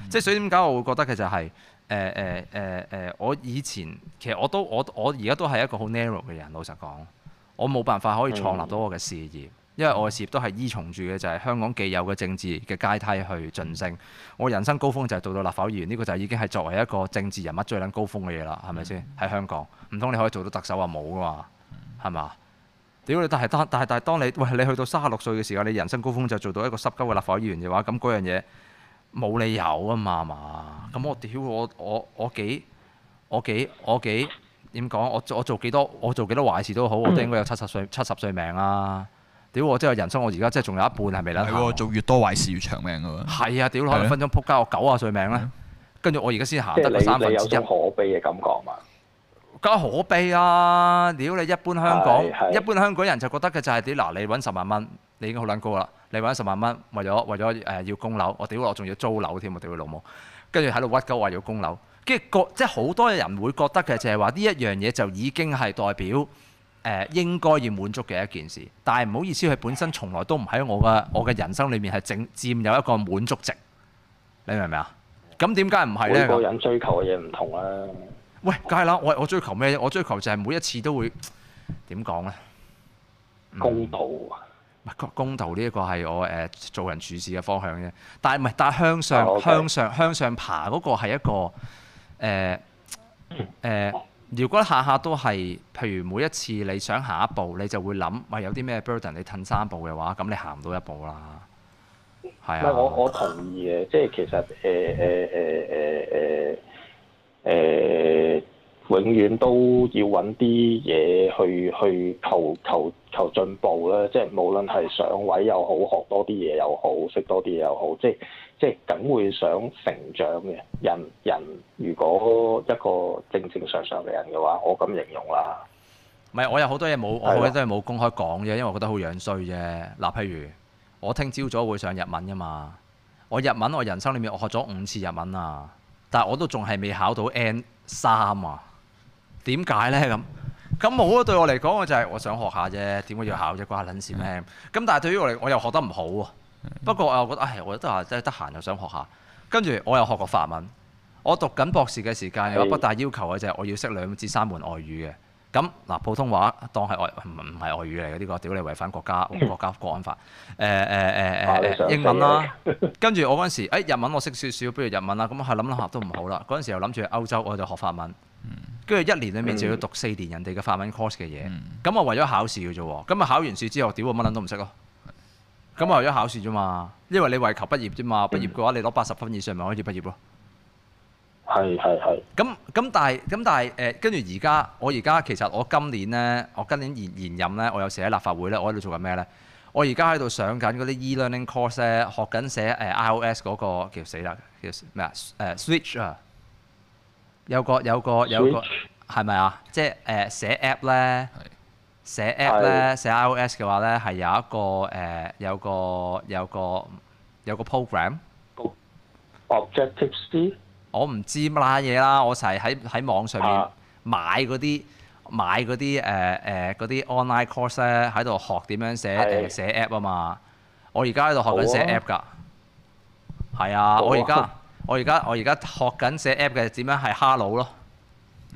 嗯、即係所以點解我會覺得其實係誒誒誒誒，我以前其實我都我我而家都係一個好 narrow 嘅人。老實講，我冇辦法可以創立到我嘅事業。因為我嘅事業都係依從住嘅就係、是、香港既有嘅政治嘅階梯去晉升。我人生高峰就係做到立法議員，呢、這個就已經係作為一個政治人物最撚高峰嘅嘢啦，係咪先？喺、嗯、香港唔通你可以做到特首啊冇噶嘛？係嘛？屌你！但係但係但係，當你喂你去到三十六歲嘅時候，你人生高峰就做到一個濕鳩嘅立法議員嘅話，咁嗰樣嘢冇理由啊嘛嘛。咁我屌我我我，我幾我幾我幾點講？我我做，我，做我做幾多我做幾多壞事都好，我都應該有七十歲七十歲命啦、啊。屌我真係人生，我而家真係仲有一半係咪啦？係喎，做越多壞事越長命嘅喎。係啊，屌可能分鐘撲街我九啊歲命咧，跟住我而家先行得個三分之一。即係你有種可悲嘅感覺嘛？梗係可悲啊！屌你一般香港，一般香港人就覺得嘅就係屌嗱，你揾十萬蚊，你已經好撚高啦。你揾十萬蚊，為咗為咗誒要供樓，我屌我仲要租樓添，我屌佢老母。跟住喺度屈鳩話要供樓，跟住個即係好多人會覺得嘅就係話呢一樣嘢就已經係代表。誒應該要滿足嘅一件事，但係唔好意思，佢本身從來都唔喺我嘅我嘅人生裏面係正佔有一個滿足值，你明唔明啊？咁點解唔係咧？每個人追求嘅嘢唔同啦、啊。喂，梗係啦，我我追求咩？我追求就係每一次都會點講呢公道、嗯？公道。唔公道呢一個係我誒做人處事嘅方向啫。但係唔係？但係向上的向上向上爬嗰個係一個誒誒。呃呃如果下下都係，譬如每一次你想下一步，你就會諗，喂，有啲咩 burden 你褪三步嘅話，咁你行唔到一步啦。係啊。我我同意嘅，即係其實誒誒誒誒誒誒，永遠都要揾啲嘢去去求求求進步啦。即係無論係上位又好，學多啲嘢又好，識多啲嘢又好，即係。即係梗會想成長嘅人，人如果一個正正常常嘅人嘅話，我咁形容啦。唔係，我有好多嘢冇，的我好多嘢冇公開講啫，因為我覺得好樣衰啫。嗱、呃，譬如我聽朝早會上日文嘅嘛，我日文我人生裏面我學咗五次日文啊，但係我都仲係未考到 N 三啊。點解咧咁？咁冇啊，對我嚟講，我就係我想學下啫，點解要考啫？關撚事咩？咁、嗯、但係對於我嚟，我又學得唔好、啊不過我又覺得，唉，我都話即係得閒就想學下，跟住我又學過法文。我讀緊博士嘅時間，有北大要求嘅就係我要識兩至三門外語嘅。咁嗱，普通話當係外唔唔係外語嚟嘅，呢個，屌你違反國家國家國安法。誒誒誒誒英文啦。跟住我嗰陣時，誒，日文我識少少，不如日文啦。咁係諗諗下都唔好啦。嗰陣時又諗住去歐洲，我就學法文。跟住一年裡面就要讀四年人哋嘅法文 course 嘅嘢。咁我為咗考試嘅啫喎，咁啊考完試之後，屌我乜撚都唔識咯。咁啊，因為考試啫嘛，嗯、因為你為求畢業啫嘛，畢業嘅話，你攞八十分以上咪可以畢業咯。係係係。咁 咁、嗯、但係咁但係誒，跟住而家我而家其實我今年咧，我今年延延任咧，我有時喺立法會咧，我喺度做緊咩咧？我而家喺度上緊嗰啲 e-learning course 咧，學緊寫誒、呃、iOS 嗰、那個叫死啦，叫咩啊？誒、呃、switch 啊，有個有個有個係咪 Switch? 啊？即係誒、呃、寫 app 咧。寫 app 咧，是寫 iOS 嘅話咧，係有一個誒、呃，有個有個有個 program、objective 我唔知乜撚嘢啦，我就係喺喺網上面買嗰啲、啊、買嗰啲誒誒啲 online course 咧，喺度學點樣寫誒是、呃、寫 app 啊嘛。我而家喺度學緊寫 app 㗎。係啊、啊，我而家、啊、我而家我而家學緊寫 app 嘅，點樣係 Hello 咯。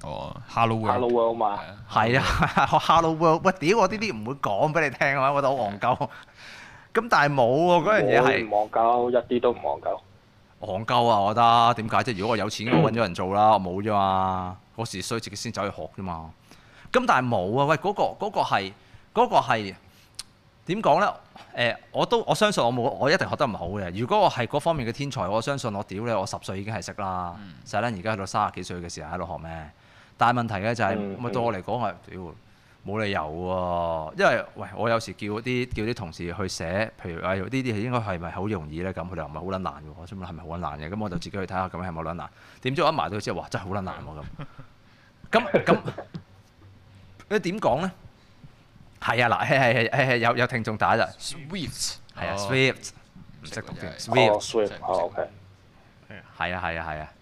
哦、oh，Hello World 嘛，係啊，學 Hello World 喂，屌喂我啲啲唔會講俾你聽啊嘛， 我覺得好戇鳩。咁 但係冇喎，嗰樣嘢係。戇鳩一啲都唔戇鳩。戇鳩啊！我覺得點解啫？如果我有錢，我揾咗人做啦。我冇啫嘛。嗰時衰自己先走去學啫嘛。咁但係冇啊！喂，嗰、那個嗰、那個係嗰、那個係點講咧？誒、那個呃，我都我相信我冇，我一定學得唔好嘅。如果我係嗰方面嘅天才，我相信我屌咧，我十歲已經係識啦。細粒而家喺度三十幾歲嘅時候喺度學咩？但係問題嘅就係，咁啊對我嚟講啊，屌冇理由喎，因為喂我有時叫啲叫啲同事去寫，譬如啊，呢啲係應該係咪好容易咧？咁佢哋唔係好撚難喎，我諗係咪好撚難嘅？咁我就自己去睇下，咁係咪好撚難。點知我一埋到之後，哇真係好撚難喎，咁咁誒點講咧？係啊嗱，有有聽眾打嘅。Swift 係啊，Swift 唔識讀嘅 Swift，Swift，OK，係啊係啊係啊。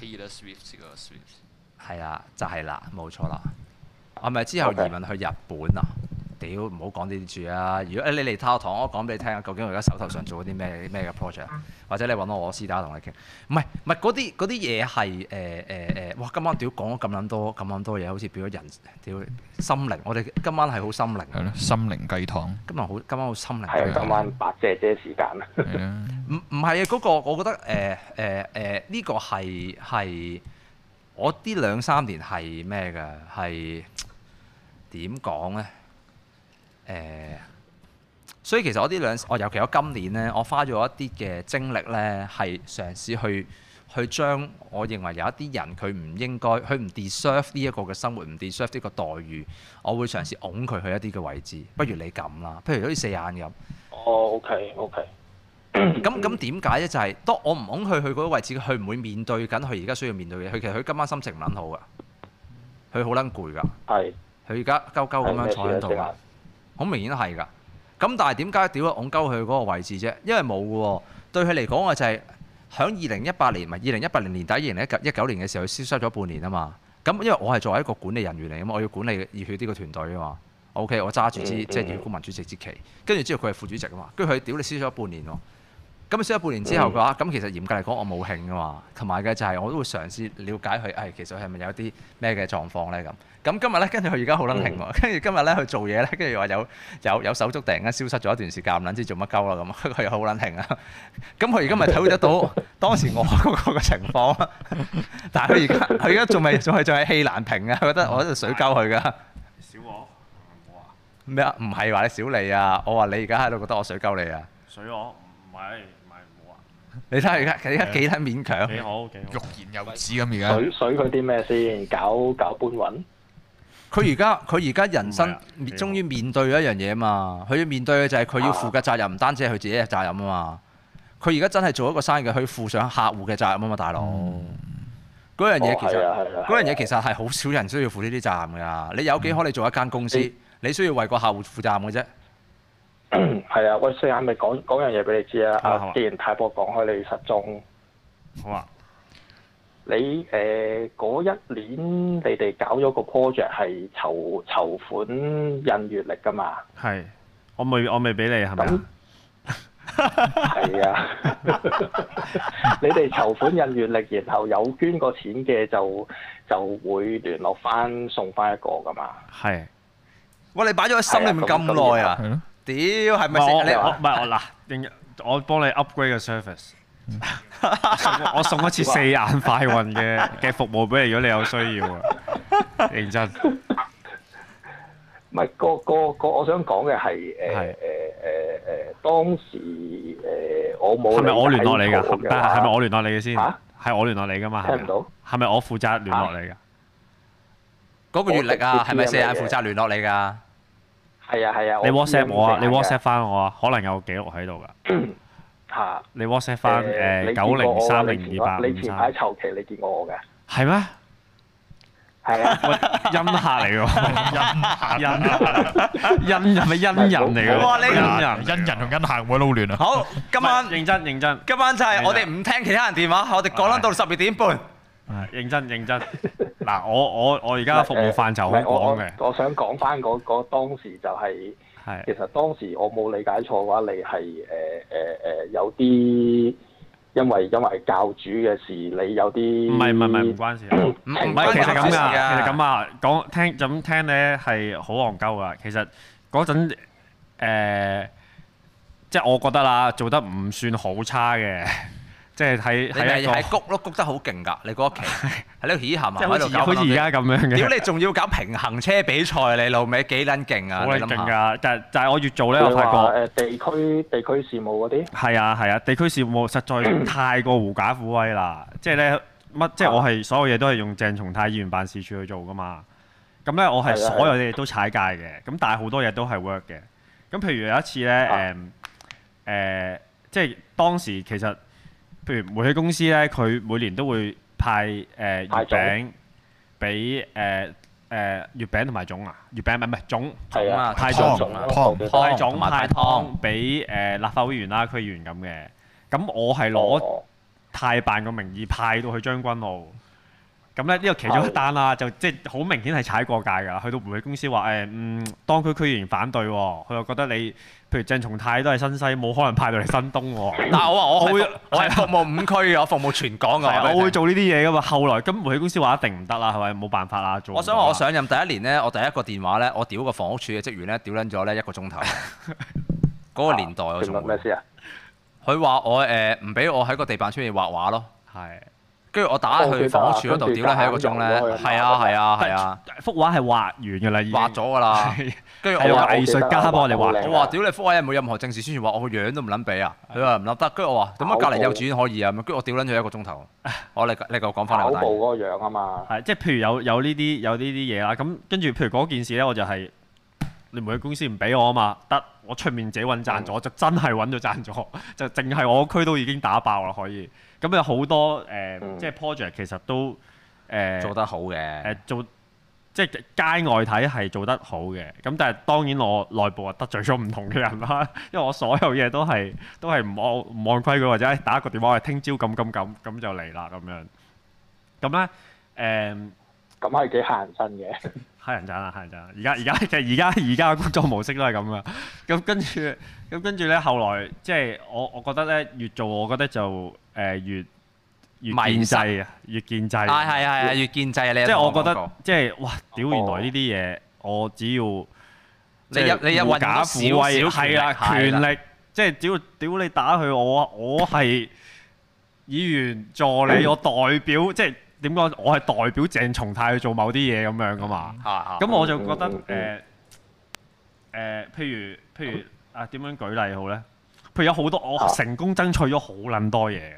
Taylor Swift，嗰個 Swift。係啦，就係啦，冇錯啦。啊，咪之後移民去日本啊？屌，唔好講呢啲住啊！如果誒你嚟塔堂，我講俾你聽下究竟我而家手頭上做啲咩咩嘅 project？或者你揾我，我私底下同你傾。唔係唔係嗰啲啲嘢係誒誒誒，哇！今晚屌講咗咁撚多咁撚多嘢，好似變咗人屌、呃、心靈。我哋今晚係好心靈。心靈雞糖。今晚好，今晚好心靈。今晚白姐姐時間唔唔係啊，嗰的、 嗰個我覺得誒誒誒，呢、呃呃呃呃這個係係。我呢兩三年係咩嘅？係點講呢？誒、呃，所以其實我呢兩，我尤其我今年呢，我花咗一啲嘅精力呢，係嘗試去去將我認為有一啲人佢唔應該，佢唔 deserve 呢一個嘅生活，唔 deserve 呢個待遇，我會嘗試擁佢去一啲嘅位置。不如你咁啦，譬如好似四眼咁。哦，OK，OK。咁咁點解呢？就係、是、當我唔㧬佢去嗰個位置，佢唔會面對緊佢而家需要面對嘅。佢其實佢今晚心情唔撚好噶，佢好撚攰噶。佢而家鳩鳩咁樣坐喺度，好明顯係㗎。咁但係點解屌我㧬鳩佢嗰個位置啫？因為冇嘅喎。對佢嚟講嘅就係喺二零一八年，唔係二零一八年年底，二零一九年嘅時候，佢消失咗半年啊嘛。咁因為我係作為一個管理人員嚟嘅嘛，我要管理熱血啲個團隊啊嘛。O、okay, K，我揸住支即係熱血公民主席之旗，跟住之後佢係副主席啊嘛。跟住佢屌你消失咗半年喎。咁啊，消咗半年之後嘅話，咁其實嚴格嚟講，我冇慶噶嘛。同埋嘅就係我都會嘗試了解佢，係其實係咪有啲咩嘅狀況咧咁。咁今日咧，跟住佢而家好撚慶喎。跟住今日咧，佢做嘢咧，跟住話有有有手足突然間消失咗一段時間，唔撚知做乜鳩啦咁。佢又好撚慶啊。咁佢而家咪體會得到當時我嗰個嘅情況咯。但係佢而家佢而家仲未仲係仲係氣難平啊！覺得我喺度水鳩佢噶。小我，我啊咩啊？唔係話你小李啊？我話你而家喺度覺得我水鳩你啊？水我唔係。你睇下，而家，而家幾撚勉強？幾好，幾好。欲言又止咁而家。水水佢啲咩先？搞搞搬運？佢而家佢而家人生終於、啊、面對一樣嘢啊嘛！佢要面對嘅就係佢要負嘅責任，唔、啊、單止係佢自己嘅責任啊嘛！佢而家真係做一個生意嘅，佢要負上客戶嘅責任啊嘛，大佬。嗰樣嘢其實嗰樣嘢、哦啊啊啊、其實係好少人需要負呢啲責任㗎。你有幾可你做一間公司，嗯、你需要為個客戶負責任嘅啫。係、嗯、啊，我最近咪講講樣嘢俾你知啊。既然太波講開你失蹤，好啊。好啊你誒嗰、 呃、一年你哋搞咗個 project 係籌籌款印月曆噶嘛？係，我未我未俾你係咪那 啊？係啊，你哋籌款印月曆，然後有捐過錢嘅就就會聯絡翻送翻一個噶嘛？係。哇！你擺咗喺心裏面咁耐啊？ 屌，係咪死你啊？唔係我嗱，我幫你 upgrade 個 service，我送一次四眼快運嘅嘅服務俾你，如果你有需要，認真。唔係個個個我想講嘅係誒誒誒誒，當時誒我冇係咪我聯絡你㗎？但係係咪我聯絡你嘅先？嚇，係我聯絡你㗎嘛？聽唔到？係咪我負責聯絡你㗎？嗰個月曆啊，係咪四眼負責聯絡你㗎？係啊，係啊，你 WhatsApp 我啊，你 WhatsApp 翻我啊，可能有記錄喺度噶。吓，你 WhatsApp 翻誒九零三零二八五三。你前排求其你見過我嘅。係咩？係啊，陰客嚟嘅，陰陰陰係咪陰人嚟嘅？哇，陰人，陰人同陰客會唔會撈亂啊？好，今晚認真認真，今晚就係我哋唔聽其他人電話，我哋講到到十二點半。啊！認真認真嗱，我我我而家服務範疇好廣嘅。我想講翻嗰個當時就係、係，係其實當時我冇理解錯嘅話，你係誒誒誒有啲，因為因為教主嘅事，你有啲唔係唔係唔關事，唔唔係其實咁㗎、 啊，其實咁啊，講聽咁聽咧係好戇鳩㗎。其實嗰陣誒，即係我覺得啦，做得唔算好差嘅。 即係喺喺個，你係谷，谷得好勁㗎。你嗰個旗呢個鉛函啊，喺度遊。即係好似而家咁樣嘅。如果你仲要搞平衡車比賽，你老味幾撚勁啊？好叻勁㗎！但但係我越做咧，我發覺誒地區地區事務啲係啊係啊，地區事務實在太過狐假虎威啦！即係咧乜？即係我係所有嘢都係用鄭松泰議員辦事處去做㗎嘛。咁咧我係所有嘢都踩界嘅。咁但係好多嘢都係 work 嘅。咁譬如有一次咧誒誒，即係當時其實。譬如煤氣公司咧，佢每年都會派誒、呃總呃呃、月餅俾誒誒月餅同埋粽啊，月餅唔係咪粽啊？派粽、派湯、嗯、派粽派湯俾誒立法會議員啦、區議員咁嘅。咁我係攞泰辦嘅名義派到去將軍澳。咁咧呢個其中一單啦的，就即係好明顯係踩過界㗎。去到煤氣公司話誒、呃，嗯，當區區議員反對喎，佢又覺得你。譬如鄭松泰都係新西，冇可能派到嚟新東喎。但我話我好是我係服務五區嘅， 我服務全港嘅，的我，我會做呢啲嘢噶嘛。後來咁媒體公司話一定唔得啦，係咪冇辦法啦？做我想話我上任第一年咧，我第一個電話咧，我屌個房屋處嘅職員咧，屌撚咗呢一個鐘頭。嗰 個年代我仲佢話咩先啊？佢話、啊、我誒唔俾我喺個地板出面畫畫咯，係。跟住我打去房屋署嗰度，屌你係一個鐘咧，係啊係啊係啊！幅畫係畫完嘅啦，已經畫咗嘅啦。跟住我話藝術家幫我哋畫,畫,畫，我話屌你幅畫係冇任何正事宣傳，宣至話我個樣都唔撚俾啊！佢話唔撚得，跟住我話咁啊隔離幼稚園可以啊，跟住我屌撚咗一個鐘頭，我嚟嚟個講翻嚟好大。老布嗰個樣啊嘛。係即係譬如有有呢啲有呢啲嘢啦，咁跟住譬如嗰件事咧，我就係、是、你唔會公司唔俾我啊嘛，得我出面自己揾贊助，就真係揾咗贊助、嗯，就淨係我區都已經打爆啦，可以。咁有好多誒，即係 project 其實都誒、呃、做得好嘅，誒做即係、就是、街外睇係做得好嘅。咁但係當然我內部啊得罪咗唔同嘅人啦，因為我所有嘢都係都係唔按唔按規矩或者打一個電話話聽朝咁咁咁咁就嚟啦咁樣。咁咧誒，咁係幾寒心嘅。 黑人憎啦、啊啊？黑人憎啦？而家而家其實而家而家嘅工作模式都係咁噶，咁跟住咁跟住咧，後來即係我我覺得咧，越做人造我，我覺得就誒越越建制啊，越建制啊，係係係越建制啊！即係我覺得即係哇，屌原來呢啲嘢，我只要、就是、你一你一揾假副委係啊，權力即係只要屌你打佢我我係議員助理， 我代表即係。就是點講？我係代表鄭松泰去做某啲嘢咁樣噶嘛？咁、啊啊、我就覺得誒誒譬如譬如啊，點、呃、樣舉例好咧？譬如有好多我成功爭取咗好撚多嘢。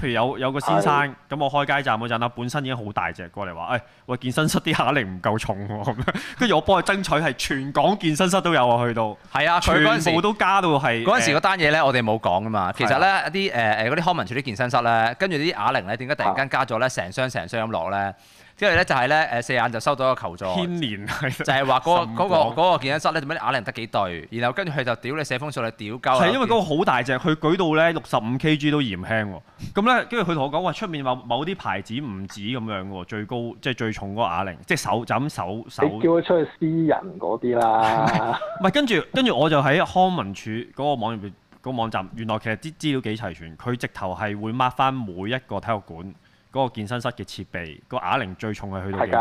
譬如有有個先生咁，我開街站嗰陣啦，本身已經好大隻過嚟話，誒、哎、喂，健身室啲啞鈴唔夠重喎、啊，咁樣跟住我幫佢爭取係全港健身室都有啊，去到係啊，佢全部都加到係。嗰陣時嗰單嘢咧，我哋冇講噶嘛，是啊、其實咧一啲誒誒嗰啲康文署啲健身室咧，跟住啲啞鈴咧，點解突然間加咗咧成箱成箱音樂咧？之後咧就係咧，誒四眼就收到一個求助，年就係話嗰個嗰光個嗰健身室咧，點解啞鈴得幾對？然後跟住佢就屌你寫封信，你屌鳩係因為嗰個好大隻，佢舉到咧六十五 Kg 都嫌輕喎。咁咧，跟住佢同我講話，出面某某啲牌子唔止咁樣喎，最高即係、就是、最重嗰個啞鈴，即係手就咁、是、手手。手手叫佢出去私人嗰啲啦。唔係 跟住跟住，我就喺康文署嗰個網頁嗰、那個、網站，原來其實啲資料幾齊全，佢直頭係會 mark 翻每一個體育館。嗰個健身室嘅設備，個啞鈴最重係去到幾多？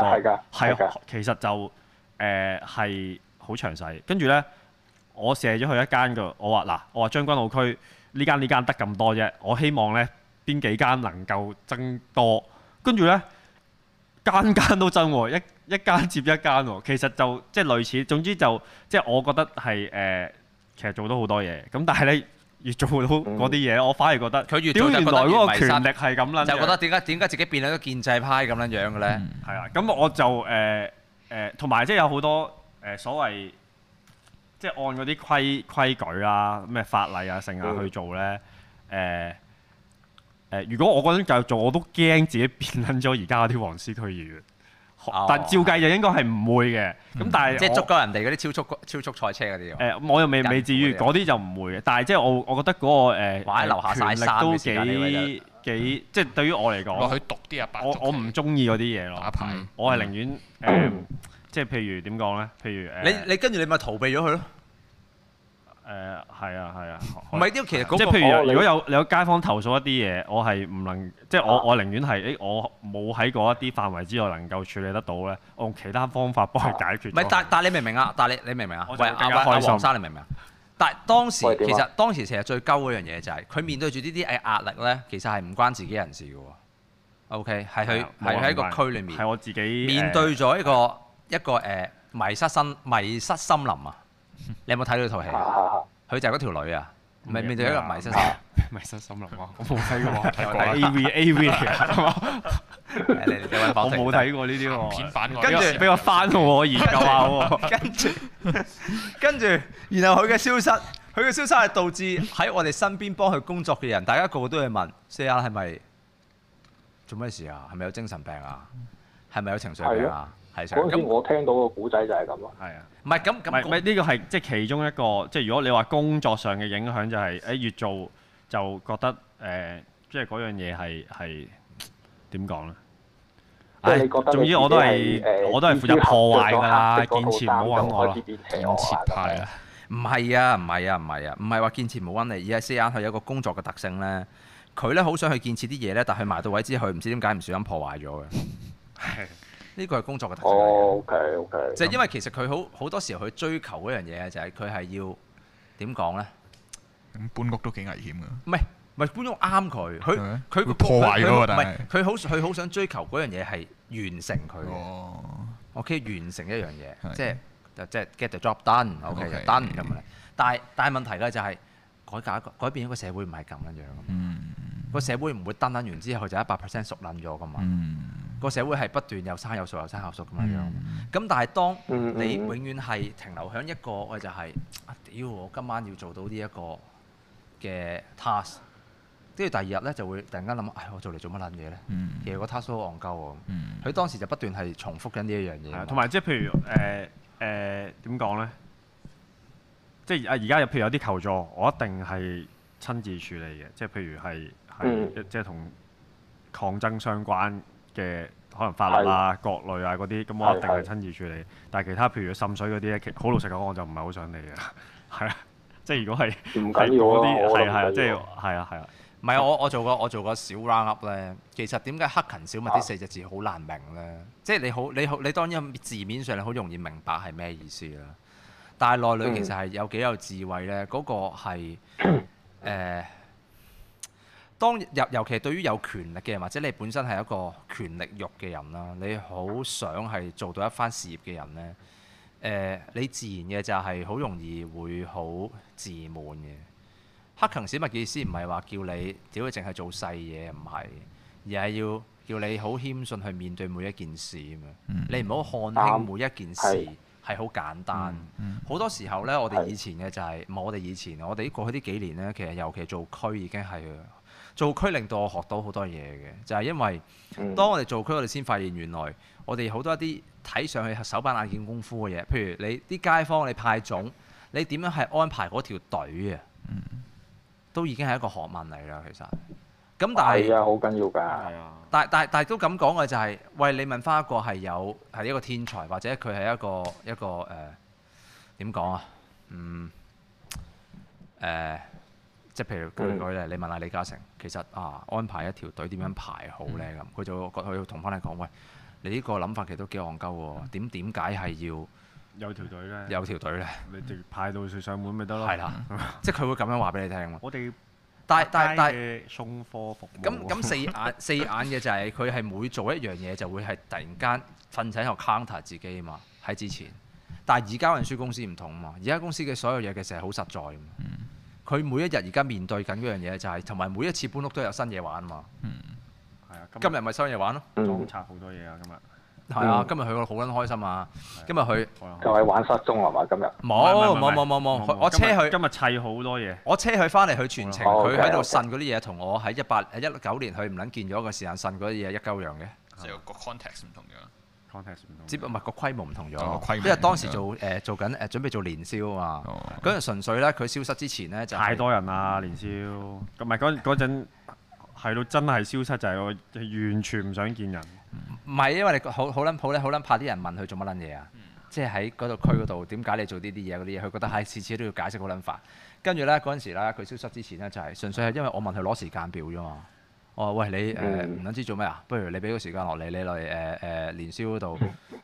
係啊，其實就誒係好詳細。跟住呢，我射咗去一間㗎，我話嗱，我話將軍澳區呢間呢間得咁多啫，我希望呢邊幾間能夠增多。跟住呢，間間都增喎，一一間接一間喎。其實就即係、就是、類似，總之就即係、就是、我覺得係誒、呃，其實做到好多嘢。咁但係呢。越做到嗰啲嘢，我反而覺得佢越做，又覺得越權力係咁啦，就覺得點解點解自己變咗個建制派咁樣樣嘅咧？係啊、嗯，咁我就誒誒，同埋即係有好多誒、呃、所謂即係、就是、按嗰啲規規矩啊、咩法例啊，成日、啊、去做咧誒誒。如果我覺得繼續做，我都驚自己變撚咗而家啲黃絲區議員。但照計就應該係唔會嘅，咁但係即係捉咗人哋嗰啲超速超速賽車嗰啲喎。我又未未至於，嗰啲就唔會嘅。但係即係我我覺得嗰個誒，話係留下晒，都幾幾，即係對於我嚟講，我去啲啊，我我唔中意嗰啲嘢咯，我係寧願誒，即係譬如點講咧？譬如誒，你你跟住你咪逃避咗佢咯。誒係啊係啊，唔係因為其實、嗰個、即係譬如如果有有街坊投訴一啲嘢，我係唔能即係我、啊、我寧願係誒我冇喺嗰一啲範圍之內能夠處理得到咧，我用其他方法幫佢解決。唔係，但但你明唔明啊？但你你明唔明啊？我係更加開心。生、啊啊啊、你明唔明啊？但當時其實當時其實最鳩嗰樣嘢就係、是、佢面對住呢啲誒壓力咧，其實係唔關自己人事嘅喎。OK，係佢係喺一個區裏面，係我自己、嗯、我自己面對咗一個、嗯、一個誒迷失森迷失森林啊。.你有冇睇到套戲？佢就係嗰條女啊，面，面對一個迷失，迷失森林啊。我冇睇過，睇 AV AV 嚟噶，我冇睇過呢啲片喎。跟住俾我翻我研究下喎，跟住跟住，然後佢嘅消失，佢嘅消失係導致喺我哋身邊幫佢工作嘅人，大家個個都去問 Sir 係咪做咩事啊？係咪有精神病啊？係咪有情緒病啊？嗰次我聽到個古仔就係咁咯，係啊，唔係咁，唔係呢個，係即係其中一個，即係如果你話工作上嘅影響就係誒，越做就覺得誒，即係嗰樣嘢係係點講咧？誒、就係，你覺得你？總之我都係我都係負責破壞㗎啦，建設唔好揾我咯。建設派啊，唔係啊，唔係啊，唔係啊，唔係話建設唔好揾你，而係 c 眼佢有一個工作嘅特性咧，佢咧好想去建設啲嘢咧，但係埋到位之後，佢唔知點解唔小心破壞咗嘅。 呢個係工作嘅特色。OK，OK。就因為其實佢好好多時候佢追求嗰樣嘢就係佢係要點講咧？咁搬屋都幾危險㗎。唔係，唔係搬屋啱佢，佢佢破壞佢唔係，佢好佢好想追求嗰樣嘢係完成佢。OK，完成一樣嘢，即係即係 get the job done。OK，done 咁樣。但係但係問題咧就係改革改變一個社會唔係咁樣。嗯。個社會唔會單單完之後就一百 percent 熟撚咗噶嘛，個、mm hmm. 社會係不斷有生有熟有生有熟咁樣樣。咁、mm hmm. 但係當你永遠係停留喺一個、就是，喂就係屌！我今晚要做到呢一個嘅 task，跟住第二日咧就會突然間諗，唉、哎、我做嚟做乜撚嘢咧？Mm hmm. 其實個 task 好戇鳩喎，佢、mm hmm. 當時就不斷係重複緊呢一樣嘢。同埋即係譬如誒誒點講咧？即係啊而家有譬如有啲求助，我一定係親自處理嘅。即、就、係、是、譬如係。嗯、即係同抗爭相關嘅可能法律啊、的國內啊嗰啲，咁我一定係親自處理。的但係其他譬如滲水嗰啲咧，好老實講，我就唔係好想理啊。係 啊，即係如果係係嗰啲係啊，即係係啊，係啊的。唔係啊，我我做過我做過小 roundup 咧。其實點解克勤小物啲四隻字好難明咧？即係、啊、你好你好，你當然字面上你好容易明白係咩意思啦。但係內裏其實係有幾有智慧咧。嗰、嗯、個係當入，尤其對於有權力嘅人，或者你本身係一個權力慾嘅人啦，你好想係做到一番事業嘅人呢。誒、呃，你自然嘅就係好容易會好自滿嘅。克勤小物嘅意思唔係話叫你屌佢淨係做細嘢，唔係，而係要叫你好謙遜去面對每一件事咁樣。嗯、你唔好看輕每一件事係好簡單。好、嗯嗯、多時候呢，我哋以前嘅就係、唔係嗯、我哋以前，我哋啲過去呢幾年呢，其實尤其做區已經係。做區令到我學到好多嘢嘅，就係因為當我哋做區，我哋先發現原來我哋好多一啲睇上去手板眼見功夫嘅嘢，譬如你啲街坊，你派粽，你點樣係安排嗰條隊啊？嗯，都已經係一個學問嚟啦，其實。咁但係啊，好緊要㗎。係啊。但但但都咁講嘅就係，喂，你問翻一個係有係一個天才，或者佢係一個一個誒點講啊？嗯，誒、呃。即係譬如舉舉例，嗯、你問下李嘉誠，其實啊，安排一條隊點樣排好咧咁，佢、嗯、就會覺佢同翻你講，喂，你呢個諗法其實都幾戇鳩喎，點解係要有條隊咧？有條隊咧，嗯、你直派排到上門咪得咯？係啦的，嗯、即係佢會咁樣話俾你聽我哋街街嘅送貨服務咁咁四眼 四眼嘅就係佢係每做一樣嘢就會係突然間瞓醒後 counter 自己啊嘛喺之前，但係而家運輸公司唔同啊嘛，而家公司嘅所有嘢嘅成係好實在佢每一日而家面對緊嗰樣嘢就係同埋每一次搬屋都有新嘢玩嘛。嗯，係啊，今日咪新嘢玩咯。裝拆好多嘢啊，今日係啊，今日佢好撚開心啊。今日佢就係玩失蹤係嘛？今日冇冇冇冇冇，我車佢今日砌好多嘢。我車佢翻嚟，佢全程佢喺度呻嗰啲嘢，同我喺一八一九年佢唔撚見咗個時間呻嗰啲嘢一鳩樣嘅，就係個 context 唔同樣。只不過、嗰個規模唔同咗，同因為當時做誒、呃、做緊誒準備做年宵啊嘛，嗰陣、哦、純粹咧佢消失之前咧就係、太多人啦年宵，咁係嗰嗰陣係到，真係消失就係我完全唔想見人。唔係、嗯、因為你好好撚譜咧，好撚怕啲人問佢做乜撚嘢啊，嗯、即係喺嗰度區嗰度點解你做呢啲嘢嗰啲嘢，佢覺得係次次都要解釋好撚煩。跟住咧嗰陣時咧佢消失之前咧就係純粹係因為我問佢攞時間表啫嘛。我話喂你誒唔撚知做咩、呃呃呃、啊？不如你俾個時間落嚟。你嚟誒誒年宵嗰度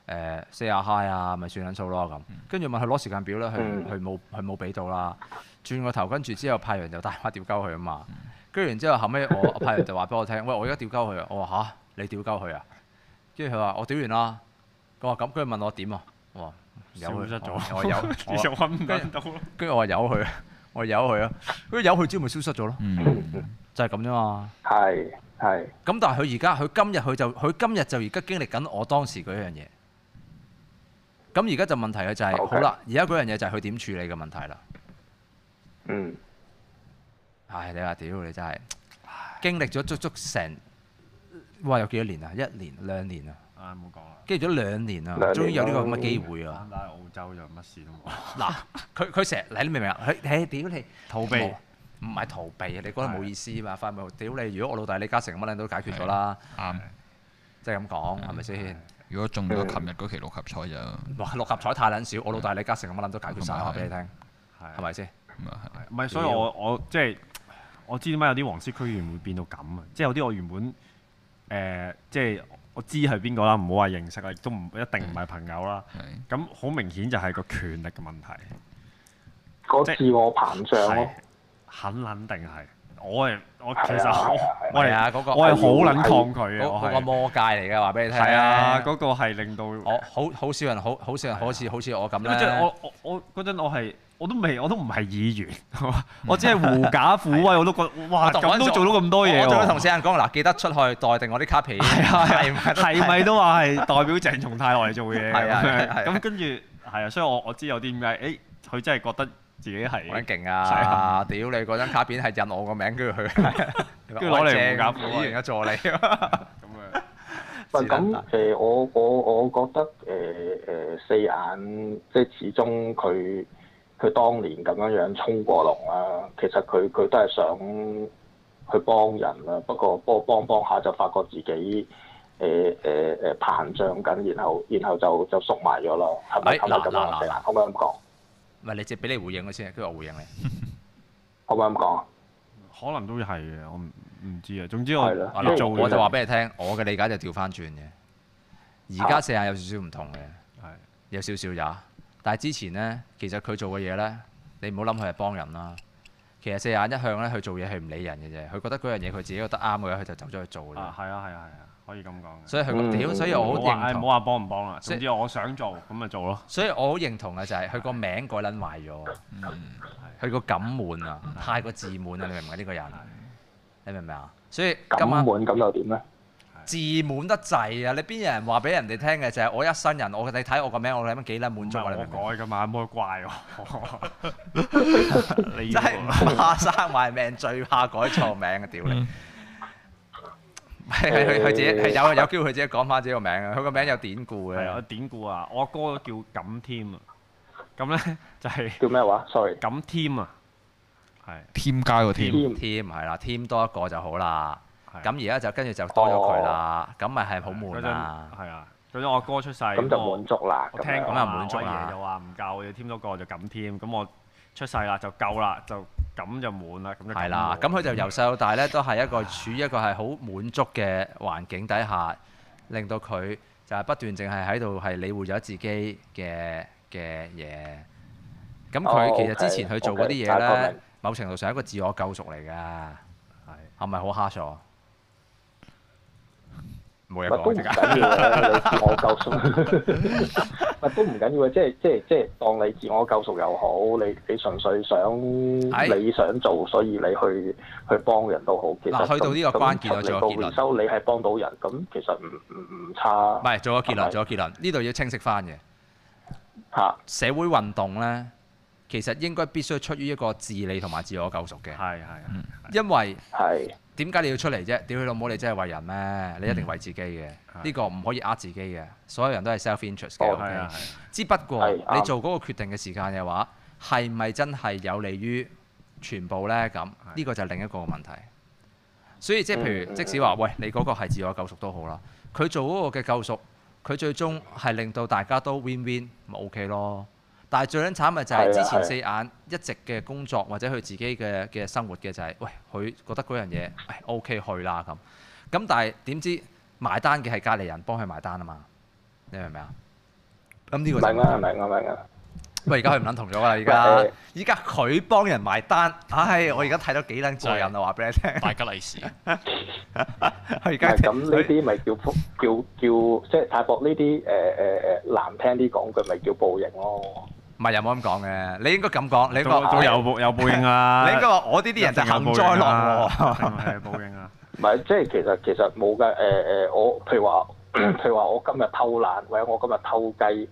誒 say 下 hi 啊，咪算撚數咯咁。跟住問佢攞時間表咧，佢佢冇佢冇俾到啦。轉個頭跟住之後派人就帶埋吊鳩佢去啊嘛。跟住完之後後尾，我派人就話俾我聽，喂我而家吊鳩佢啊！我話吓，你吊鳩佢啊？跟住佢話我屌完啦。我話咁跟住問我點啊？我話消失咗，我遊，跟住我話有，佢，我話遊去啊！跟住有，佢之後咪消失咗咯。就係咁啫嘛。係係。咁但係佢而家，佢今日佢就，佢今日就而家經歷緊我當時嗰樣嘢。咁而家就問題嘅就係，好啦，而家嗰樣嘢就係佢點處理嘅問題啦。嗯。唉，你話屌你真係經歷咗足足成，哇！有幾多年啊？一年、兩年啊？啊，唔好講啦。經歷咗兩年啊，終於有呢個咁嘅機會喎。翻到澳洲就乜事都冇。嗱，佢佢成日，你都明唔明啊？佢係屌你逃避。唔係逃避啊！你覺得冇意思嘛？發夢屌你！如果我老豆李嘉誠乜撚都解決咗啦，啱，即係咁講係咪先？如果中咗琴日嗰期六合彩就哇六合彩太撚少，我老豆李嘉誠乜撚都解決晒。話俾你聽，係咪先？唔係，所以我我即係我知點解有啲黃絲區員會變到咁啊！即係有啲我原本誒即係我知係邊個啦，唔好話認識啊，亦都唔一定唔係朋友啦。咁好明顯就係個權力嘅問題，個自我膨脹很肯定係，我係我其實我係啊嗰個，我係好撚抗拒嘅，嗰個魔界嚟嘅，話俾你聽。係啊，嗰個係令到我好好少人，好好少人，好似好似我咁樣。即陣我我我嗰陣我係我都未我都唔係議員，我只係糊假虎威，我都覺哇咁都做到咁多嘢我同死人講嗱，記得出去代定我啲卡片。係啊，係咪都話係代表鄭松泰來做嘢？係啊，咁跟住係啊，所以我我知有啲點解誒，佢真係覺得。自己係揾勁啊！啊屌你嗰張卡片係印我個名，跟住佢，跟住攞嚟，唔好啊！助理咁啊，唔咁誒，我我我覺得誒誒、呃呃、四眼即係始終佢佢當年咁樣樣衝過龍啦，其實佢佢都係想去幫人啦，不過幫幫幫下就發覺自己誒誒誒膨脹緊，然後然後就就縮埋咗啦，係咪係咪咁樣？我咁講。唔係你借俾你回應佢先，跟住我回應你，可唔可咁講啊？ 可能都係嘅，我唔唔知啊。總之我你做我就話俾你聽， 我嘅理解就調翻轉嘅。而家四眼有少少唔同嘅，有少少有。但係之前呢，其實佢做嘅嘢呢，你唔好諗佢係幫人啦。其實四眼一向呢，佢做嘢係唔理人嘅啫，佢覺得嗰樣嘢佢自己覺得啱嘅話，佢就走咗去做嘅。啊，係啊，係啊，係啊。可以咁講，所以佢個屌，所以我好認同。唔好話幫唔幫啦，甚至我想做，咁咪做咯。所以我好認同嘅就係佢個名改撚壞咗。佢個感滿啊，太過自滿啊，你明唔明呢個人？你明唔明啊？所以錦滿，咁又點咧？自滿得滯啊！你邊有人話俾人哋聽嘅就係我一身人，我你睇我個名，我諗幾撚滿足啊！我改噶嘛，冇得怪我。真係唔怕生壞命，最怕改錯名嘅屌你。係，係佢，佢自己係，有，有機會佢自己講翻自己個名啊！佢個名有典故嘅。係啊，典故啊，我哥叫錦添啊。咁咧就係叫咩話？sorry。錦添啊，係。添加個添。添係啦，添多一個就好啦。咁而家就跟住就多咗佢啦。咁咪係好悶啦。係啊。嗰陣我哥出世，咁就滿足啦。我聽講阿威爺又話唔夠，要添多個就錦添，咁我出世啦就夠啦就。咁就滿啦，咁就係啦。咁佢就由細到大咧，都係一個處於一個係好滿足嘅環境底下，令到佢就係不斷淨係喺度係理會咗自己嘅嘅嘢。咁佢其實之前去做嗰啲嘢咧，某程度上係一個自我救贖嚟㗎，係咪好蝦傻？乜都唔緊要咧， 你自我救贖。乜 都唔緊要啊，即係即係即係當你自我救贖又好，你你純粹想唉你想做，所以你去去幫人都好。其實，去到呢個關鍵，我做個結論。你係幫到人，咁其實唔唔唔差。唔係，做咗結論，做咗結論。呢度吧要清晰翻嘅嚇社會運動咧。其實應該必須出於一個自利同埋自我救贖嘅，係係，因為點解你要出嚟啫？屌你老母，你真係為人咩？你一定為自己嘅，呢、嗯、個唔可以呃自己嘅。所有人都係 self-interest 嘅，key, okay? 嗯嗯、只不過、嗯、你做嗰個決定嘅時間嘅話，係咪真係有利於全部呢？咁呢、嗯、個就係另一個問題。所以即係譬如，即使話喂你嗰個係自我救贖都好啦，佢做嗰個嘅救贖，佢最終係令到大家都 win-win，咪 win, OK 咯？但係最撚慘咪就係之前四眼一直嘅工作或者佢自己嘅嘅生活嘅就係喂佢覺得嗰樣嘢係 O K 去啦咁咁但係點知埋單嘅係隔離人幫佢埋單啊嘛？你明唔、就是、明啊？咁呢個明啊明啊明啊！喂， 而家佢唔撚同咗啦，而家依家佢幫人埋單，唉、哎！我而家睇到幾撚過癮啊，話俾你 聽。買吉利是家，咁呢啲咪叫叫叫即係泰國呢啲誒誒誒難聽啲講句咪叫報應咯～唔係有冇咁講嘅，你應該咁講，你應該有有報應啊！你應該話我呢啲人就幸災樂禍。係報應啊！唔係即係其實其實冇嘅誒誒，我譬如話譬如話我今日偷懶，或者我今日偷計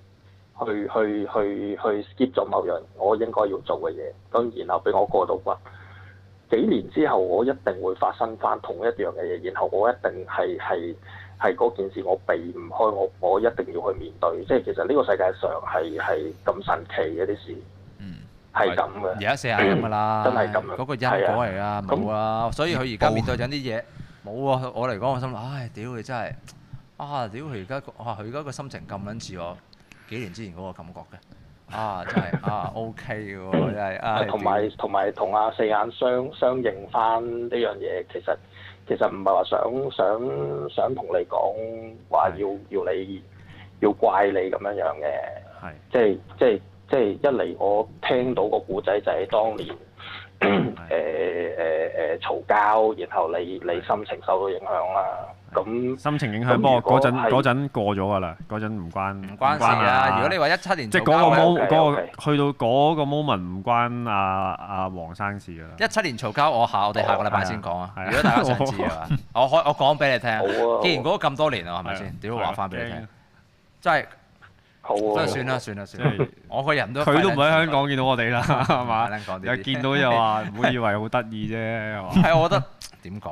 去去去去 skip 咗某樣我應該要做嘅嘢，咁然後俾我過到骨。幾年之後我一定會發生翻同一樣嘅嘢，然後我一定係係。係嗰件事，我避唔開，我我一定要去面對。即係其實呢個世界上係係咁神奇嘅啲事，嗯，係咁嘅。而家四眼咁㗎啦，真係咁樣。嗰個因果嚟㗎，冇啊。所以佢而家面對緊啲嘢，冇啊。我嚟講，我心諗，唉，屌佢真係，啊，屌佢而家，佢而家個心情咁撚似我幾年之前嗰個感覺嘅，啊真係，啊 OK 㗎喎，真係。同埋同埋同阿四眼相相應翻呢樣嘢，其實。其實唔係話想想想同你講，話要要你要怪你咁樣樣嘅，係的即係即係即係一嚟我聽到個故仔就係當年誒誒誒嘈交，然後你的然後你，你心情受到影響啦。心情影響不過，嗰陣嗰陣過咗噶啦，嗰陣唔關唔關事啊！如果你話一七年即嗰個 moment，嗰個去到嗰個 moment 唔關阿阿黃生事㗎喇！一七年嘈交，我下我哋下個禮拜先講啊！如果大家想知啊，我可我講俾你聽，既然過咗咁多年啦，係咪先？點會話翻俾你聽，真係真係算啦算啦算！我個人都佢都唔喺香港見到我哋啦，係嘛？又見到又話唔好以為好得意啫，係嘛？係我覺得點講？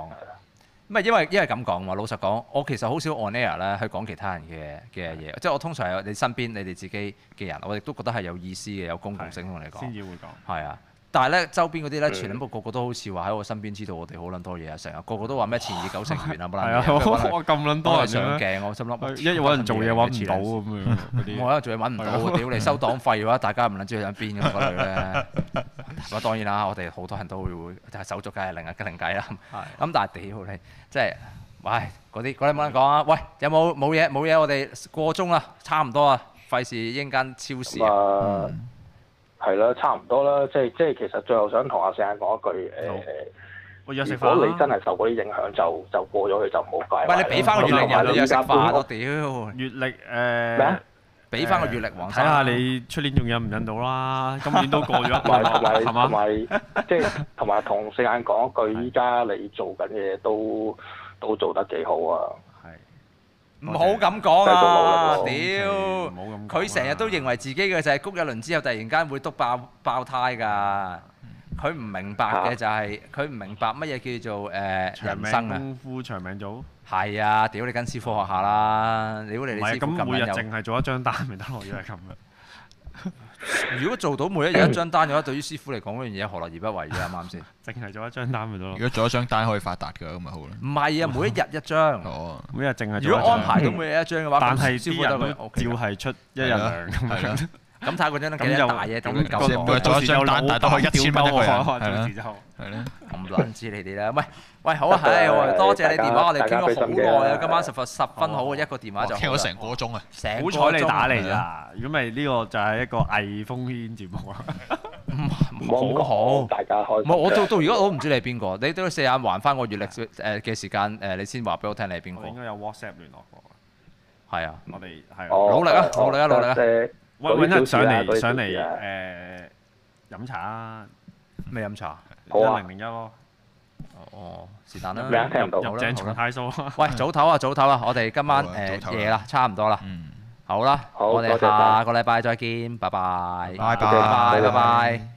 唔係，因為因為咁講嘛。老實講，我其實好少 on air 咧去講其他人嘅嘅嘢，是的 即係我通常係你身邊你哋自己嘅人，我亦都覺得係有意思嘅，有公共性同你講。先至會講。係啊。但係咧，周邊嗰啲咧，全部個個都好似話喺我身邊，知道我哋好撚多嘢啊！成日個個都話咩前二九成員啊，冇啦！我咁撚多嘅，開上鏡我心諗，一揾人做嘢揾唔到咁樣我覺得仲要揾唔到啊！屌你收檔費嘅話，大家唔撚知去緊邊嗰類咧。不過當然啦，我哋好多人都會會係手續嘅，另一個另計啦。咁但係屌你，即係喂嗰啲，嗰啲冇得講啊！喂，有冇冇嘢冇嘢？我哋過鐘啦，差唔多啊，費事應間超市啊。係啦，差唔多啦，即係即係其實最後想同阿四眼講一句我，誒，如果你真係受嗰啲影響，就就過咗去就冇計。餵你俾翻個月曆人又食飯咯屌！月曆誒，俾翻個月曆王。睇下你出年仲忍唔忍到啦，今年都過咗一季啦，係咪？同埋即係同埋同四眼講一句，依、呃、家你做緊嘢都 都做得幾好啊！唔好咁講啊！屌，佢成日都認為自己嘅就係、是、谷一輪之後突然間會篤爆爆胎㗎。佢唔明白嘅就係佢唔明白乜嘢叫做誒長命功夫長命做。係啊！屌你跟師傅學下啦！屌你你唔咁每日淨係做一張單咪得咯？如果係咁樣。如果做到每一日一張單嘅話，對於師傅嚟講嗰樣嘢何樂而不為嘅係啱先。淨係做一張單咪得咯。如果做一張單可以發達嘅咁咪好咯。唔係啊，每一日一張。哦。每一日淨係。如果安排到每一日一張嘅話，但係師傅照係出一日量咁樣。咁睇下嗰張得幾多大嘢咁樣講。咁就再一張單，但係都可以一千蚊個人係啦。係咧，唔關事你哋啦。喂。喂，好啊，係，我多謝你電話，我哋傾咗好耐啊，今晚十分十分好嘅一個電話就傾咗成個鐘啊，好彩你打嚟咋，如果唔係呢個就係一個危風煙節目啊，唔冇好，大家開，唔係我到到而家我都唔知你係邊個，你都要四眼還翻個月曆誒嘅時間誒，你先話俾我聽你係邊個，我應該有 WhatsApp 聯絡過，係啊，我哋係努力啊，努力啊，努力啊，喂，搵人上嚟，上嚟誒，飲茶啊，咩飲茶？一零零一咯。哦，是但啦，喂，早唞啊，早唞啊，我哋今晚夜啦，差唔多啦。好啦，我哋下個禮拜再見，拜拜，拜拜，拜拜。